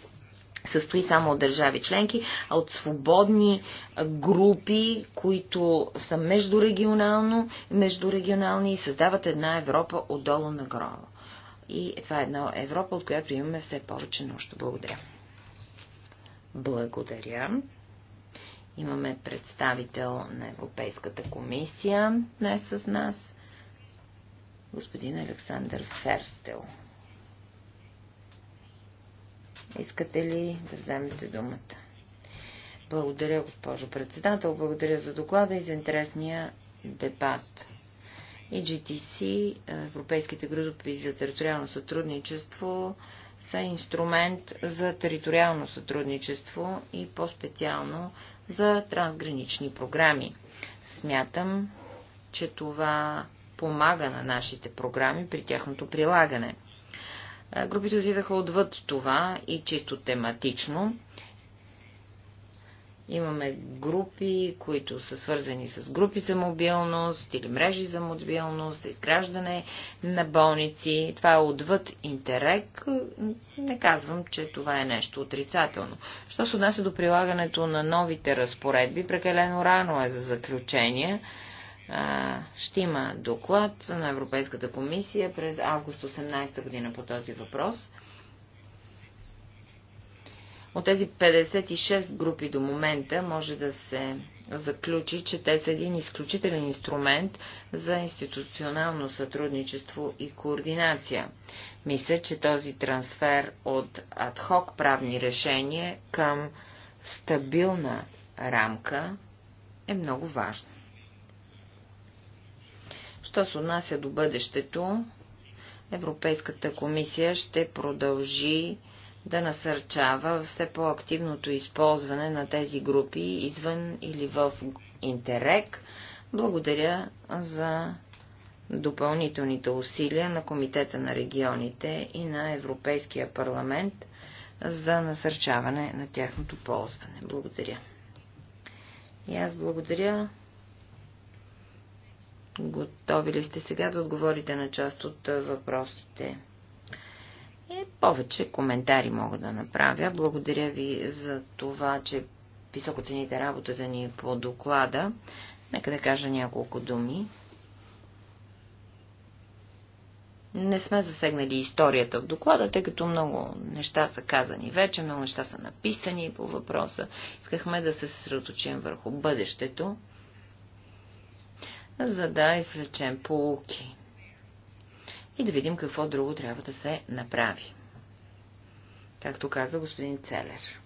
състои само от държави членки, а от свободни групи, които са междурегионално, междурегионални и създават една Европа отдолу на гроба. И това е една Европа, от която имаме все повече нужда. Благодаря. Благодаря. Имаме представител на Европейската комисия днес с нас, господин Александър Ферстел. Искате ли да вземете думата? Благодаря, госпожо председател. Благодаря за доклада и за интересния дебат. И GTC, Европейските групи за териториално сътрудничество, са инструмент за териториално сътрудничество и по-специално за трансгранични програми. Смятам, че това помага на нашите програми при тяхното прилагане – Групите отидаха отвъд това и чисто тематично. Имаме групи, които са свързани с групи за мобилност или мрежи за мобилност, изграждане на болници. Това е отвъд интерек. Не казвам, че това е нещо отрицателно. Що се отнася до прилагането на новите разпоредби, прекалено рано е за заключение ще има доклад на Европейската комисия през август 18 година по този въпрос. От тези 56 групи до момента може да се заключи, че те са един изключителен инструмент за институционално сътрудничество и координация. Мисля, че този трансфер от адхок правни решения към стабилна рамка е много важен. Що се отнася до бъдещето, Европейската комисия ще продължи да насърчава все по-активното използване на тези групи извън или в Интерек. Благодаря за допълнителните усилия на Комитета на регионите и на Европейския парламент за насърчаване на тяхното ползване. Благодаря. И аз благодаря. Готови ли сте сега да отговорите на част от въпросите? И повече коментари мога да направя. Благодаря ви за това, че високо цените работата ни е по доклада. Нека да кажа няколко думи. Не сме засегнали историята в доклада, тъй като много неща са казани вече, много неща са написани по въпроса. Искахме да се съсредоточим върху бъдещето за да извлечем полуки и да видим какво друго трябва да се направи. Както каза господин Целер.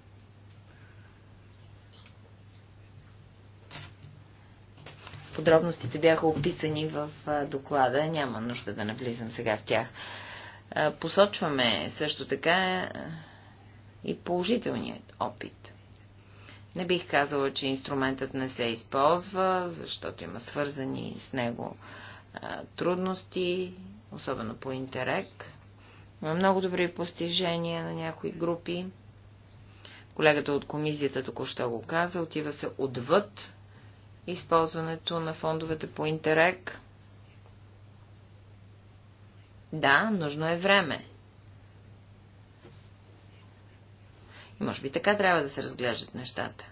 Подробностите бяха описани в доклада, няма нужда да навлизам сега в тях. Посочваме също така и положителният опит – не бих казала, че инструментът не се използва, защото има свързани с него а, трудности, особено по интерек. Има много добри постижения на някои групи. Колегата от комисията току-що го каза, отива се отвъд използването на фондовете по интерек. Да, нужно е време. Може би така трябва да се разглеждат нещата.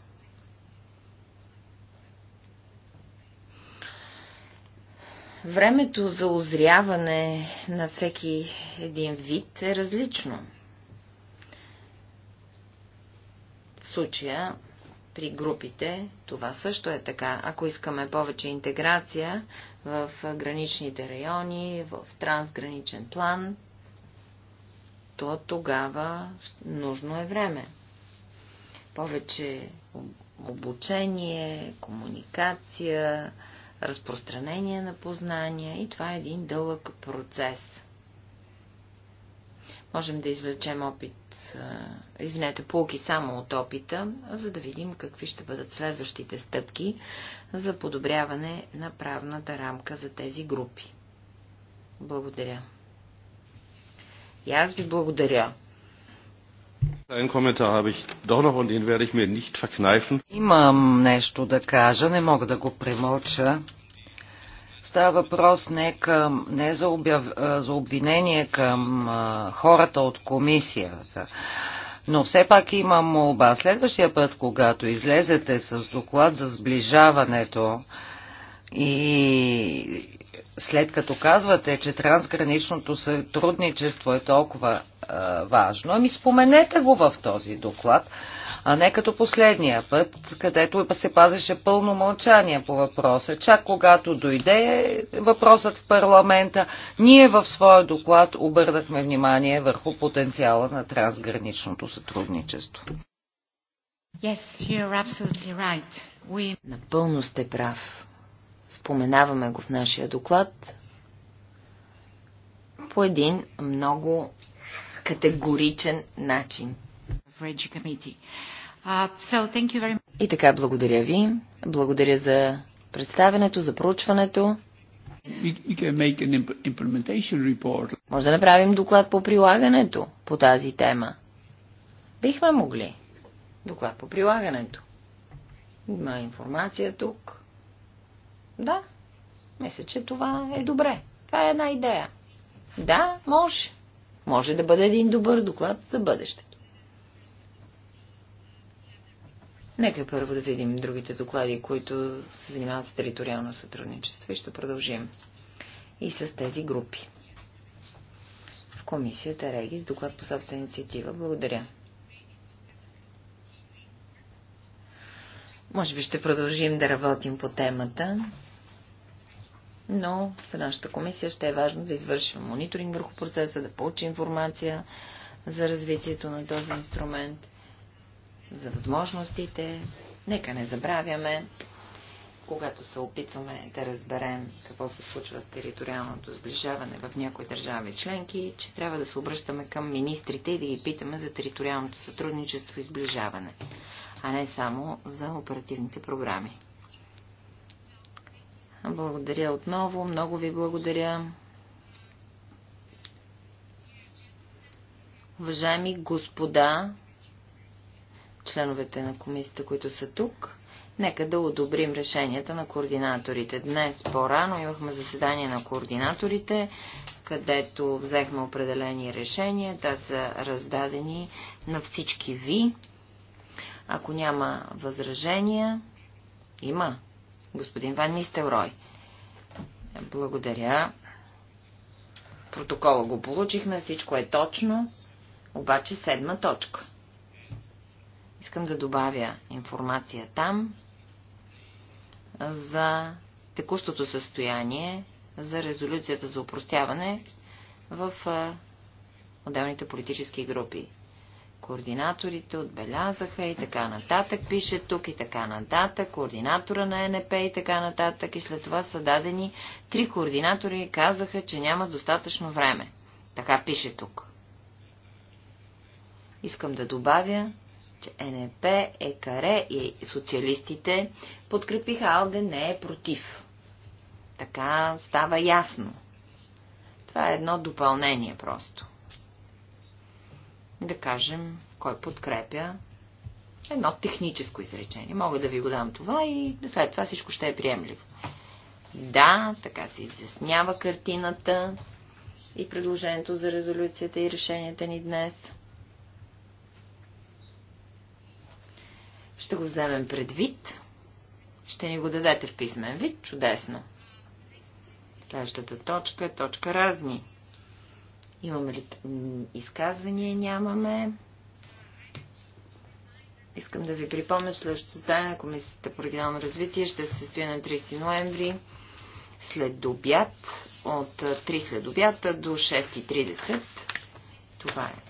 Времето за озряване на всеки един вид е различно. В случая при групите това също е така. Ако искаме повече интеграция в граничните райони, в трансграничен план, то тогава нужно е време повече обучение, комуникация, разпространение на познания и това е един дълъг процес. Можем да извлечем опит, извинете, полки само от опита, за да видим какви ще бъдат следващите стъпки за подобряване на правната рамка за тези групи. Благодаря. И аз ви благодаря. Имам нещо да кажа, не мога да го премълча. Става въпрос не, към, не за, обяв, за обвинение към а, хората от комисията, но все пак имам молба. Следващия път, когато излезете с доклад за сближаването и след като казвате, че трансграничното сътрудничество е толкова а, важно, ами споменете го в този доклад, а не като последния път, където се пазеше пълно мълчание по въпроса. Чак когато дойде въпросът в парламента, ние в своя доклад обърнахме внимание върху потенциала на трансграничното сътрудничество. Yes, you're absolutely right. We... Напълно сте прав споменаваме го в нашия доклад, по един много категоричен начин. И така, благодаря ви. Благодаря за представенето, за проучването. Може да направим доклад по прилагането по тази тема. Бихме могли. Доклад по прилагането. Има информация тук. Да, мисля, че това е добре. Това е една идея. Да, може. Може да бъде един добър доклад за бъдещето. Нека първо да видим другите доклади, които се занимават с териториално сътрудничество и ще продължим. И с тези групи. В комисията Регис доклад по собствена инициатива. Благодаря. Може би ще продължим да работим по темата но за нашата комисия ще е важно да извършим мониторинг върху процеса, да получи информация за развитието на този инструмент, за възможностите. Нека не забравяме, когато се опитваме да разберем какво се случва с териториалното сближаване в някои държави членки, че трябва да се обръщаме към министрите и да ги питаме за териториалното сътрудничество и сближаване, а не само за оперативните програми. Благодаря отново. Много ви благодаря. Уважаеми господа, членовете на комисията, които са тук, нека да одобрим решенията на координаторите. Днес по-рано имахме заседание на координаторите, където взехме определени решения. Те са раздадени на всички ви. Ако няма възражения, има господин Ван Нистелрой. Благодаря. Протокола го получихме, всичко е точно, обаче седма точка. Искам да добавя информация там за текущото състояние, за резолюцията за упростяване в отделните политически групи. Координаторите отбелязаха и така нататък, пише тук и така нататък, координатора на НП и така нататък. И след това са дадени три координатори и казаха, че няма достатъчно време. Така пише тук. Искам да добавя, че НП, каре и социалистите подкрепиха Алде не е против. Така става ясно. Това е едно допълнение просто да кажем кой подкрепя едно техническо изречение. Мога да ви го дам това и след това всичко ще е приемливо. Да, така се изяснява картината и предложението за резолюцията и решенията ни днес. Ще го вземем предвид. Ще ни го дадете в писмен вид. Чудесно. Следващата точка е точка разни. Имаме ли изказвания? Нямаме. Искам да ви припомня, че следващото здание на Комисията по регионално развитие ще се състои на 30 ноември след обяд, от 3 след обяд до 6.30. Това е